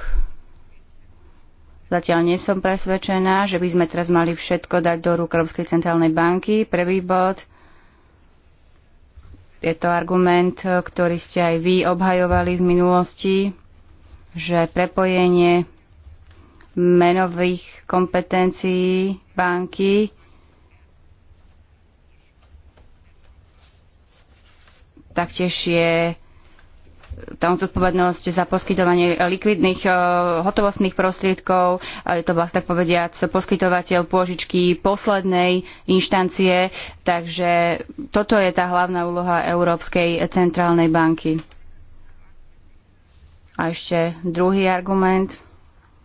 Zatiaľ nie som presvedčená, že by sme teraz mali všetko dať do rúk Európskej centrálnej banky. Prvý bod je to argument, ktorý ste aj vy obhajovali v minulosti, že prepojenie menových kompetencií banky. Taktiež je tam zodpovednosť za poskytovanie likvidných eh, hotovostných prostriedkov, je to vlastne tak povediac poskytovateľ pôžičky poslednej inštancie, takže toto je tá hlavná úloha Európskej centrálnej banky. A ešte druhý argument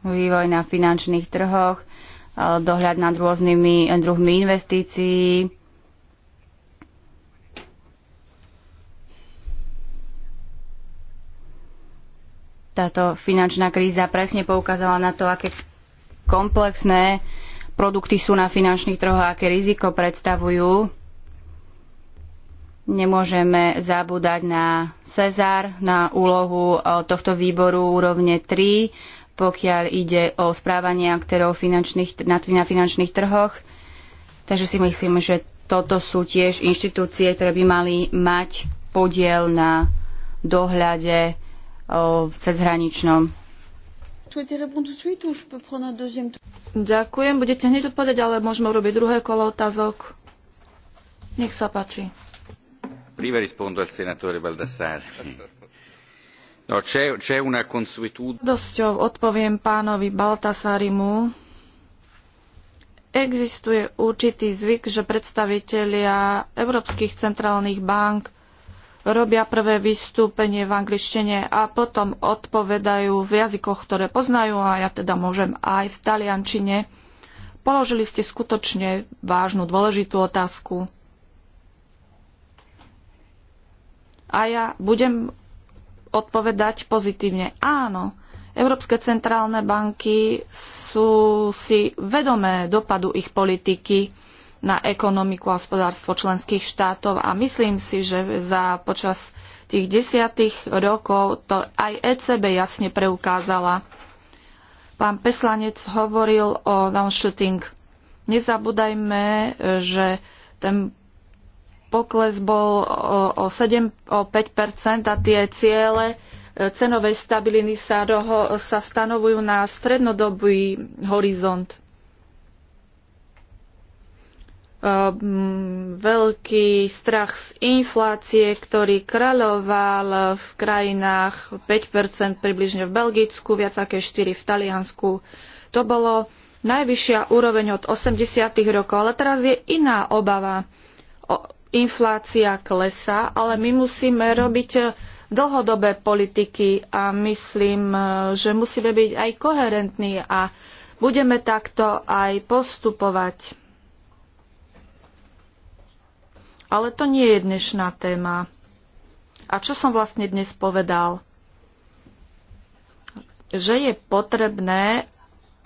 vývoj na finančných trhoch, eh, dohľad nad rôznymi eh, druhmi investícií, táto finančná kríza presne poukázala na to, aké komplexné produkty sú na finančných trhoch a aké riziko predstavujú. Nemôžeme zabúdať na Cezar, na úlohu eh, tohto výboru úrovne 3 pokiaľ ide o správanie aktérov finančných, na, na finančných trhoch. Takže si myslím, že toto sú tiež inštitúcie, ktoré by mali mať podiel na dohľade o, cezhraničnom. Ďakujem, budete hneď odpovedať, ale môžeme urobiť druhé kolo otázok. Nech sa páči. Prima rispondo al senatore Baldassare No, radosťou odpoviem pánovi Baltasarimu. Existuje určitý zvyk, že predstavitelia európskych centrálnych bank robia prvé vystúpenie v angličtine a potom odpovedajú v jazykoch, ktoré poznajú a ja teda môžem aj v taliančine. Položili ste skutočne vážnu, dôležitú otázku. A ja budem odpovedať pozitívne. Áno, Európske centrálne banky sú si vedomé dopadu ich politiky na ekonomiku a hospodárstvo členských štátov a myslím si, že za počas tých desiatých rokov to aj ECB jasne preukázala. Pán Peslanec hovoril o downshooting. Nezabúdajme, že ten pokles bol o, o, 7, o 5 a tie ciele e, cenovej stabiliny sa, doho, sa stanovujú na strednodobý horizont. E, veľký strach z inflácie, ktorý kráľoval v krajinách 5 približne v Belgicku, viac aké 4 v Taliansku. To bolo najvyššia úroveň od 80. rokov, ale teraz je iná obava. O, inflácia klesá, ale my musíme robiť eh, dlhodobé politiky a myslím, eh, že musíme byť aj koherentní a budeme takto aj postupovať. Ale to nie je dnešná téma. A čo som vlastne dnes povedal? Že je potrebné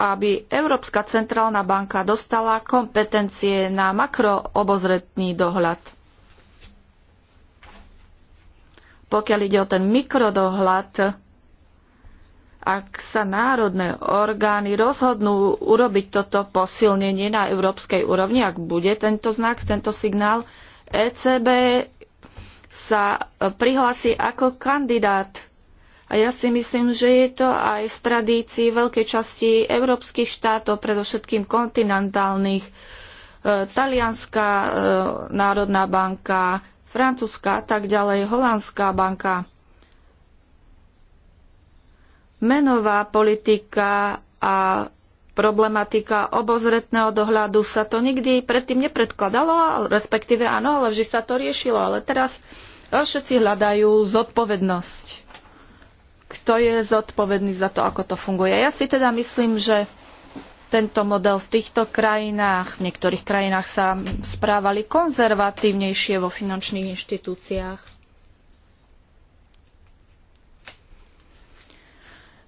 aby Európska centrálna banka dostala kompetencie na makroobozretný dohľad. Pokiaľ ide o ten mikrodohľad, ak sa národné orgány rozhodnú urobiť toto posilnenie na európskej úrovni, ak bude tento znak, tento signál, ECB sa prihlási ako kandidát a ja si myslím, že je to aj v tradícii veľkej časti európskych štátov, predovšetkým kontinentálnych, e, Talianská e, národná banka, Francúzska a tak ďalej, Holandská banka. Menová politika a problematika obozretného dohľadu sa to nikdy predtým nepredkladalo, respektíve áno, ale vždy sa to riešilo. Ale teraz e, všetci hľadajú zodpovednosť kto je zodpovedný za to, ako to funguje. Ja si teda myslím, že tento model v týchto krajinách, v niektorých krajinách sa správali konzervatívnejšie vo finančných inštitúciách.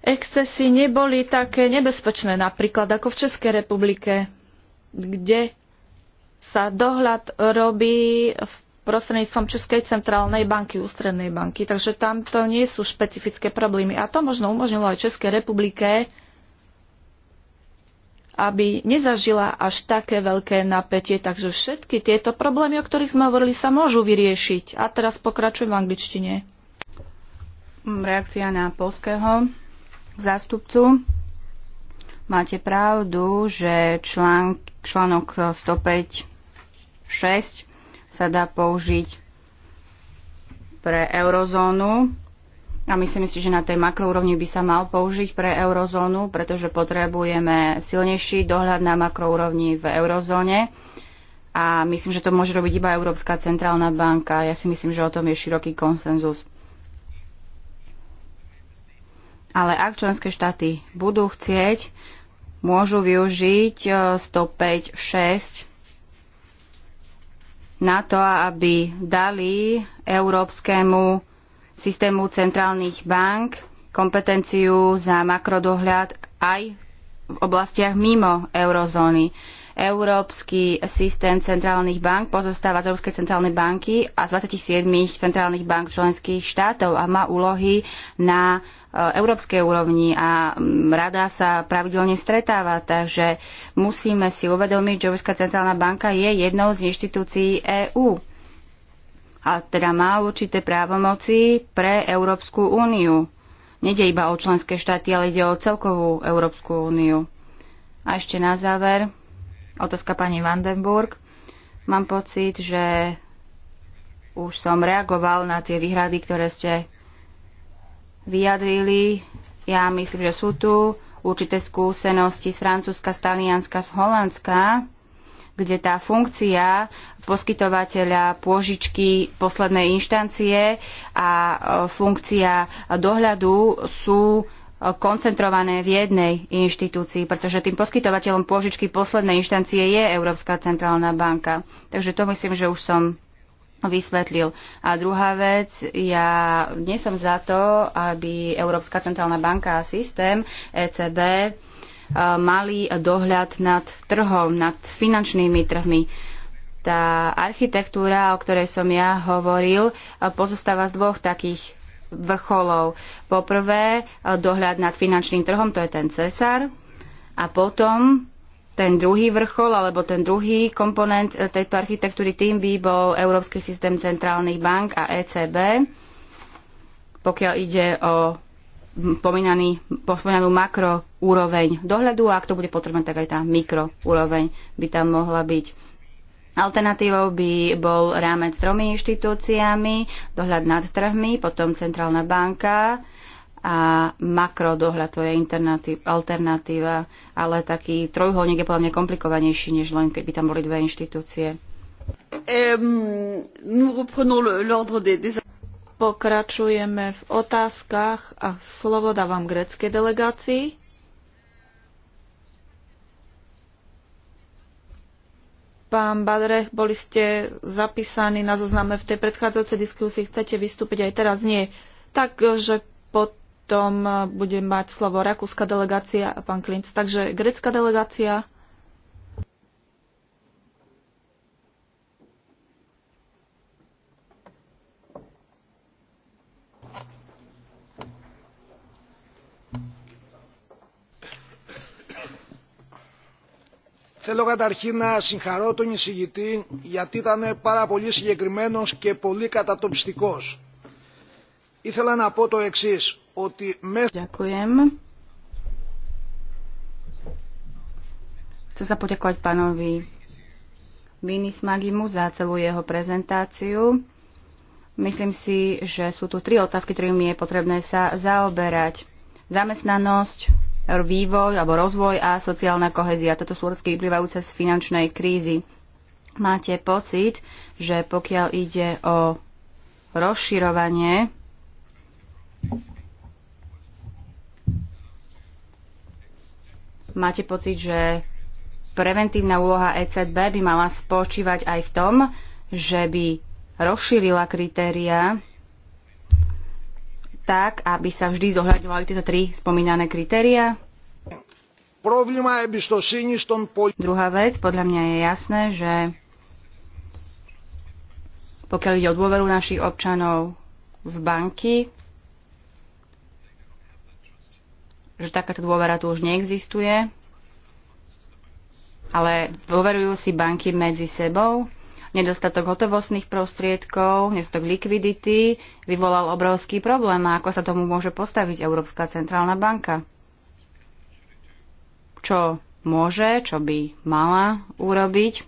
Excesy neboli také nebezpečné, napríklad ako v Českej republike, kde sa dohľad robí v prostredníctvom Českej centrálnej banky, ústrednej banky. Takže tam to nie sú špecifické problémy. A to možno umožnilo aj Českej republike, aby nezažila až také veľké napätie. Takže všetky tieto problémy, o ktorých sme hovorili, sa môžu vyriešiť. A teraz pokračujem v angličtine. Reakcia na polského zástupcu. Máte pravdu, že článok 105 6 sa dá použiť pre eurozónu a myslím si, že na tej makroúrovni by sa mal použiť pre eurozónu, pretože potrebujeme silnejší dohľad na makroúrovni v eurozóne a myslím, že to môže robiť iba Európska centrálna banka. Ja si myslím, že o tom je široký konsenzus. Ale ak členské štáty budú chcieť, môžu využiť 105.6 eh, na to, aby dali európskemu systému centrálnych bank kompetenciu za makrodohľad aj v oblastiach mimo eurozóny. Európsky systém centrálnych bank pozostáva z Európskej centrálnej banky a z 27 centrálnych bank členských štátov a má úlohy na e, európskej úrovni a mm, rada sa pravidelne stretáva, takže musíme si uvedomiť, že Európska centrálna banka je jednou z inštitúcií EÚ a teda má určité právomoci pre Európsku úniu. Nede iba o členské štáty, ale ide o celkovú Európsku úniu. A ešte na záver, Otázka pani Vandenburg. Mám pocit, že už som reagoval na tie výhrady, ktoré ste vyjadrili. Ja myslím, že sú tu určité skúsenosti z Francúzska, z Talianska, z Holandska, kde tá funkcia poskytovateľa pôžičky poslednej inštancie a e, funkcia dohľadu sú koncentrované v jednej inštitúcii, pretože tým poskytovateľom pôžičky poslednej inštancie je Európska centrálna banka. Takže to myslím, že už som vysvetlil. A druhá vec, ja nie som za to, aby Európska centrálna banka a systém ECB e, mali dohľad nad trhom, nad finančnými trhmi. Tá architektúra, o ktorej som ja hovoril, e, pozostáva z dvoch takých vrcholov. Poprvé e, dohľad nad finančným trhom, to je ten cesár. A potom ten druhý vrchol alebo ten druhý komponent e, tejto architektúry tým by bol Európsky systém centrálnych bank a ECB, pokiaľ ide o pomínaný, pospomínanú makroúroveň dohľadu a ak to bude potrebné, tak aj tá mikroúroveň by tam mohla byť. Alternatívou by bol rámec tromi inštitúciami, dohľad nad trhmi, potom centrálna banka a makrodohľad, to je alternatíva, ale taký trojuholník je podľa mňa komplikovanejší, než len keby tam boli dve inštitúcie. Pokračujeme v otázkach a slovo dávam greckej delegácii. Pán Badre, boli ste zapísaní na zozname v tej predchádzajúcej diskusii. Chcete vystúpiť aj teraz? Nie. Takže potom bude mať slovo rakúska delegácia a pán Klinc. Takže grecká delegácia. Θέλω καταρχήν να συγχαρώ τον εισηγητή γιατί ήταν πάρα πολύ συγκεκριμένος και πολύ κατατοπιστικός. Ήθελα να πω το εξής, ότι μέσα... Ďakujem. Chcem sa poďakovať pánovi Minis za celú jeho prezentáciu. Myslím si, že sú tu tri otázky, ktorými je potrebné sa zaoberať. Zamestnanosť, vývoj alebo rozvoj a sociálna kohezia. Toto sú otázky vyplývajúce z finančnej krízy. Máte pocit, že pokiaľ ide o rozširovanie máte pocit, že preventívna úloha ECB by mala spočívať aj v tom, že by rozšírila kritéria tak, aby sa vždy zohľadňovali tieto tri spomínané kritéria? Druhá vec, podľa mňa je jasné, že pokiaľ ide o dôveru našich občanov v banky, že takáto dôvera tu už neexistuje, ale dôverujú si banky medzi sebou nedostatok hotovostných prostriedkov, nedostatok likvidity vyvolal obrovský problém. A ako sa tomu môže postaviť Európska centrálna banka? Čo môže, čo by mala urobiť?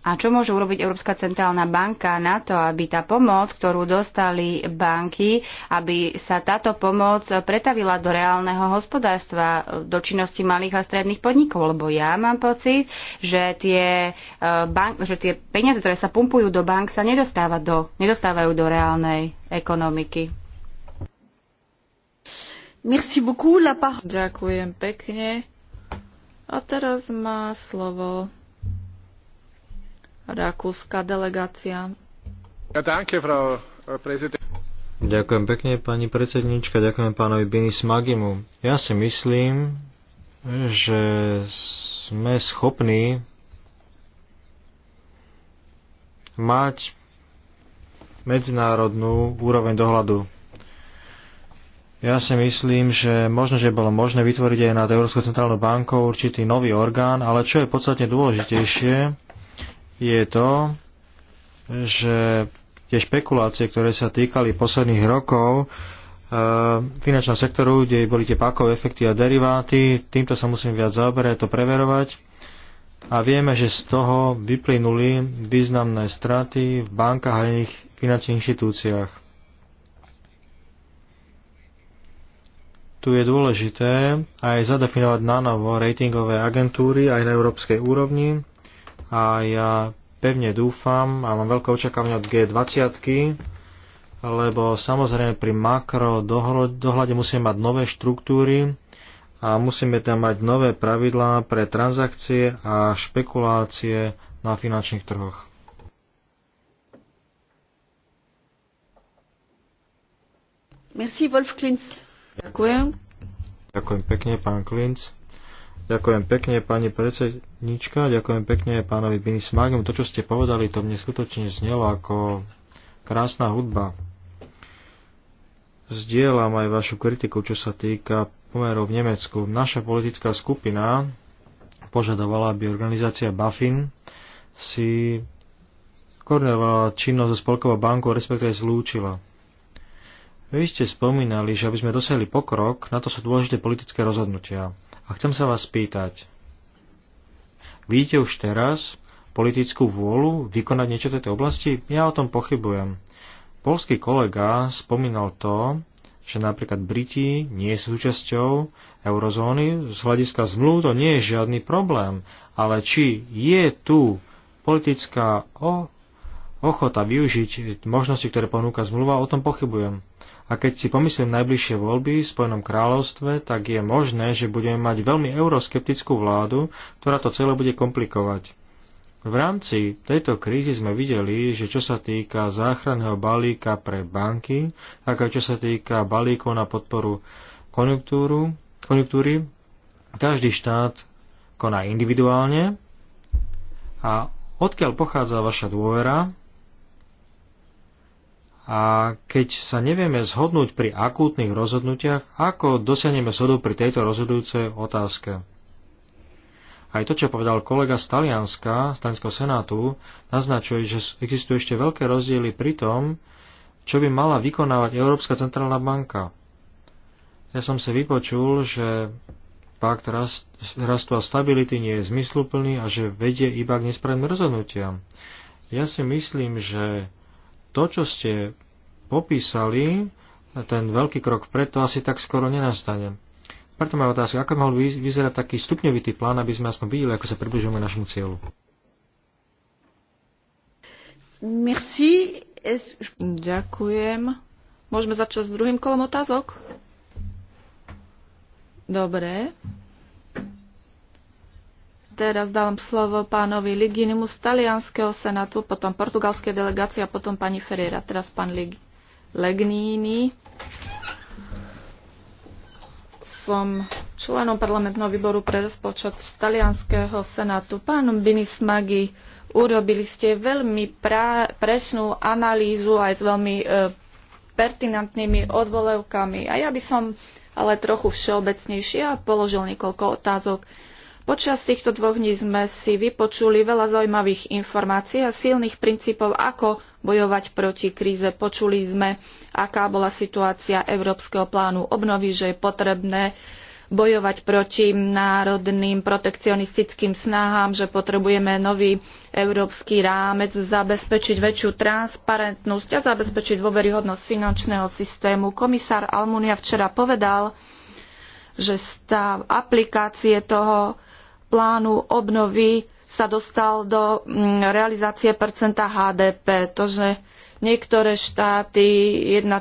A čo môže urobiť Európska centrálna banka na to, aby tá pomoc, ktorú dostali banky, aby sa táto pomoc pretavila do reálneho hospodárstva, do činnosti malých a stredných podnikov? Lebo ja mám pocit, že tie, e, bank, že tie peniaze, ktoré sa pumpujú do bank, sa nedostáva do, nedostávajú do reálnej ekonomiky. Merci beaucoup, la part... Ďakujem pekne. A teraz má slovo rakúska delegácia. Äh, ďakujem pekne, pani predsednička, ďakujem pánovi Bini Smagimu. Ja si myslím, že sme schopní mať medzinárodnú úroveň dohľadu. Ja si myslím, že možno, že bolo možné vytvoriť aj nad Európskou centrálnou bankou určitý nový orgán, ale čo je podstatne dôležitejšie, je to, že tie špekulácie, ktoré sa týkali posledných rokov, e, finančného sektoru, kde boli tie pákové efekty a deriváty. Týmto sa musím viac zaoberať, to preverovať. A vieme, že z toho vyplynuli významné straty v bankách a iných finančných inštitúciách. Tu je dôležité aj zadefinovať na novo ratingové agentúry aj na európskej úrovni a ja pevne dúfam a mám veľké očakávanie od G20, lebo samozrejme pri makro dohľade musíme mať nové štruktúry a musíme tam mať nové pravidlá pre transakcie a špekulácie na finančných trhoch. Merci, Wolf Klintz. Ďakujem. Ďakujem pekne, pán Klinc. Ďakujem pekne, pani predsednička, ďakujem pekne pánovi Binismagom. To, čo ste povedali, to mne skutočne znelo ako krásna hudba. Zdieľam aj vašu kritiku, čo sa týka pomerov v Nemecku. Naša politická skupina požadovala, aby organizácia Bafin si koordinovala činnosť so Spolkovou bankou, respektíve zlúčila. Vy ste spomínali, že aby sme dosiahli pokrok, na to sú dôležité politické rozhodnutia. A chcem sa vás spýtať, vidíte už teraz politickú vôľu vykonať niečo v tejto oblasti? Ja o tom pochybujem. Polský kolega spomínal to, že napríklad Briti nie sú súčasťou eurozóny, z hľadiska zmluv to nie je žiadny problém, ale či je tu politická ochota využiť možnosti, ktoré ponúka zmluva, o tom pochybujem. A keď si pomyslím najbližšie voľby v Spojenom kráľovstve, tak je možné, že budeme mať veľmi euroskeptickú vládu, ktorá to celé bude komplikovať. V rámci tejto krízy sme videli, že čo sa týka záchranného balíka pre banky, ako čo sa týka balíkov na podporu konjunktúru, konjunktúry, každý štát koná individuálne a odkiaľ pochádza vaša dôvera, a keď sa nevieme zhodnúť pri akútnych rozhodnutiach, ako dosiahneme zhodu pri tejto rozhodujúcej otázke? Aj to, čo povedal kolega z Talianska, z Talianského senátu, naznačuje, že existujú ešte veľké rozdiely pri tom, čo by mala vykonávať Európska centrálna banka. Ja som si vypočul, že pakt rast, rastu a stability nie je zmysluplný a že vedie iba k nesprávnym rozhodnutiam. Ja si myslím, že to, čo ste popísali, ten veľký krok preto asi tak skoro nenastane. Preto má otázka, ako mohol vyzerať taký stupňovitý plán, aby sme aspoň videli, ako sa približujeme našemu cieľu? Merci. Ďakujem. Môžeme začať s druhým kolom otázok? Dobre teraz dávam slovo pánovi Liginimu z talianského senátu, potom portugalskej delegácie a potom pani Ferreira. Teraz pán Lig- Legnini. Som členom parlamentného výboru pre rozpočet z talianského senátu. Pán Magi, urobili ste veľmi presnú analýzu aj s veľmi e, pertinentnými odvolevkami. A ja by som ale trochu všeobecnejšie a položil niekoľko otázok. Počas týchto dvoch dní sme si vypočuli veľa zaujímavých informácií a silných princípov, ako bojovať proti kríze. Počuli sme, aká bola situácia Európskeho plánu obnovy, že je potrebné bojovať proti národným protekcionistickým snahám, že potrebujeme nový európsky rámec, zabezpečiť väčšiu transparentnosť a zabezpečiť dôveryhodnosť finančného systému. Komisár Almunia včera povedal, že stav aplikácie toho plánu obnovy sa dostal do mm, realizácie percenta HDP. To, že niektoré štáty 1,5,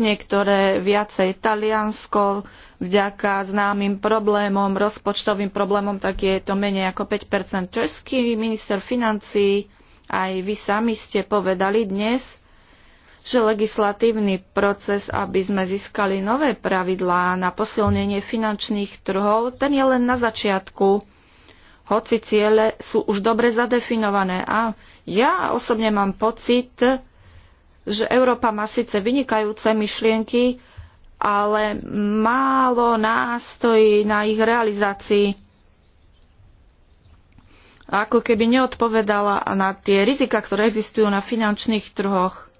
niektoré viacej. Taliansko vďaka známym problémom, rozpočtovým problémom, tak je to menej ako 5 Český minister financí, aj vy sami ste povedali dnes, že legislatívny proces, aby sme získali nové pravidlá na posilnenie finančných trhov, ten je len na začiatku hoci ciele sú už dobre zadefinované. A ja osobne mám pocit, že Európa má síce vynikajúce myšlienky, ale málo nástojí na ich realizácii. Ako keby neodpovedala na tie rizika, ktoré existujú na finančných trhoch.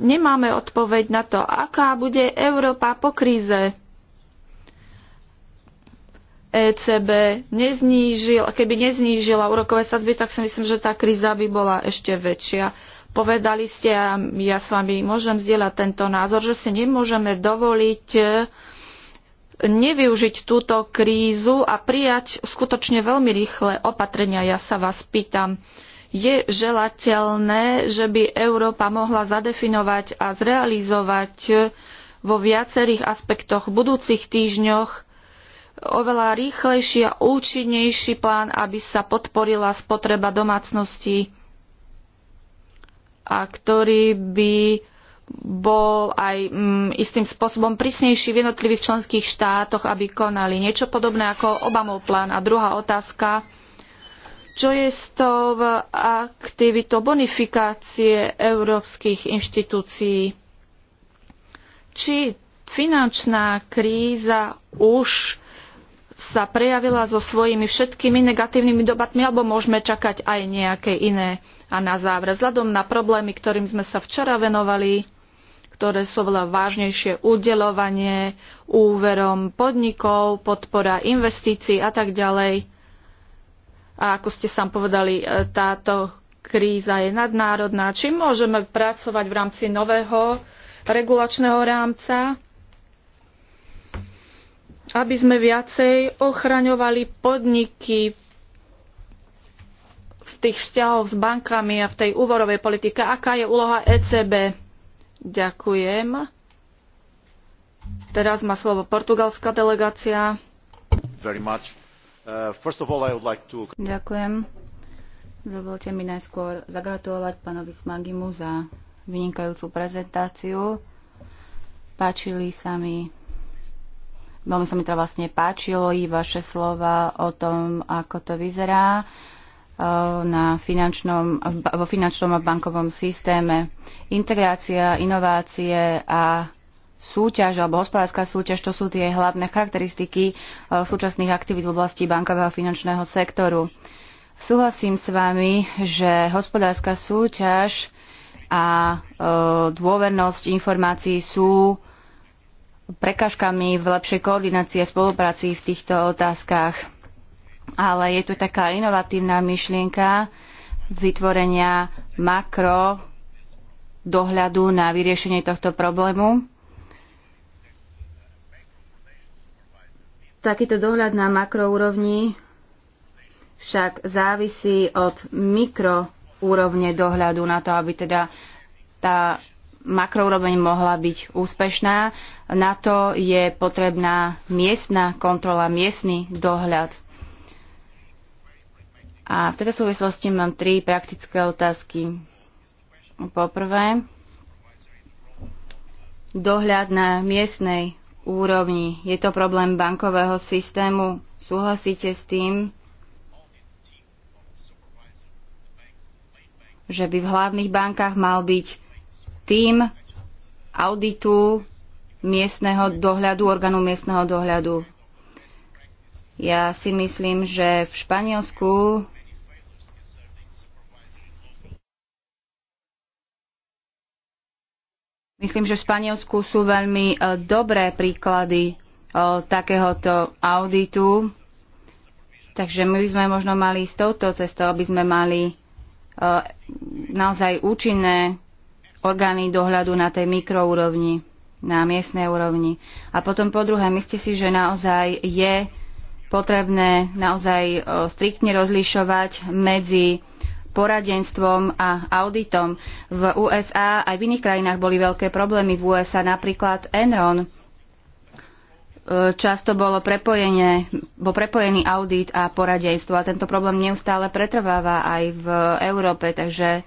Nemáme odpoveď na to, aká bude Európa po kríze ECB neznížil, keby neznížila úrokové sadzby, tak si myslím, že tá kríza by bola ešte väčšia. Povedali ste, a ja s vami môžem zdieľať tento názor, že si nemôžeme dovoliť e, nevyužiť túto krízu a prijať skutočne veľmi rýchle opatrenia. Ja sa vás pýtam, je želateľné, že by Európa mohla zadefinovať a zrealizovať e, vo viacerých aspektoch v budúcich týždňoch oveľa rýchlejší a účinnejší plán, aby sa podporila spotreba domácností a ktorý by bol aj mm, istým spôsobom prísnejší v jednotlivých členských štátoch, aby konali niečo podobné ako Obamov plán. A druhá otázka, čo je s tou aktivitou bonifikácie európskych inštitúcií? Či finančná kríza už sa prejavila so svojimi všetkými negatívnymi dobatmi, alebo môžeme čakať aj nejaké iné. A na záver, vzhľadom na problémy, ktorým sme sa včera venovali, ktoré sú veľa vážnejšie, udelovanie úverom podnikov, podpora investícií a tak ďalej. A ako ste sám povedali, e, táto kríza je nadnárodná. Či môžeme pracovať v rámci nového regulačného rámca, aby sme viacej ochraňovali podniky v tých vzťahoch s bankami a v tej úvorovej politike. Aká je úloha ECB? Ďakujem. Teraz má slovo portugalská delegácia. Uh, all, like to... Ďakujem. Dovolte mi najskôr zagratulovať pánovi Smagimu za vynikajúcu prezentáciu. Páčili sa mi Veľmi sa mi to teda vlastne páčilo i vaše slova o tom, ako to vyzerá e, na finančnom, vo finančnom a bankovom systéme. Integrácia, inovácie a súťaž alebo hospodárska súťaž, to sú tie hlavné charakteristiky e, súčasných aktivít v oblasti bankového finančného sektoru. Súhlasím s vami, že hospodárska súťaž a e, dôvernosť informácií sú prekážkami v lepšej koordinácii a spolupráci v týchto otázkach. Ale je tu taká inovatívna myšlienka vytvorenia makro dohľadu na vyriešenie tohto problému. Takýto dohľad na makroúrovni však závisí od mikroúrovne dohľadu na to, aby teda tá makroúroveň mohla byť úspešná. Na to je potrebná miestna kontrola, miestny dohľad. A v tejto súvislosti mám tri praktické otázky. Poprvé, dohľad na miestnej úrovni. Je to problém bankového systému. Súhlasíte s tým, že by v hlavných bankách mal byť tým auditu miestneho dohľadu, orgánu miestneho dohľadu. Ja si myslím, že v Španielsku Myslím, že v Španielsku sú veľmi e, dobré príklady e, takéhoto auditu. Takže my by sme možno mali s touto cestou, aby sme mali e, naozaj účinné orgány dohľadu na tej mikroúrovni, na miestnej úrovni. A potom po druhé, myslíte si, že naozaj je potrebné naozaj e, striktne rozlišovať medzi poradenstvom a auditom. V USA aj v iných krajinách boli veľké problémy. V USA napríklad Enron e, často bolo prepojenie, bol prepojený audit a poradenstvo a tento problém neustále pretrváva aj v Európe, takže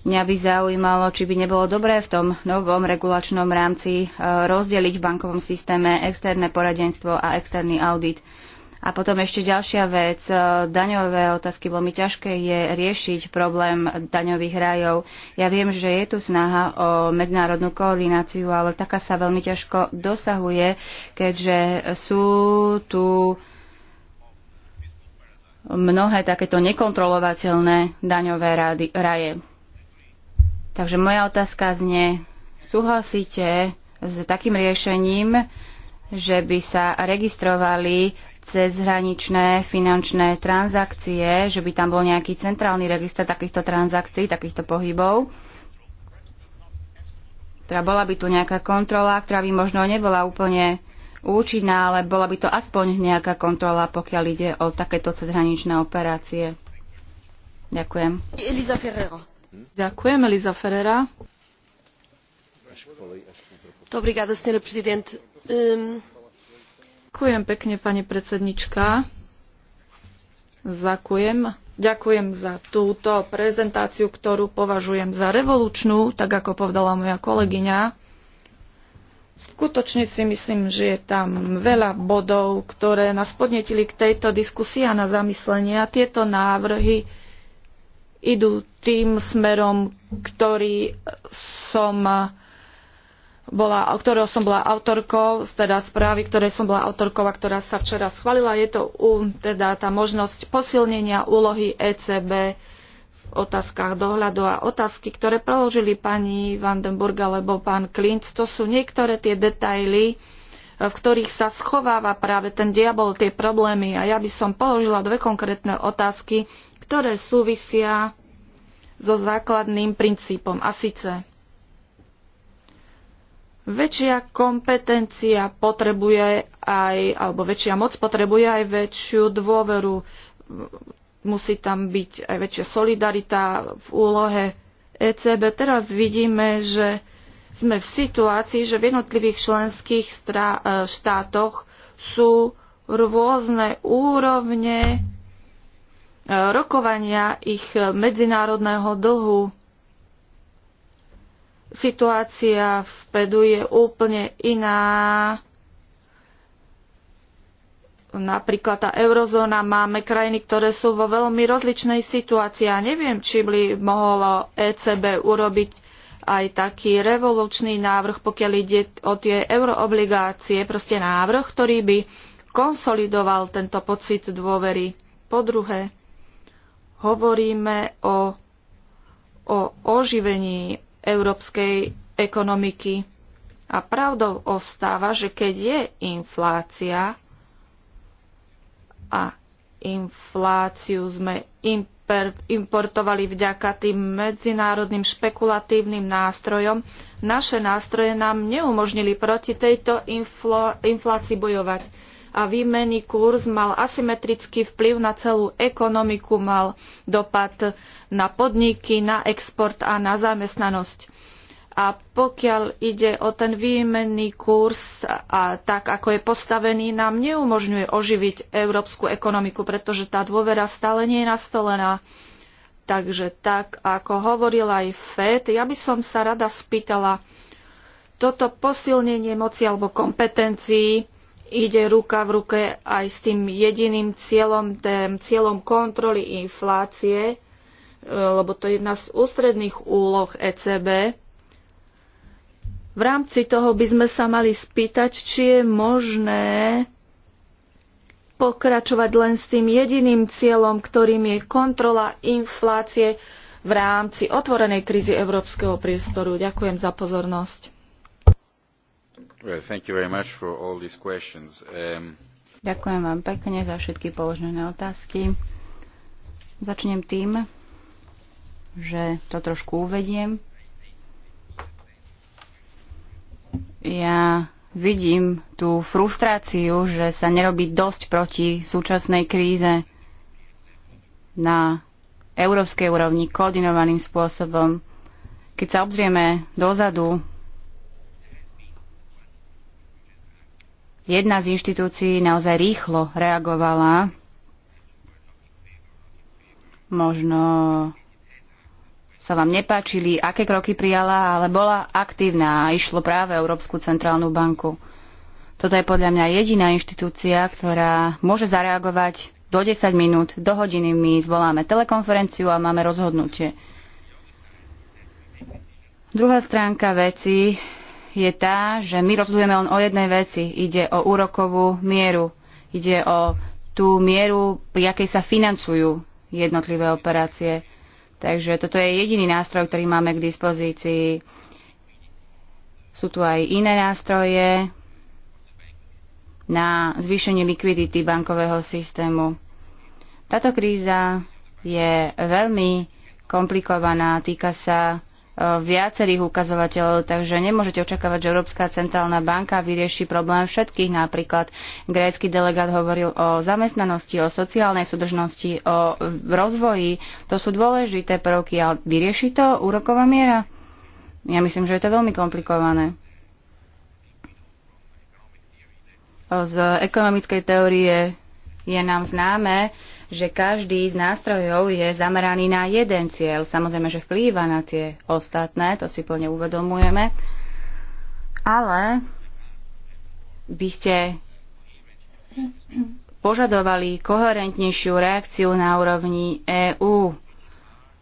Mňa by zaujímalo, či by nebolo dobré v tom novom regulačnom rámci e, rozdeliť v bankovom systéme externé poradenstvo a externý audit. A potom ešte ďalšia vec, e, daňové otázky. Veľmi ťažké je riešiť problém daňových rajov. Ja viem, že je tu snaha o medzinárodnú koordináciu, ale taká sa veľmi ťažko dosahuje, keďže sú tu mnohé takéto nekontrolovateľné daňové raje. Takže moja otázka znie, súhlasíte s takým riešením, že by sa registrovali cezhraničné finančné transakcie, že by tam bol nejaký centrálny register takýchto transakcií, takýchto pohybov. Teda bola by tu nejaká kontrola, ktorá by možno nebola úplne účinná, ale bola by to aspoň nejaká kontrola, pokiaľ ide o takéto cezhraničné operácie. Ďakujem. Elisa Ferrero. Ďakujem, Eliza Ferreira. Obrigada, senhora presidente. Ehm, Ďakujem pekne, pani predsednička. Ďakujem. Ďakujem za túto prezentáciu, ktorú považujem za revolučnú, tak ako povedala moja kolegyňa. Skutočne si myslím, že je tam veľa bodov, ktoré nás podnetili k tejto diskusii a na zamyslenie a tieto návrhy idú tým smerom, ktorý som eh, bola, ktorého som bola autorkou, teda správy, ktoré som bola autorkou a ktorá sa včera schválila. Je to u, teda tá možnosť posilnenia úlohy ECB v otázkach dohľadu a otázky, ktoré preložili pani Vandenburg alebo pán Klint. To sú niektoré tie detaily, eh, v ktorých sa schováva práve ten diabol, tie problémy. A ja by som položila dve konkrétne otázky ktoré súvisia so základným princípom. A síce väčšia kompetencia potrebuje aj, alebo väčšia moc potrebuje aj väčšiu dôveru. Musí tam byť aj väčšia solidarita v úlohe ECB. Teraz vidíme, že sme v situácii, že v jednotlivých členských e, štátoch sú rôzne úrovne rokovania ich medzinárodného dlhu. Situácia v Spedu je úplne iná. Napríklad tá eurozóna máme krajiny, ktoré sú vo veľmi rozličnej situácii a neviem, či by mohlo ECB urobiť aj taký revolučný návrh, pokiaľ ide o tie euroobligácie, proste návrh, ktorý by konsolidoval tento pocit dôvery. Po druhé, hovoríme o, o oživení európskej ekonomiky. A pravdou ostáva, že keď je inflácia a infláciu sme importovali vďaka tým medzinárodným špekulatívnym nástrojom, naše nástroje nám neumožnili proti tejto inflácii bojovať a výmenný kurz mal asymetrický vplyv na celú ekonomiku, mal dopad na podniky, na export a na zamestnanosť. A pokiaľ ide o ten výmenný kurz a tak, ako je postavený, nám neumožňuje oživiť európsku ekonomiku, pretože tá dôvera stále nie je nastolená. Takže tak, ako hovoril aj FED, ja by som sa rada spýtala, toto posilnenie moci alebo kompetencií ide ruka v ruke aj s tým jediným cieľom, tým cieľom kontroly inflácie, e, lebo to je jedna z ústredných úloh ECB. V rámci toho by sme sa mali spýtať, či je možné pokračovať len s tým jediným cieľom, ktorým je kontrola inflácie v rámci otvorenej krízy európskeho priestoru. Ďakujem za pozornosť. Um, Ďakujem vám pekne za všetky položené otázky. Začnem tým, že to trošku uvediem. Ja vidím tú frustráciu, že sa nerobí dosť proti súčasnej kríze na európskej úrovni koordinovaným spôsobom. Keď sa obzrieme dozadu jedna z inštitúcií naozaj rýchlo reagovala. Možno sa vám nepáčili, aké kroky prijala, ale bola aktívna a išlo práve Európsku centrálnu banku. Toto je podľa mňa jediná inštitúcia, ktorá môže zareagovať do 10 minút, do hodiny my zvoláme telekonferenciu a máme rozhodnutie. Druhá stránka veci je tá, že my rozhodujeme len o jednej veci. Ide o úrokovú mieru. Ide o tú mieru, pri akej sa financujú jednotlivé operácie. Takže toto je jediný nástroj, ktorý máme k dispozícii. Sú tu aj iné nástroje na zvýšenie likvidity bankového systému. Táto kríza je veľmi komplikovaná, týka sa viacerých ukazovateľov, takže nemôžete očakávať, že Európska centrálna banka vyrieši problém všetkých. Napríklad grécky delegát hovoril o zamestnanosti, o sociálnej súdržnosti, o rozvoji. To sú dôležité prvky, ale vyrieši to úroková miera? Ja myslím, že je to veľmi komplikované. Z ekonomickej teórie je nám známe, že každý z nástrojov je zameraný na jeden cieľ. Samozrejme, že vplýva na tie ostatné, to si plne uvedomujeme. Ale by ste požadovali koherentnejšiu reakciu na úrovni EÚ.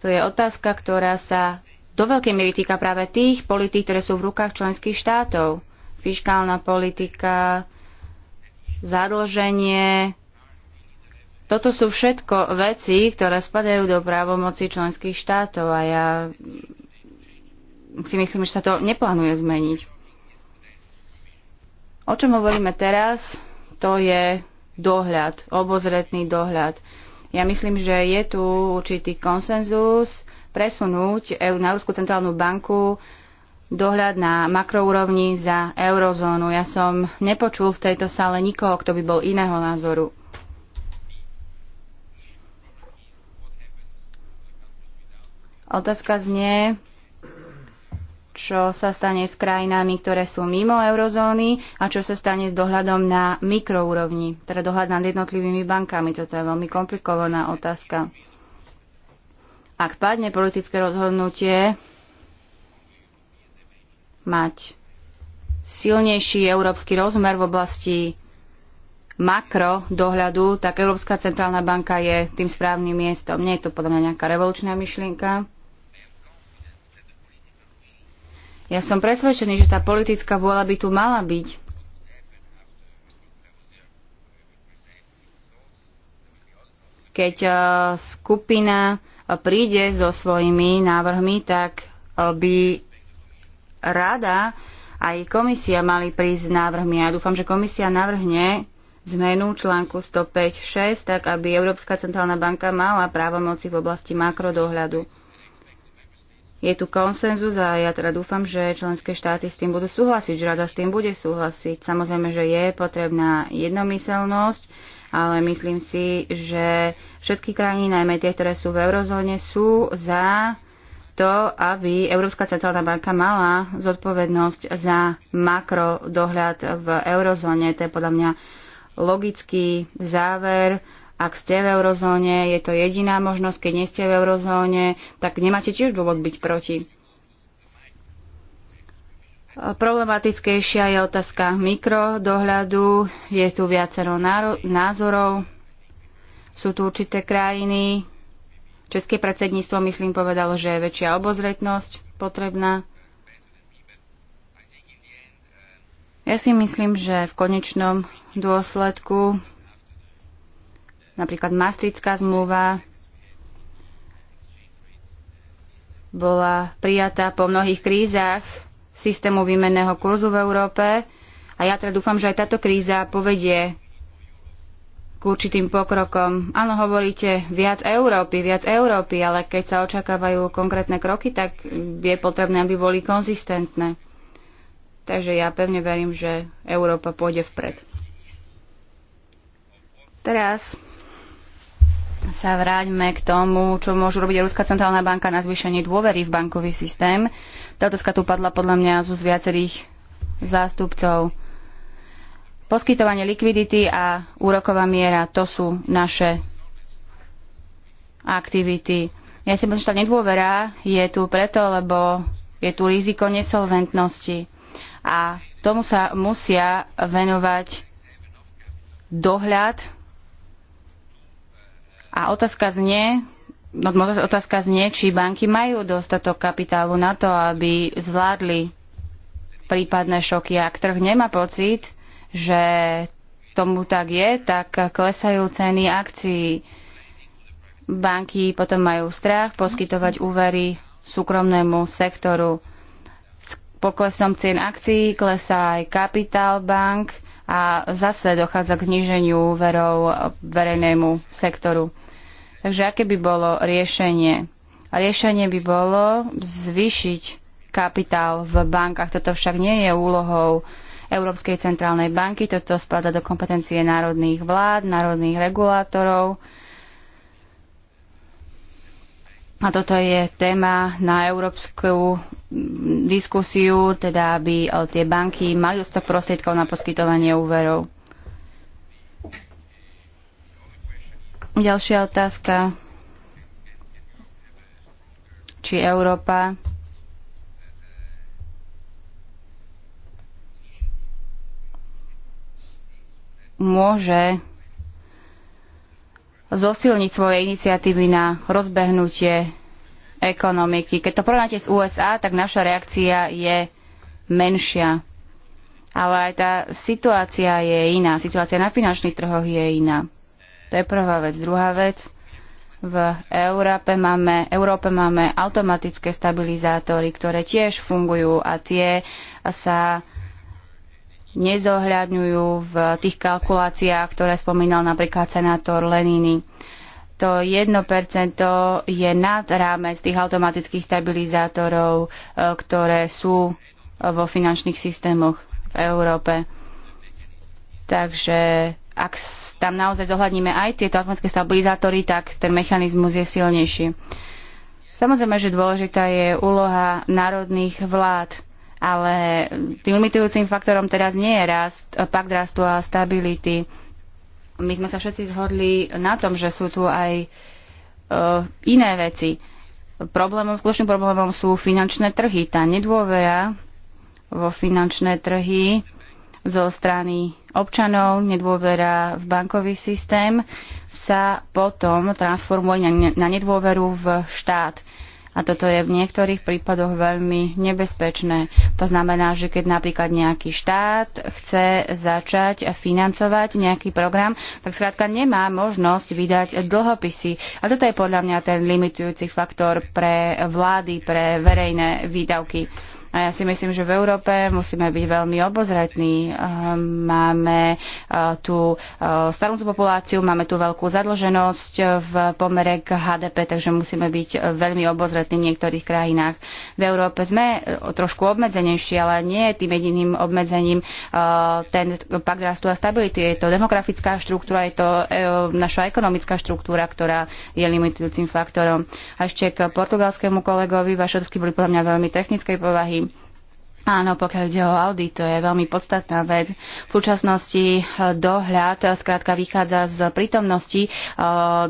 To je otázka, ktorá sa do veľkej miery týka práve tých politík, ktoré sú v rukách členských štátov. Fiskálna politika, zadlženie, toto sú všetko veci, ktoré spadajú do právomoci členských štátov a ja si myslím, že sa to neplánuje zmeniť. O čom hovoríme teraz, to je dohľad, obozretný dohľad. Ja myslím, že je tu určitý konsenzus presunúť na Európsku centrálnu banku dohľad na makroúrovni za eurozónu. Ja som nepočul v tejto sále nikoho, kto by bol iného názoru. Otázka znie, čo sa stane s krajinami, ktoré sú mimo eurozóny a čo sa stane s dohľadom na mikroúrovni, teda dohľad nad jednotlivými bankami. Toto je veľmi komplikovaná otázka. Ak padne politické rozhodnutie mať silnejší európsky rozmer v oblasti makro dohľadu, tak Európska centrálna banka je tým správnym miestom. Nie je to podľa mňa nejaká revolučná myšlienka Ja som presvedčený, že tá politická vôľa by tu mala byť. Keď e, skupina e, príde so svojimi návrhmi, tak e, by rada aj komisia mali prísť s návrhmi. Ja dúfam, že komisia navrhne zmenu článku 105.6, tak aby Európska centrálna banka mala právomoci v oblasti makrodohľadu je tu konsenzus a ja teda dúfam, že členské štáty s tým budú súhlasiť, že rada s tým bude súhlasiť. Samozrejme, že je potrebná jednomyselnosť, ale myslím si, že všetky krajiny, najmä tie, ktoré sú v eurozóne, sú za to, aby Európska centrálna banka mala zodpovednosť za makrodohľad v eurozóne. To je podľa mňa logický záver ak ste v eurozóne, je to jediná možnosť. Keď nie ste v eurozóne, tak nemáte tiež dôvod byť proti. Problematickejšia je otázka mikrodohľadu. Je tu viacero názorov. Sú tu určité krajiny. České predsedníctvo, myslím, povedalo, že je väčšia obozretnosť potrebná. Ja si myslím, že v konečnom dôsledku Napríklad Maastrichtská zmluva bola prijatá po mnohých krízach systému výmenného kurzu v Európe a ja teda dúfam, že aj táto kríza povedie k určitým pokrokom. Áno, hovoríte viac Európy, viac Európy, ale keď sa očakávajú konkrétne kroky, tak je potrebné, aby boli konzistentné. Takže ja pevne verím, že Európa pôjde vpred. Teraz sa vráťme k tomu, čo môžu robiť Ruská centrálna banka na zvýšenie dôvery v bankový systém. Tá otázka tu padla podľa mňa z viacerých zástupcov. Poskytovanie likvidity a úroková miera, to sú naše aktivity. Ja si myslím, že tá nedôvera je tu preto, lebo je tu riziko nesolventnosti. A tomu sa musia venovať dohľad a otázka znie, no, no, otázka znie, či banky majú dostatok kapitálu na to, aby zvládli prípadné šoky. Ak trh nemá pocit, že tomu tak je, tak klesajú ceny akcií. Banky potom majú strach poskytovať úvery súkromnému sektoru. S poklesom cien akcií klesá aj kapitál bank a zase dochádza k zníženiu úverov verejnému sektoru. Takže aké by bolo riešenie? Riešenie by bolo zvýšiť kapitál v bankách. Toto však nie je úlohou Európskej centrálnej banky, toto spada do kompetencie národných vlád, národných regulátorov. A toto je téma na európsku diskusiu, teda aby eh, tie banky mali dostatok prostriedkov na poskytovanie úverov. Ďalšia otázka. Či Európa môže zosilniť svoje iniciatívy na rozbehnutie ekonomiky. Keď to porovnáte s USA, tak naša reakcia je menšia. Ale aj tá situácia je iná. Situácia na finančných trhoch je iná. To je prvá vec. Druhá vec, v Európe máme, Európe máme automatické stabilizátory, ktoré tiež fungujú a tie sa nezohľadňujú v tých kalkuláciách, ktoré spomínal napríklad senátor Leniny. To 1% je nad rámec tých automatických stabilizátorov, e, ktoré sú vo finančných systémoch v Európe. Takže ak tam naozaj zohľadníme aj tieto automatické stabilizátory, tak ten mechanizmus je silnejší. Samozrejme, že dôležitá je úloha národných vlád, ale tým limitujúcim faktorom teraz nie je rast, pak rastu a stability. My sme sa všetci zhodli na tom, že sú tu aj uh, iné veci. Problémom, kľúčným problémom sú finančné trhy. Tá nedôvera vo finančné trhy zo strany občanov, nedôvera v bankový systém sa potom transformuje na nedôveru v štát. A toto je v niektorých prípadoch veľmi nebezpečné. To znamená, že keď napríklad nejaký štát chce začať financovať nejaký program, tak skrátka nemá možnosť vydať dlhopisy. A toto je podľa mňa ten limitujúci faktor pre vlády, pre verejné výdavky. A ja si myslím, že v Európe musíme byť veľmi obozretní. Ehm, máme e, tú e, starúcu populáciu, máme tú veľkú zadlženosť v pomere k HDP, takže musíme byť veľmi obozretní v niektorých krajinách. V Európe sme e, trošku obmedzenejší, ale nie tým jediným obmedzením ten pakt rastu a stability. Je to demografická štruktúra, je to naša ekonomická štruktúra, ktorá je limitujúcim faktorom. A ešte k portugalskému kolegovi, vaše otázky boli podľa mňa veľmi technickej povahy Áno, pokiaľ ide o audit, to je veľmi podstatná vec. V súčasnosti eh, dohľad eh, skrátka vychádza z prítomnosti eh,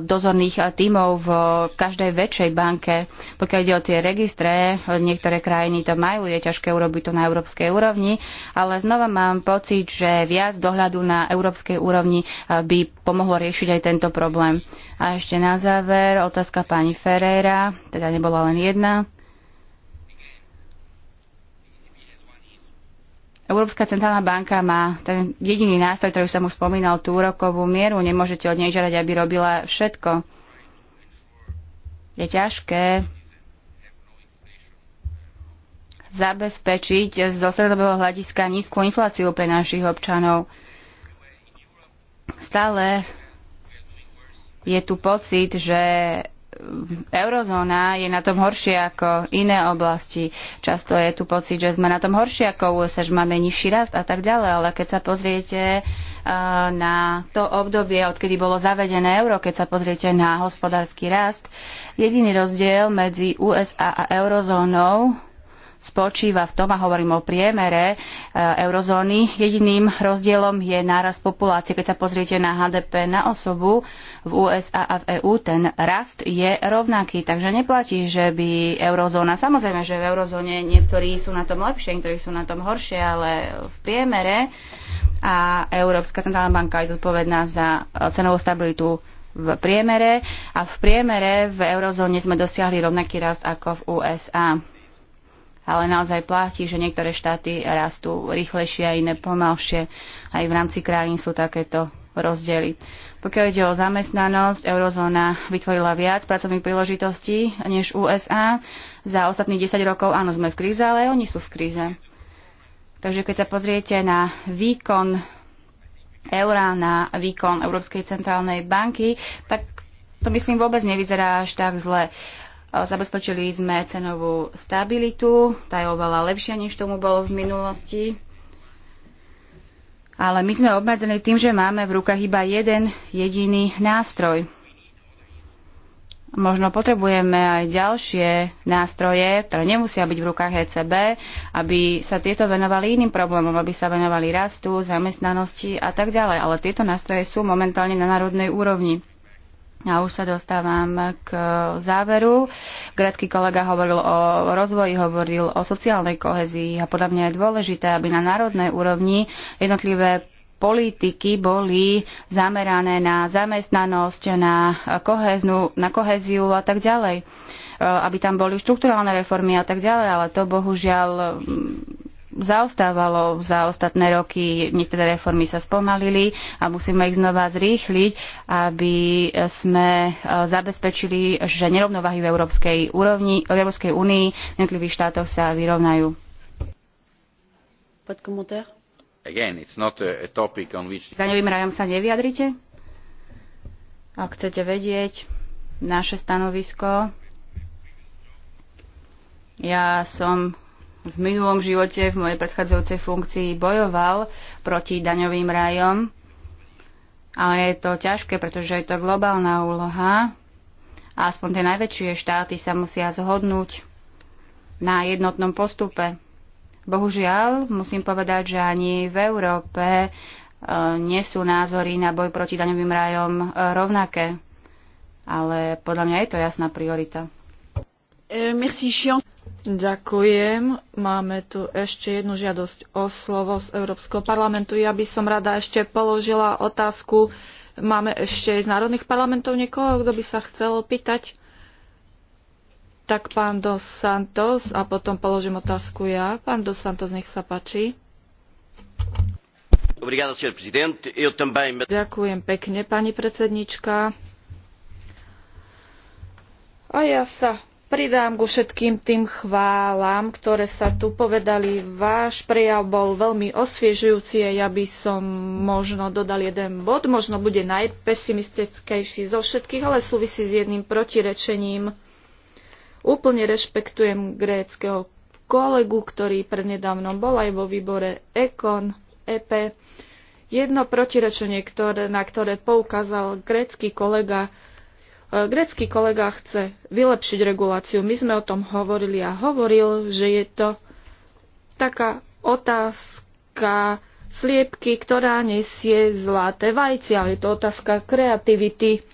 dozorných tímov v každej väčšej banke. Pokiaľ ide o tie registre, niektoré krajiny to majú, je ťažké urobiť to na európskej úrovni, ale znova mám pocit, že viac dohľadu na európskej úrovni by pomohlo riešiť aj tento problém. A ešte na záver otázka pani Ferreira, teda nebola len jedna Európska centrálna banka má ten jediný nástroj, ktorý som už spomínal, tú úrokovú mieru. Nemôžete od nej žiadať, aby robila všetko. Je ťažké zabezpečiť zo stredového hľadiska nízku infláciu pre našich občanov. Stále je tu pocit, že eurozóna je na tom horšie ako iné oblasti. Často je tu pocit, že sme na tom horšie ako USA, že máme nižší rast a tak ďalej, ale keď sa pozriete eh, na to obdobie, odkedy bolo zavedené euro, keď sa pozriete na hospodársky rast, jediný rozdiel medzi USA a eurozónou spočíva v tom, a hovorím o priemere e, eurozóny, jediným rozdielom je nárast populácie. Keď sa pozriete na HDP na osobu v USA a v EÚ, ten rast je rovnaký. Takže neplatí, že by eurozóna, samozrejme, že v eurozóne niektorí sú na tom lepšie, niektorí sú na tom horšie, ale v priemere a Európska centrálna banka je zodpovedná za cenovú stabilitu v priemere a v priemere v eurozóne sme dosiahli rovnaký rast ako v USA ale naozaj platí, že niektoré štáty rastú rýchlejšie a iné pomalšie. Aj v rámci krajín sú takéto rozdiely. Pokiaľ ide o zamestnanosť, eurozóna vytvorila viac pracovných príležitostí než USA. Za ostatných 10 rokov áno, sme v kríze, ale oni sú v kríze. Takže keď sa pozriete na výkon eura, na výkon Európskej centrálnej banky, tak to myslím vôbec nevyzerá až tak zle. Uh, Zabezpečili sme cenovú stabilitu, tá je oveľa lepšia, než tomu bolo v minulosti. Ale my sme obmedzení tým, že máme v rukách iba jeden jediný nástroj. Možno potrebujeme aj ďalšie nástroje, ktoré nemusia byť v rukách ECB, aby sa tieto venovali iným problémom, aby sa venovali rastu, zamestnanosti a tak ďalej. Ale tieto nástroje sú momentálne na národnej úrovni. A už sa dostávam k záveru. Grecký kolega hovoril o rozvoji, hovoril o sociálnej kohezii a podľa mňa je dôležité, aby na národnej úrovni jednotlivé politiky boli zamerané na zamestnanosť, na, koheznu, na koheziu a tak ďalej e, aby tam boli štrukturálne reformy a tak ďalej, ale to bohužiaľ zaostávalo za ostatné roky, niektoré reformy sa spomalili a musíme ich znova zrýchliť, aby sme e, zabezpečili, že nerovnováhy v európskej, úrovni, v európskej únii v jednotlivých štátoch sa vyrovnajú. Again, it's not a, a topic on which... Daňovým rajom sa neviadrite? Ak chcete vedieť naše stanovisko, ja som v minulom živote, v mojej predchádzajúcej funkcii bojoval proti daňovým rajom. Ale je to ťažké, pretože je to globálna úloha a aspoň tie najväčšie štáty sa musia zhodnúť na jednotnom postupe. Bohužiaľ, musím povedať, že ani v Európe e, nie sú názory na boj proti daňovým rajom e, rovnaké. Ale podľa mňa je to jasná priorita. Eh, Ďakujem. Máme tu ešte jednu žiadosť o slovo z Európskeho parlamentu. Ja by som rada ešte položila otázku. Máme ešte z národných parlamentov niekoho, kto by sa chcel opýtať? Tak pán Dos Santos a potom položím otázku ja. Pán Dos Santos, nech sa páči. Ďakujem pekne, pani predsednička. A ja sa pridám ku všetkým tým chválam, ktoré sa tu povedali. Váš prejav bol veľmi osviežujúci a ja by som možno dodal jeden bod, možno bude najpesimistickejší zo všetkých, ale súvisí s jedným protirečením. Úplne rešpektujem gréckého kolegu, ktorý prednedávnom bol aj vo výbore Ekon EP. Jedno protirečenie, ktoré, na ktoré poukázal grécky kolega, E, grecký kolega chce vylepšiť reguláciu. My sme o tom hovorili a hovoril, že je to taká otázka sliepky, ktorá nesie zlaté vajcia. Je to otázka kreativity.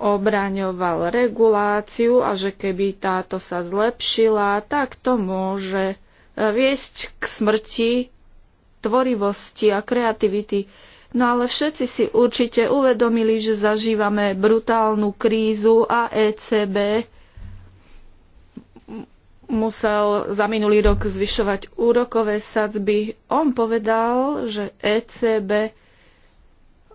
Obraňoval reguláciu a že keby táto sa zlepšila, tak to môže viesť k smrti tvorivosti a kreativity No ale všetci si určite uvedomili, že zažívame brutálnu krízu a ECB musel za minulý rok zvyšovať úrokové sadzby. On povedal, že ECB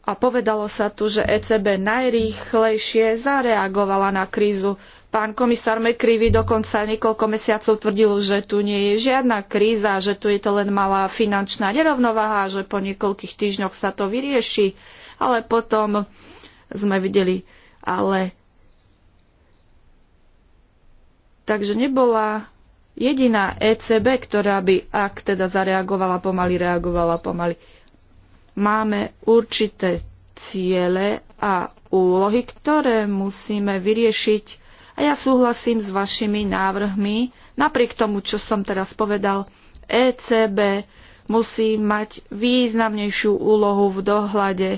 a povedalo sa tu, že ECB najrýchlejšie zareagovala na krízu. Pán komisár Mekrivy dokonca niekoľko mesiacov tvrdil, že tu nie je žiadna kríza, že tu je to len malá finančná nerovnováha, že po niekoľkých týždňoch sa to vyrieši, ale potom sme videli, ale... Takže nebola jediná ECB, ktorá by, ak teda zareagovala pomaly, reagovala pomaly. Máme určité ciele a úlohy, ktoré musíme vyriešiť a ja súhlasím s vašimi návrhmi. Napriek tomu, čo som teraz povedal, ECB musí mať významnejšiu úlohu v dohľade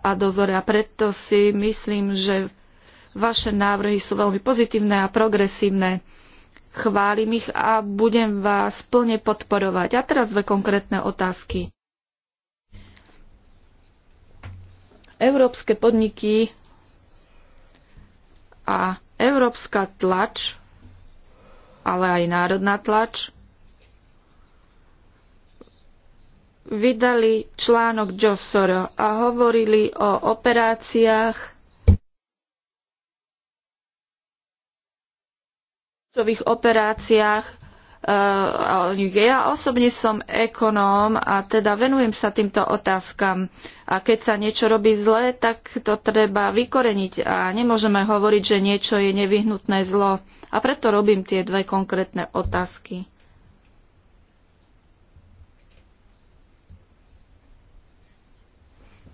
a dozore. A preto si myslím, že vaše návrhy sú veľmi pozitívne a progresívne. Chválim ich a budem vás plne podporovať. A teraz dve konkrétne otázky. Európske podniky a Európska tlač, ale aj národná tlač, vydali článok Josor a hovorili o operáciách operáciách ja osobne som ekonóm a teda venujem sa týmto otázkam. A keď sa niečo robí zle, tak to treba vykoreniť a nemôžeme hovoriť, že niečo je nevyhnutné zlo. A preto robím tie dve konkrétne otázky.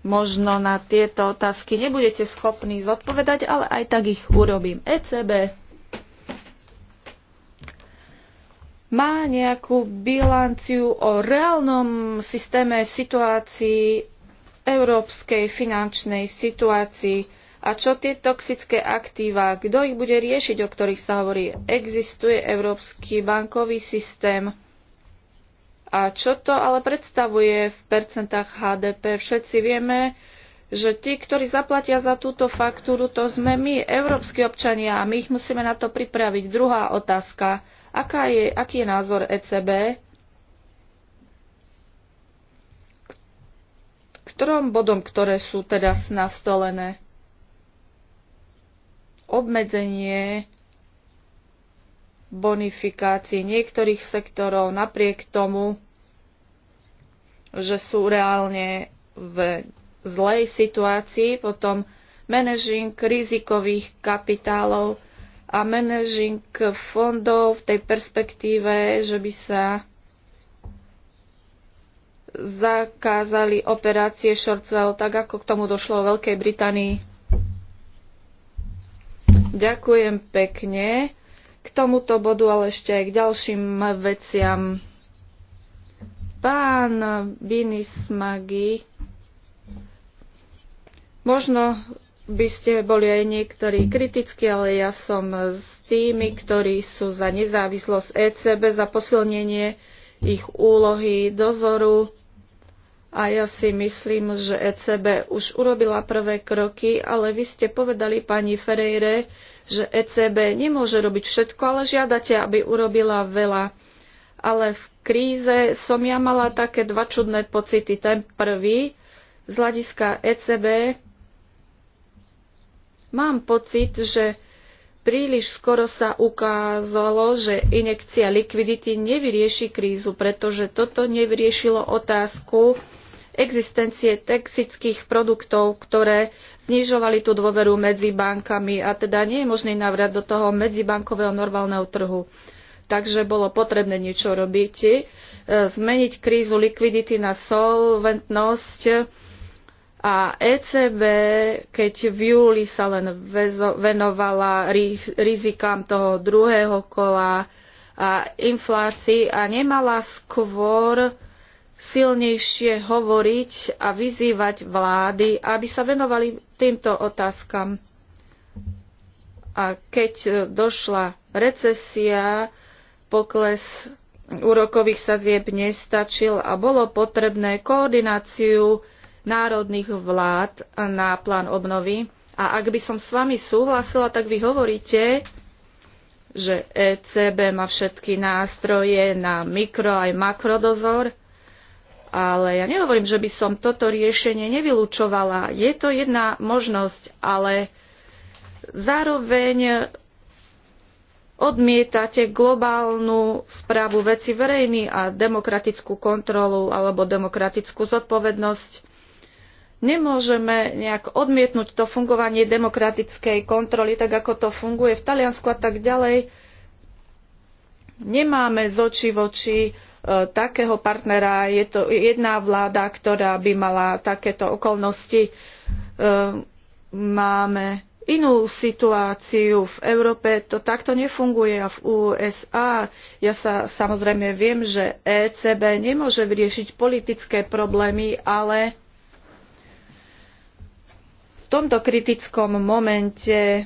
Možno na tieto otázky nebudete schopní zodpovedať, ale aj tak ich urobím. ECB. má nejakú bilanciu o reálnom systéme situácii, európskej finančnej situácii a čo tie toxické aktíva, kto ich bude riešiť, o ktorých sa hovorí. Existuje európsky bankový systém. A čo to ale predstavuje v percentách HDP? Všetci vieme, že tí, ktorí zaplatia za túto faktúru, to sme my, európsky občania, a my ich musíme na to pripraviť. Druhá otázka Aká je, aký je názor ECB? Ktorom bodom, ktoré sú teda nastolené? Obmedzenie bonifikácií niektorých sektorov napriek tomu, že sú reálne v zlej situácii, potom managing rizikových kapitálov, a managing fondov v tej perspektíve, že by sa zakázali operácie short sell, tak ako k tomu došlo v Veľkej Británii. Ďakujem pekne k tomuto bodu, ale ešte aj k ďalším veciam. Pán Binismagi, možno by ste boli aj niektorí kritickí, ale ja som s tými, ktorí sú za nezávislosť ECB, za posilnenie ich úlohy dozoru. A ja si myslím, že ECB už urobila prvé kroky, ale vy ste povedali pani Ferejre, že ECB nemôže robiť všetko, ale žiadate, aby urobila veľa. Ale v kríze som ja mala také dva čudné pocity. Ten prvý, z hľadiska ECB, Mám pocit, že príliš skoro sa ukázalo, že inekcia likvidity nevyrieši krízu, pretože toto nevyriešilo otázku existencie toxických produktov, ktoré znižovali tú dôveru medzi bankami a teda nie je možný návrat do toho medzibankového normálneho trhu. Takže bolo potrebné niečo robiť, e, zmeniť krízu likvidity na solventnosť, a ECB, keď v júli sa len venovala rizikám toho druhého kola a inflácii a nemala skôr silnejšie hovoriť a vyzývať vlády, aby sa venovali týmto otázkam. A keď došla recesia, pokles úrokových sazieb nestačil a bolo potrebné koordináciu národných vlád na plán obnovy. A ak by som s vami súhlasila, tak vy hovoríte, že ECB má všetky nástroje na mikro aj makrodozor, ale ja nehovorím, že by som toto riešenie nevylučovala. Je to jedna možnosť, ale zároveň odmietate globálnu správu veci verejný a demokratickú kontrolu alebo demokratickú zodpovednosť. Nemôžeme nejak odmietnúť to fungovanie demokratickej kontroly, tak ako to funguje v Taliansku a tak ďalej. Nemáme z očí v oči e, takého partnera. Je to jedna vláda, ktorá by mala takéto okolnosti. E, máme inú situáciu v Európe, to takto nefunguje a v USA. Ja sa samozrejme viem, že ECB nemôže vyriešiť politické problémy, ale tomto kritickom momente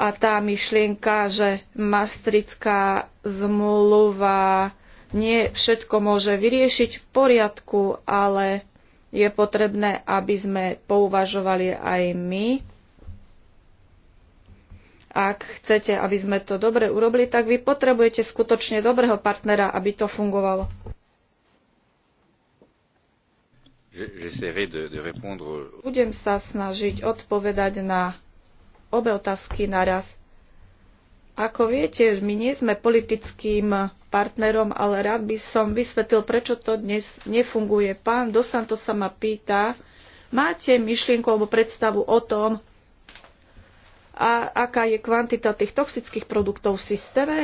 a tá myšlienka, že Maastrichtská zmluva nie všetko môže vyriešiť v poriadku, ale je potrebné, aby sme pouvažovali aj my. Ak chcete, aby sme to dobre urobili, tak vy potrebujete skutočne dobrého partnera, aby to fungovalo. Budem sa snažiť odpovedať na obe otázky naraz. Ako viete, my nie sme politickým partnerom, ale rád by som vysvetlil, prečo to dnes nefunguje. Pán Dosanto sa ma pýta, máte myšlienku alebo predstavu o tom, a aká je kvantita tých toxických produktov v systéme?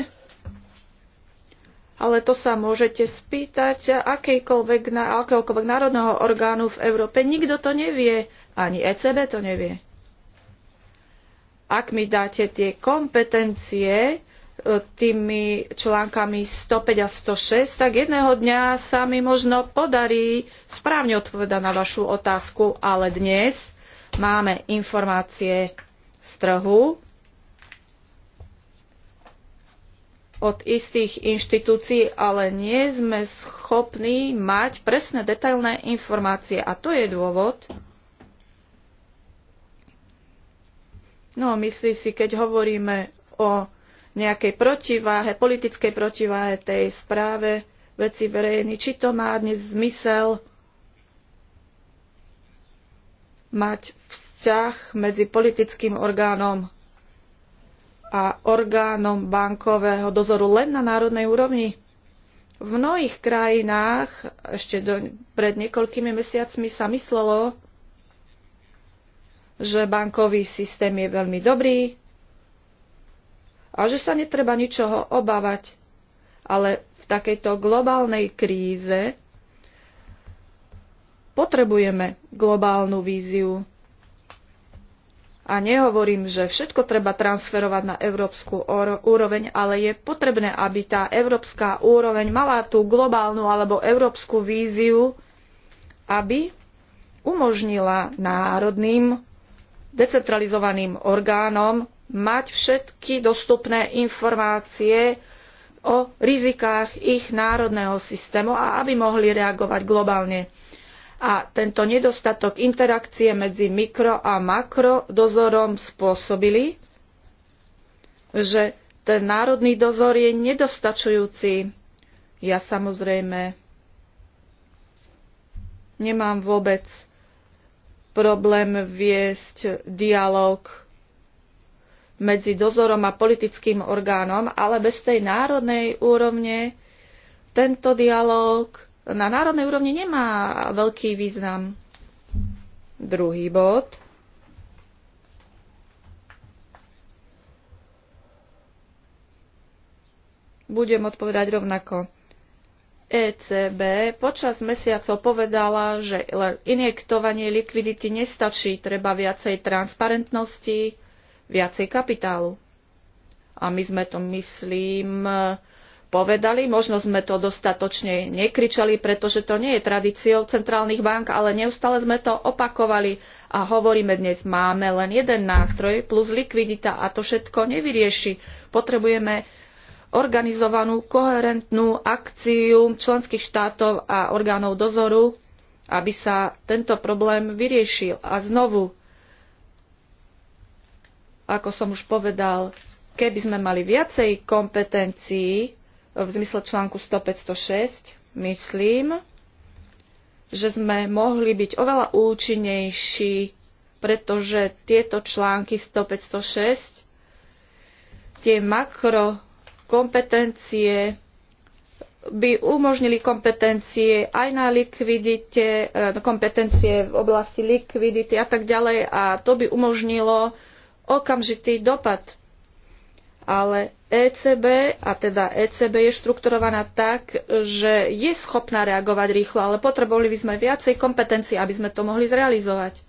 ale to sa môžete spýtať akejkoľvek, akéhokoľvek národného orgánu v Európe. Nikto to nevie, ani ECB to nevie. Ak mi dáte tie kompetencie e, tými článkami 105 a 106, tak jedného dňa sa mi možno podarí správne odpovedať na vašu otázku, ale dnes máme informácie z trhu, od istých inštitúcií, ale nie sme schopní mať presné detailné informácie. A to je dôvod. No, myslí si, keď hovoríme o nejakej protiváhe, politickej protiváhe tej správe veci verejný, či to má dnes zmysel mať vzťah medzi politickým orgánom a orgánom bankového dozoru len na národnej úrovni. V mnohých krajinách ešte do, pred niekoľkými mesiacmi sa myslelo, že bankový systém je veľmi dobrý a že sa netreba ničoho obávať. Ale v takejto globálnej kríze potrebujeme globálnu víziu. A nehovorím, že všetko treba transferovať na európsku úroveň, ale je potrebné, aby tá európska úroveň mala tú globálnu alebo európsku víziu, aby umožnila národným decentralizovaným orgánom mať všetky dostupné informácie o rizikách ich národného systému a aby mohli reagovať globálne a tento nedostatok interakcie medzi mikro a makro dozorom spôsobili, že ten národný dozor je nedostačujúci. Ja samozrejme nemám vôbec problém viesť dialog medzi dozorom a politickým orgánom, ale bez tej národnej úrovne tento dialog na národnej úrovni nemá veľký význam. Druhý bod. Budem odpovedať rovnako. ECB počas mesiacov povedala, že injektovanie likvidity nestačí, treba viacej transparentnosti, viacej kapitálu. A my sme to, myslím, povedali. Možno sme to dostatočne nekričali, pretože to nie je tradíciou centrálnych bank, ale neustále sme to opakovali a hovoríme dnes, máme len jeden nástroj plus likvidita a to všetko nevyrieši. Potrebujeme organizovanú, koherentnú akciu členských štátov a orgánov dozoru, aby sa tento problém vyriešil. A znovu, ako som už povedal, keby sme mali viacej kompetencií, v zmysle článku 10506, myslím, že sme mohli byť oveľa účinnejší, pretože tieto články 10506, tie makrokompetencie, by umožnili kompetencie aj na likvidite, eh, kompetencie v oblasti likvidity a tak ďalej a to by umožnilo okamžitý dopad ale ECB, a teda ECB je štrukturovaná tak, že je schopná reagovať rýchlo, ale potrebovali by sme viacej kompetencií, aby sme to mohli zrealizovať.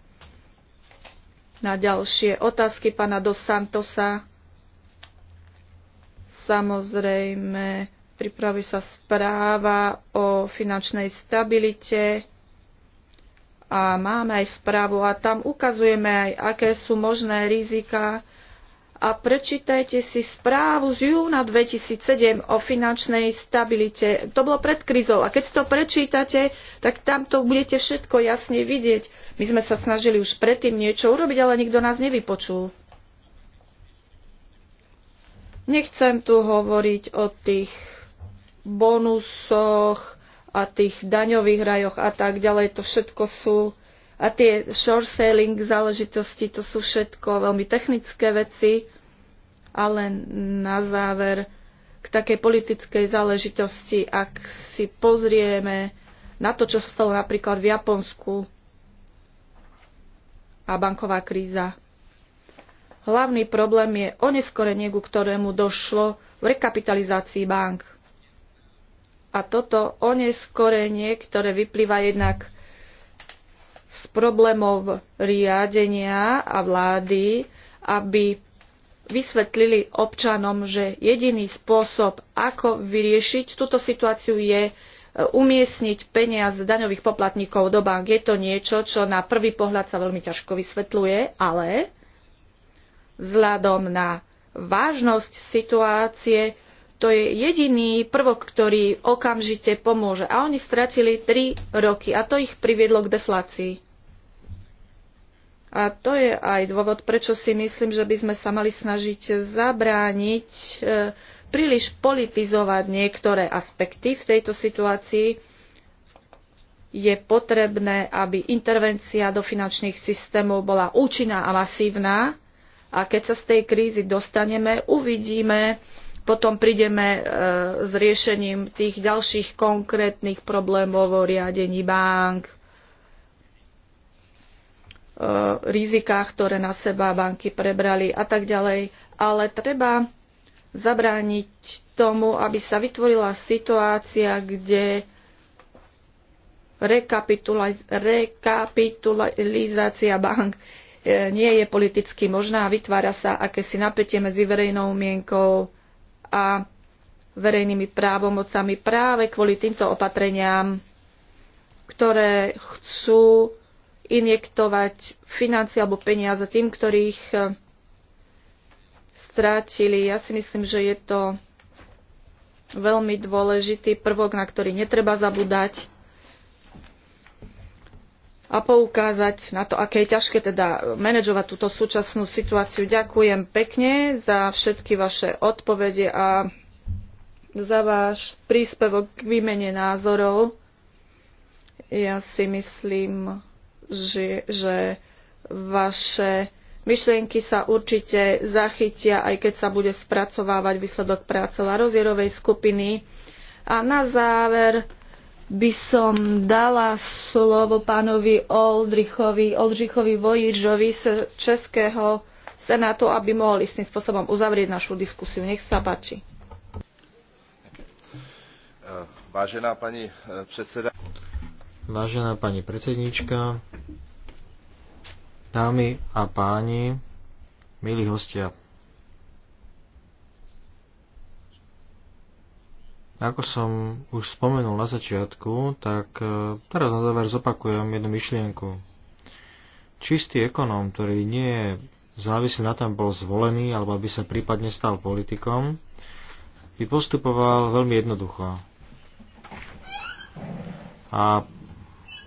Na ďalšie otázky pána Dos Santosa. Samozrejme, pripraví sa správa o finančnej stabilite a máme aj správu a tam ukazujeme aj, aké sú možné rizika, a prečítajte si správu z júna 2007 o finančnej stabilite. To bolo pred krizou a keď to prečítate, tak tam to budete všetko jasne vidieť. My sme sa snažili už predtým niečo urobiť, ale nikto nás nevypočul. Nechcem tu hovoriť o tých bonusoch a tých daňových rajoch a tak ďalej. To všetko sú a tie short selling záležitosti, to sú všetko veľmi technické veci, ale na záver k takej politickej záležitosti, ak si pozrieme na to, čo sa stalo napríklad v Japonsku a banková kríza. Hlavný problém je oneskorenie, ku ktorému došlo v rekapitalizácii bank. A toto oneskorenie, ktoré vyplýva jednak z problémov riadenia a vlády, aby vysvetlili občanom, že jediný spôsob, ako vyriešiť túto situáciu, je e, umiestniť peniaz daňových poplatníkov do bank. Je to niečo, čo na prvý pohľad sa veľmi ťažko vysvetľuje, ale vzhľadom na vážnosť situácie to je jediný prvok, ktorý okamžite pomôže. A oni stratili 3 roky a to ich priviedlo k deflácii. A to je aj dôvod, prečo si myslím, že by sme sa mali snažiť zabrániť e, príliš politizovať niektoré aspekty v tejto situácii. Je potrebné, aby intervencia do finančných systémov bola účinná a masívna. A keď sa z tej krízy dostaneme, uvidíme, potom prídeme e, s riešením tých ďalších konkrétnych problémov o riadení bank, Eh, rizikách, ktoré na seba banky prebrali a tak ďalej. Ale treba zabrániť tomu, aby sa vytvorila situácia, kde rekapitulizácia bank eh, nie je politicky možná a vytvára sa akési napätie medzi verejnou mienkou a verejnými právomocami práve kvôli týmto opatreniam, ktoré chcú injektovať financie alebo peniaze tým, ktorých e, strátili. Ja si myslím, že je to veľmi dôležitý prvok, na ktorý netreba zabúdať a poukázať na to, aké je ťažké teda manažovať túto súčasnú situáciu. Ďakujem pekne za všetky vaše odpovede a za váš príspevok k výmene názorov. Ja si myslím, že, že vaše myšlienky sa určite zachytia, aj keď sa bude spracovávať výsledok práce Larozierovej skupiny. A na záver by som dala slovo pánovi Oldrichovi, Oldřichovi Vojížovi z Českého senátu, aby mohol istým spôsobom uzavrieť našu diskusiu. Nech sa páči. Vážená pani eh, predseda. Vážená pani predsednička, dámy a páni, milí hostia. Ako som už spomenul na začiatku, tak e, teraz na záver zopakujem jednu myšlienku. Čistý ekonóm, ktorý nie je závislý na tom, bol zvolený alebo aby sa prípadne stal politikom, by postupoval veľmi jednoducho. A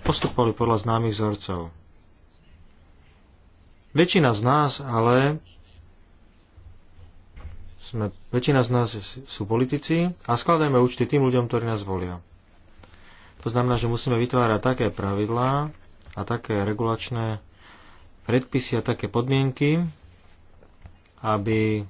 postupovali podľa známych vzorcov. Väčšina z nás ale sme, väčšina z nás sú politici a skladajme účty tým ľuďom, ktorí nás volia. To znamená, že musíme vytvárať také pravidlá a také regulačné predpisy a také podmienky, aby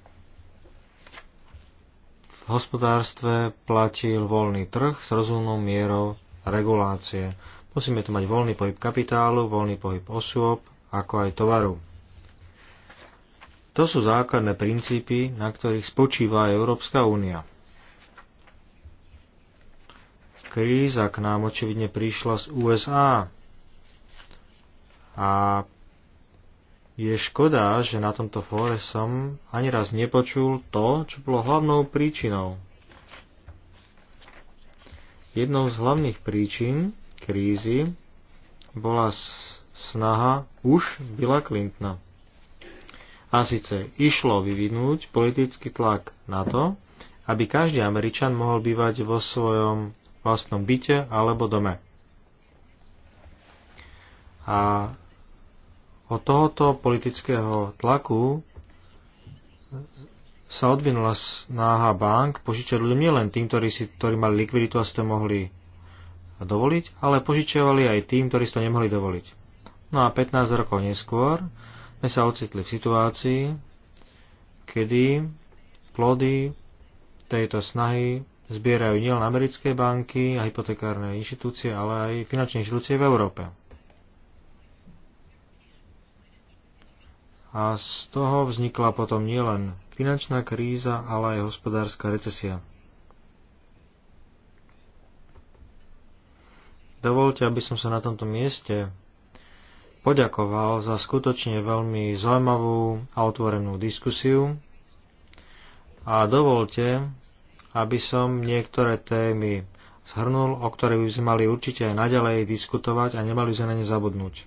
v hospodárstve platil voľný trh s rozumnou mierou regulácie. Musíme tu mať voľný pohyb kapitálu, voľný pohyb osôb, ako aj tovaru. To sú základné princípy, na ktorých spočíva Európska únia. Kríza k nám očividne prišla z USA a je škoda, že na tomto fóre som ani raz nepočul to, čo bolo hlavnou príčinou. Jednou z hlavných príčin krízy bola snaha už Billa Clintona. A síce išlo vyvinúť politický tlak na to, aby každý Američan mohol bývať vo svojom vlastnom byte alebo dome. A od tohoto politického tlaku sa odvinula snaha bank požičať ľuďom nielen tým, ktorí, si, ktorí mali likviditu a ste mohli dovoliť, ale požičiavali aj tým, ktorí si to nemohli dovoliť. No a 15 rokov neskôr sme sa ocitli v situácii, kedy plody tejto snahy zbierajú nielen americké banky a hypotekárne inštitúcie, ale aj finančné inštitúcie v Európe. A z toho vznikla potom nielen finančná kríza, ale aj hospodárska recesia. Dovolte, aby som sa na tomto mieste poďakoval za skutočne veľmi zaujímavú a otvorenú diskusiu a dovolte, aby som niektoré témy zhrnul, o ktorých by sme mali určite aj naďalej diskutovať a nemali sme na ne zabudnúť.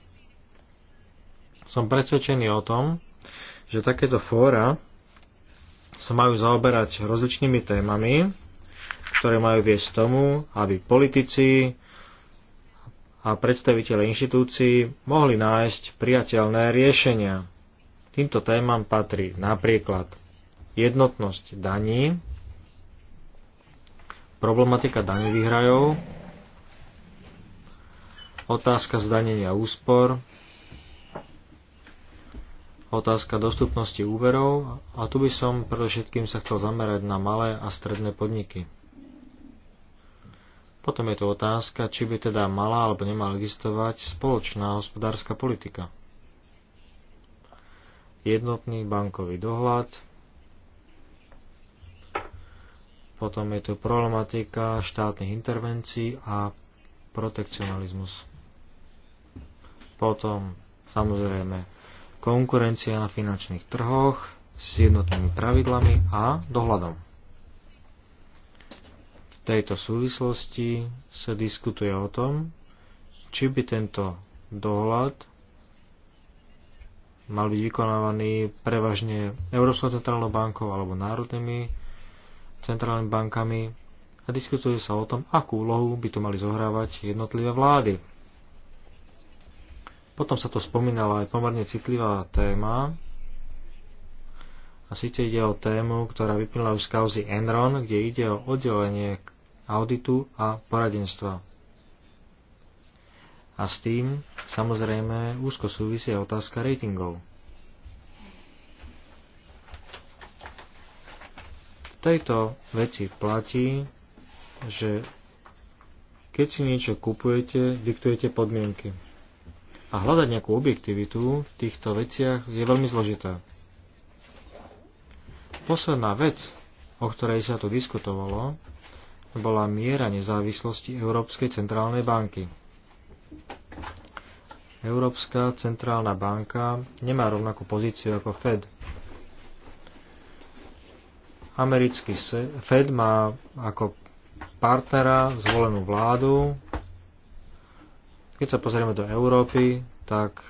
Som presvedčený o tom, že takéto fóra sa majú zaoberať rozličnými témami, ktoré majú viesť tomu, aby politici, a predstaviteľe inštitúcií mohli nájsť priateľné riešenia. Týmto témam patrí napríklad jednotnosť daní, problematika daňových rajov, otázka zdanenia úspor, otázka dostupnosti úverov a tu by som predovšetkým sa chcel zamerať na malé a stredné podniky. Potom je tu otázka, či by teda mala alebo nemala existovať spoločná hospodárska politika. Jednotný bankový dohľad, potom je tu problematika štátnych intervencií a protekcionalizmus. Potom samozrejme konkurencia na finančných trhoch s jednotnými pravidlami a dohľadom tejto súvislosti sa diskutuje o tom, či by tento dohľad mal byť vykonávaný prevažne Európskou centrálnou bankou alebo národnými centrálnymi bankami a diskutuje sa o tom, akú úlohu by tu mali zohrávať jednotlivé vlády. Potom sa to spomínala aj pomerne citlivá téma, a síce ide o tému, ktorá vyplnila už z kauzy Enron, kde ide o oddelenie auditu a poradenstva. A s tým samozrejme úzko súvisia otázka ratingov. V tejto veci platí, že keď si niečo kupujete, diktujete podmienky. A hľadať nejakú objektivitu v týchto veciach je veľmi zložité. Posledná vec, o ktorej sa tu diskutovalo, bola miera nezávislosti Európskej centrálnej banky. Európska centrálna banka nemá rovnakú pozíciu ako Fed. Americký Fed má ako partnera zvolenú vládu. Keď sa pozrieme do Európy, tak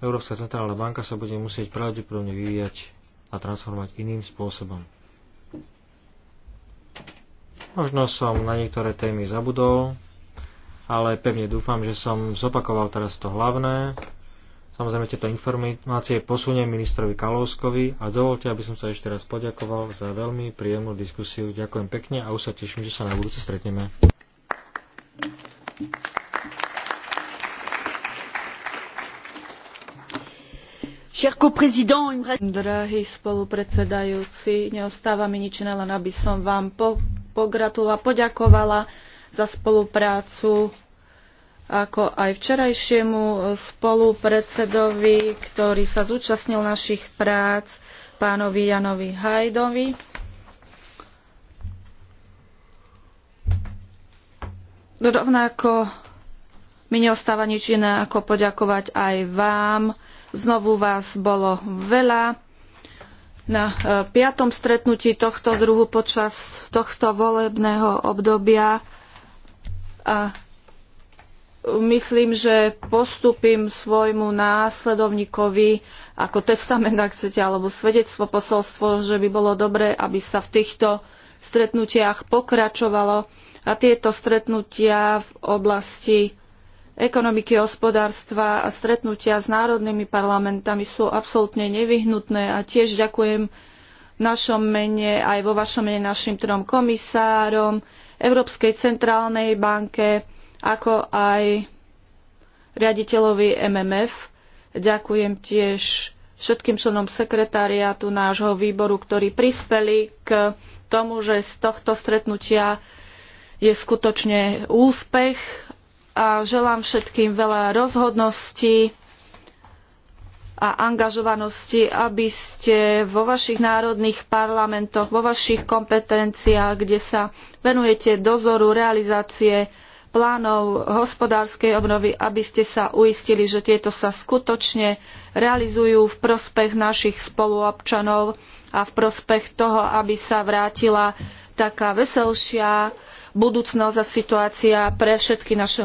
Európska centrálna banka sa bude musieť pravdepodobne vyvíjať a transformovať iným spôsobom. Možno som na niektoré témy zabudol, ale pevne dúfam, že som zopakoval teraz to hlavné. Samozrejme tieto informácie posuniem ministrovi Kalovskovi a dovolte, aby som sa ešte raz poďakoval za veľmi príjemnú diskusiu. Ďakujem pekne a už sa teším, že sa na budúce stretneme. Drahý spolupredsedajúci, neostáva mi nič len, aby som vám po pogratula, poďakovala za spoluprácu ako aj včerajšiemu e, spolupredsedovi, ktorý sa zúčastnil našich prác, pánovi Janovi Hajdovi. No, rovnako mi neostáva nič iné, ako poďakovať aj vám. Znovu vás bolo veľa na e, piatom stretnutí tohto druhu počas tohto volebného obdobia a myslím, že postupím svojmu následovníkovi ako testament, ak chcete, alebo svedectvo, posolstvo, že by bolo dobré, aby sa v týchto stretnutiach pokračovalo a tieto stretnutia v oblasti ekonomiky, hospodárstva a stretnutia s národnými parlamentami sú absolútne nevyhnutné a tiež ďakujem v našom mene aj vo vašom mene našim trom komisárom, Európskej centrálnej banke, ako aj riaditeľovi MMF. Ďakujem tiež všetkým členom sekretariátu nášho výboru, ktorí prispeli k tomu, že z tohto stretnutia je skutočne úspech a želám všetkým veľa rozhodnosti a angažovanosti, aby ste vo vašich národných parlamentoch, vo vašich kompetenciách, kde sa venujete dozoru realizácie plánov hospodárskej obnovy, aby ste sa uistili, že tieto sa skutočne realizujú v prospech našich spoluobčanov a v prospech toho, aby sa vrátila taká veselšia budúcnosť a situácia pre všetky naše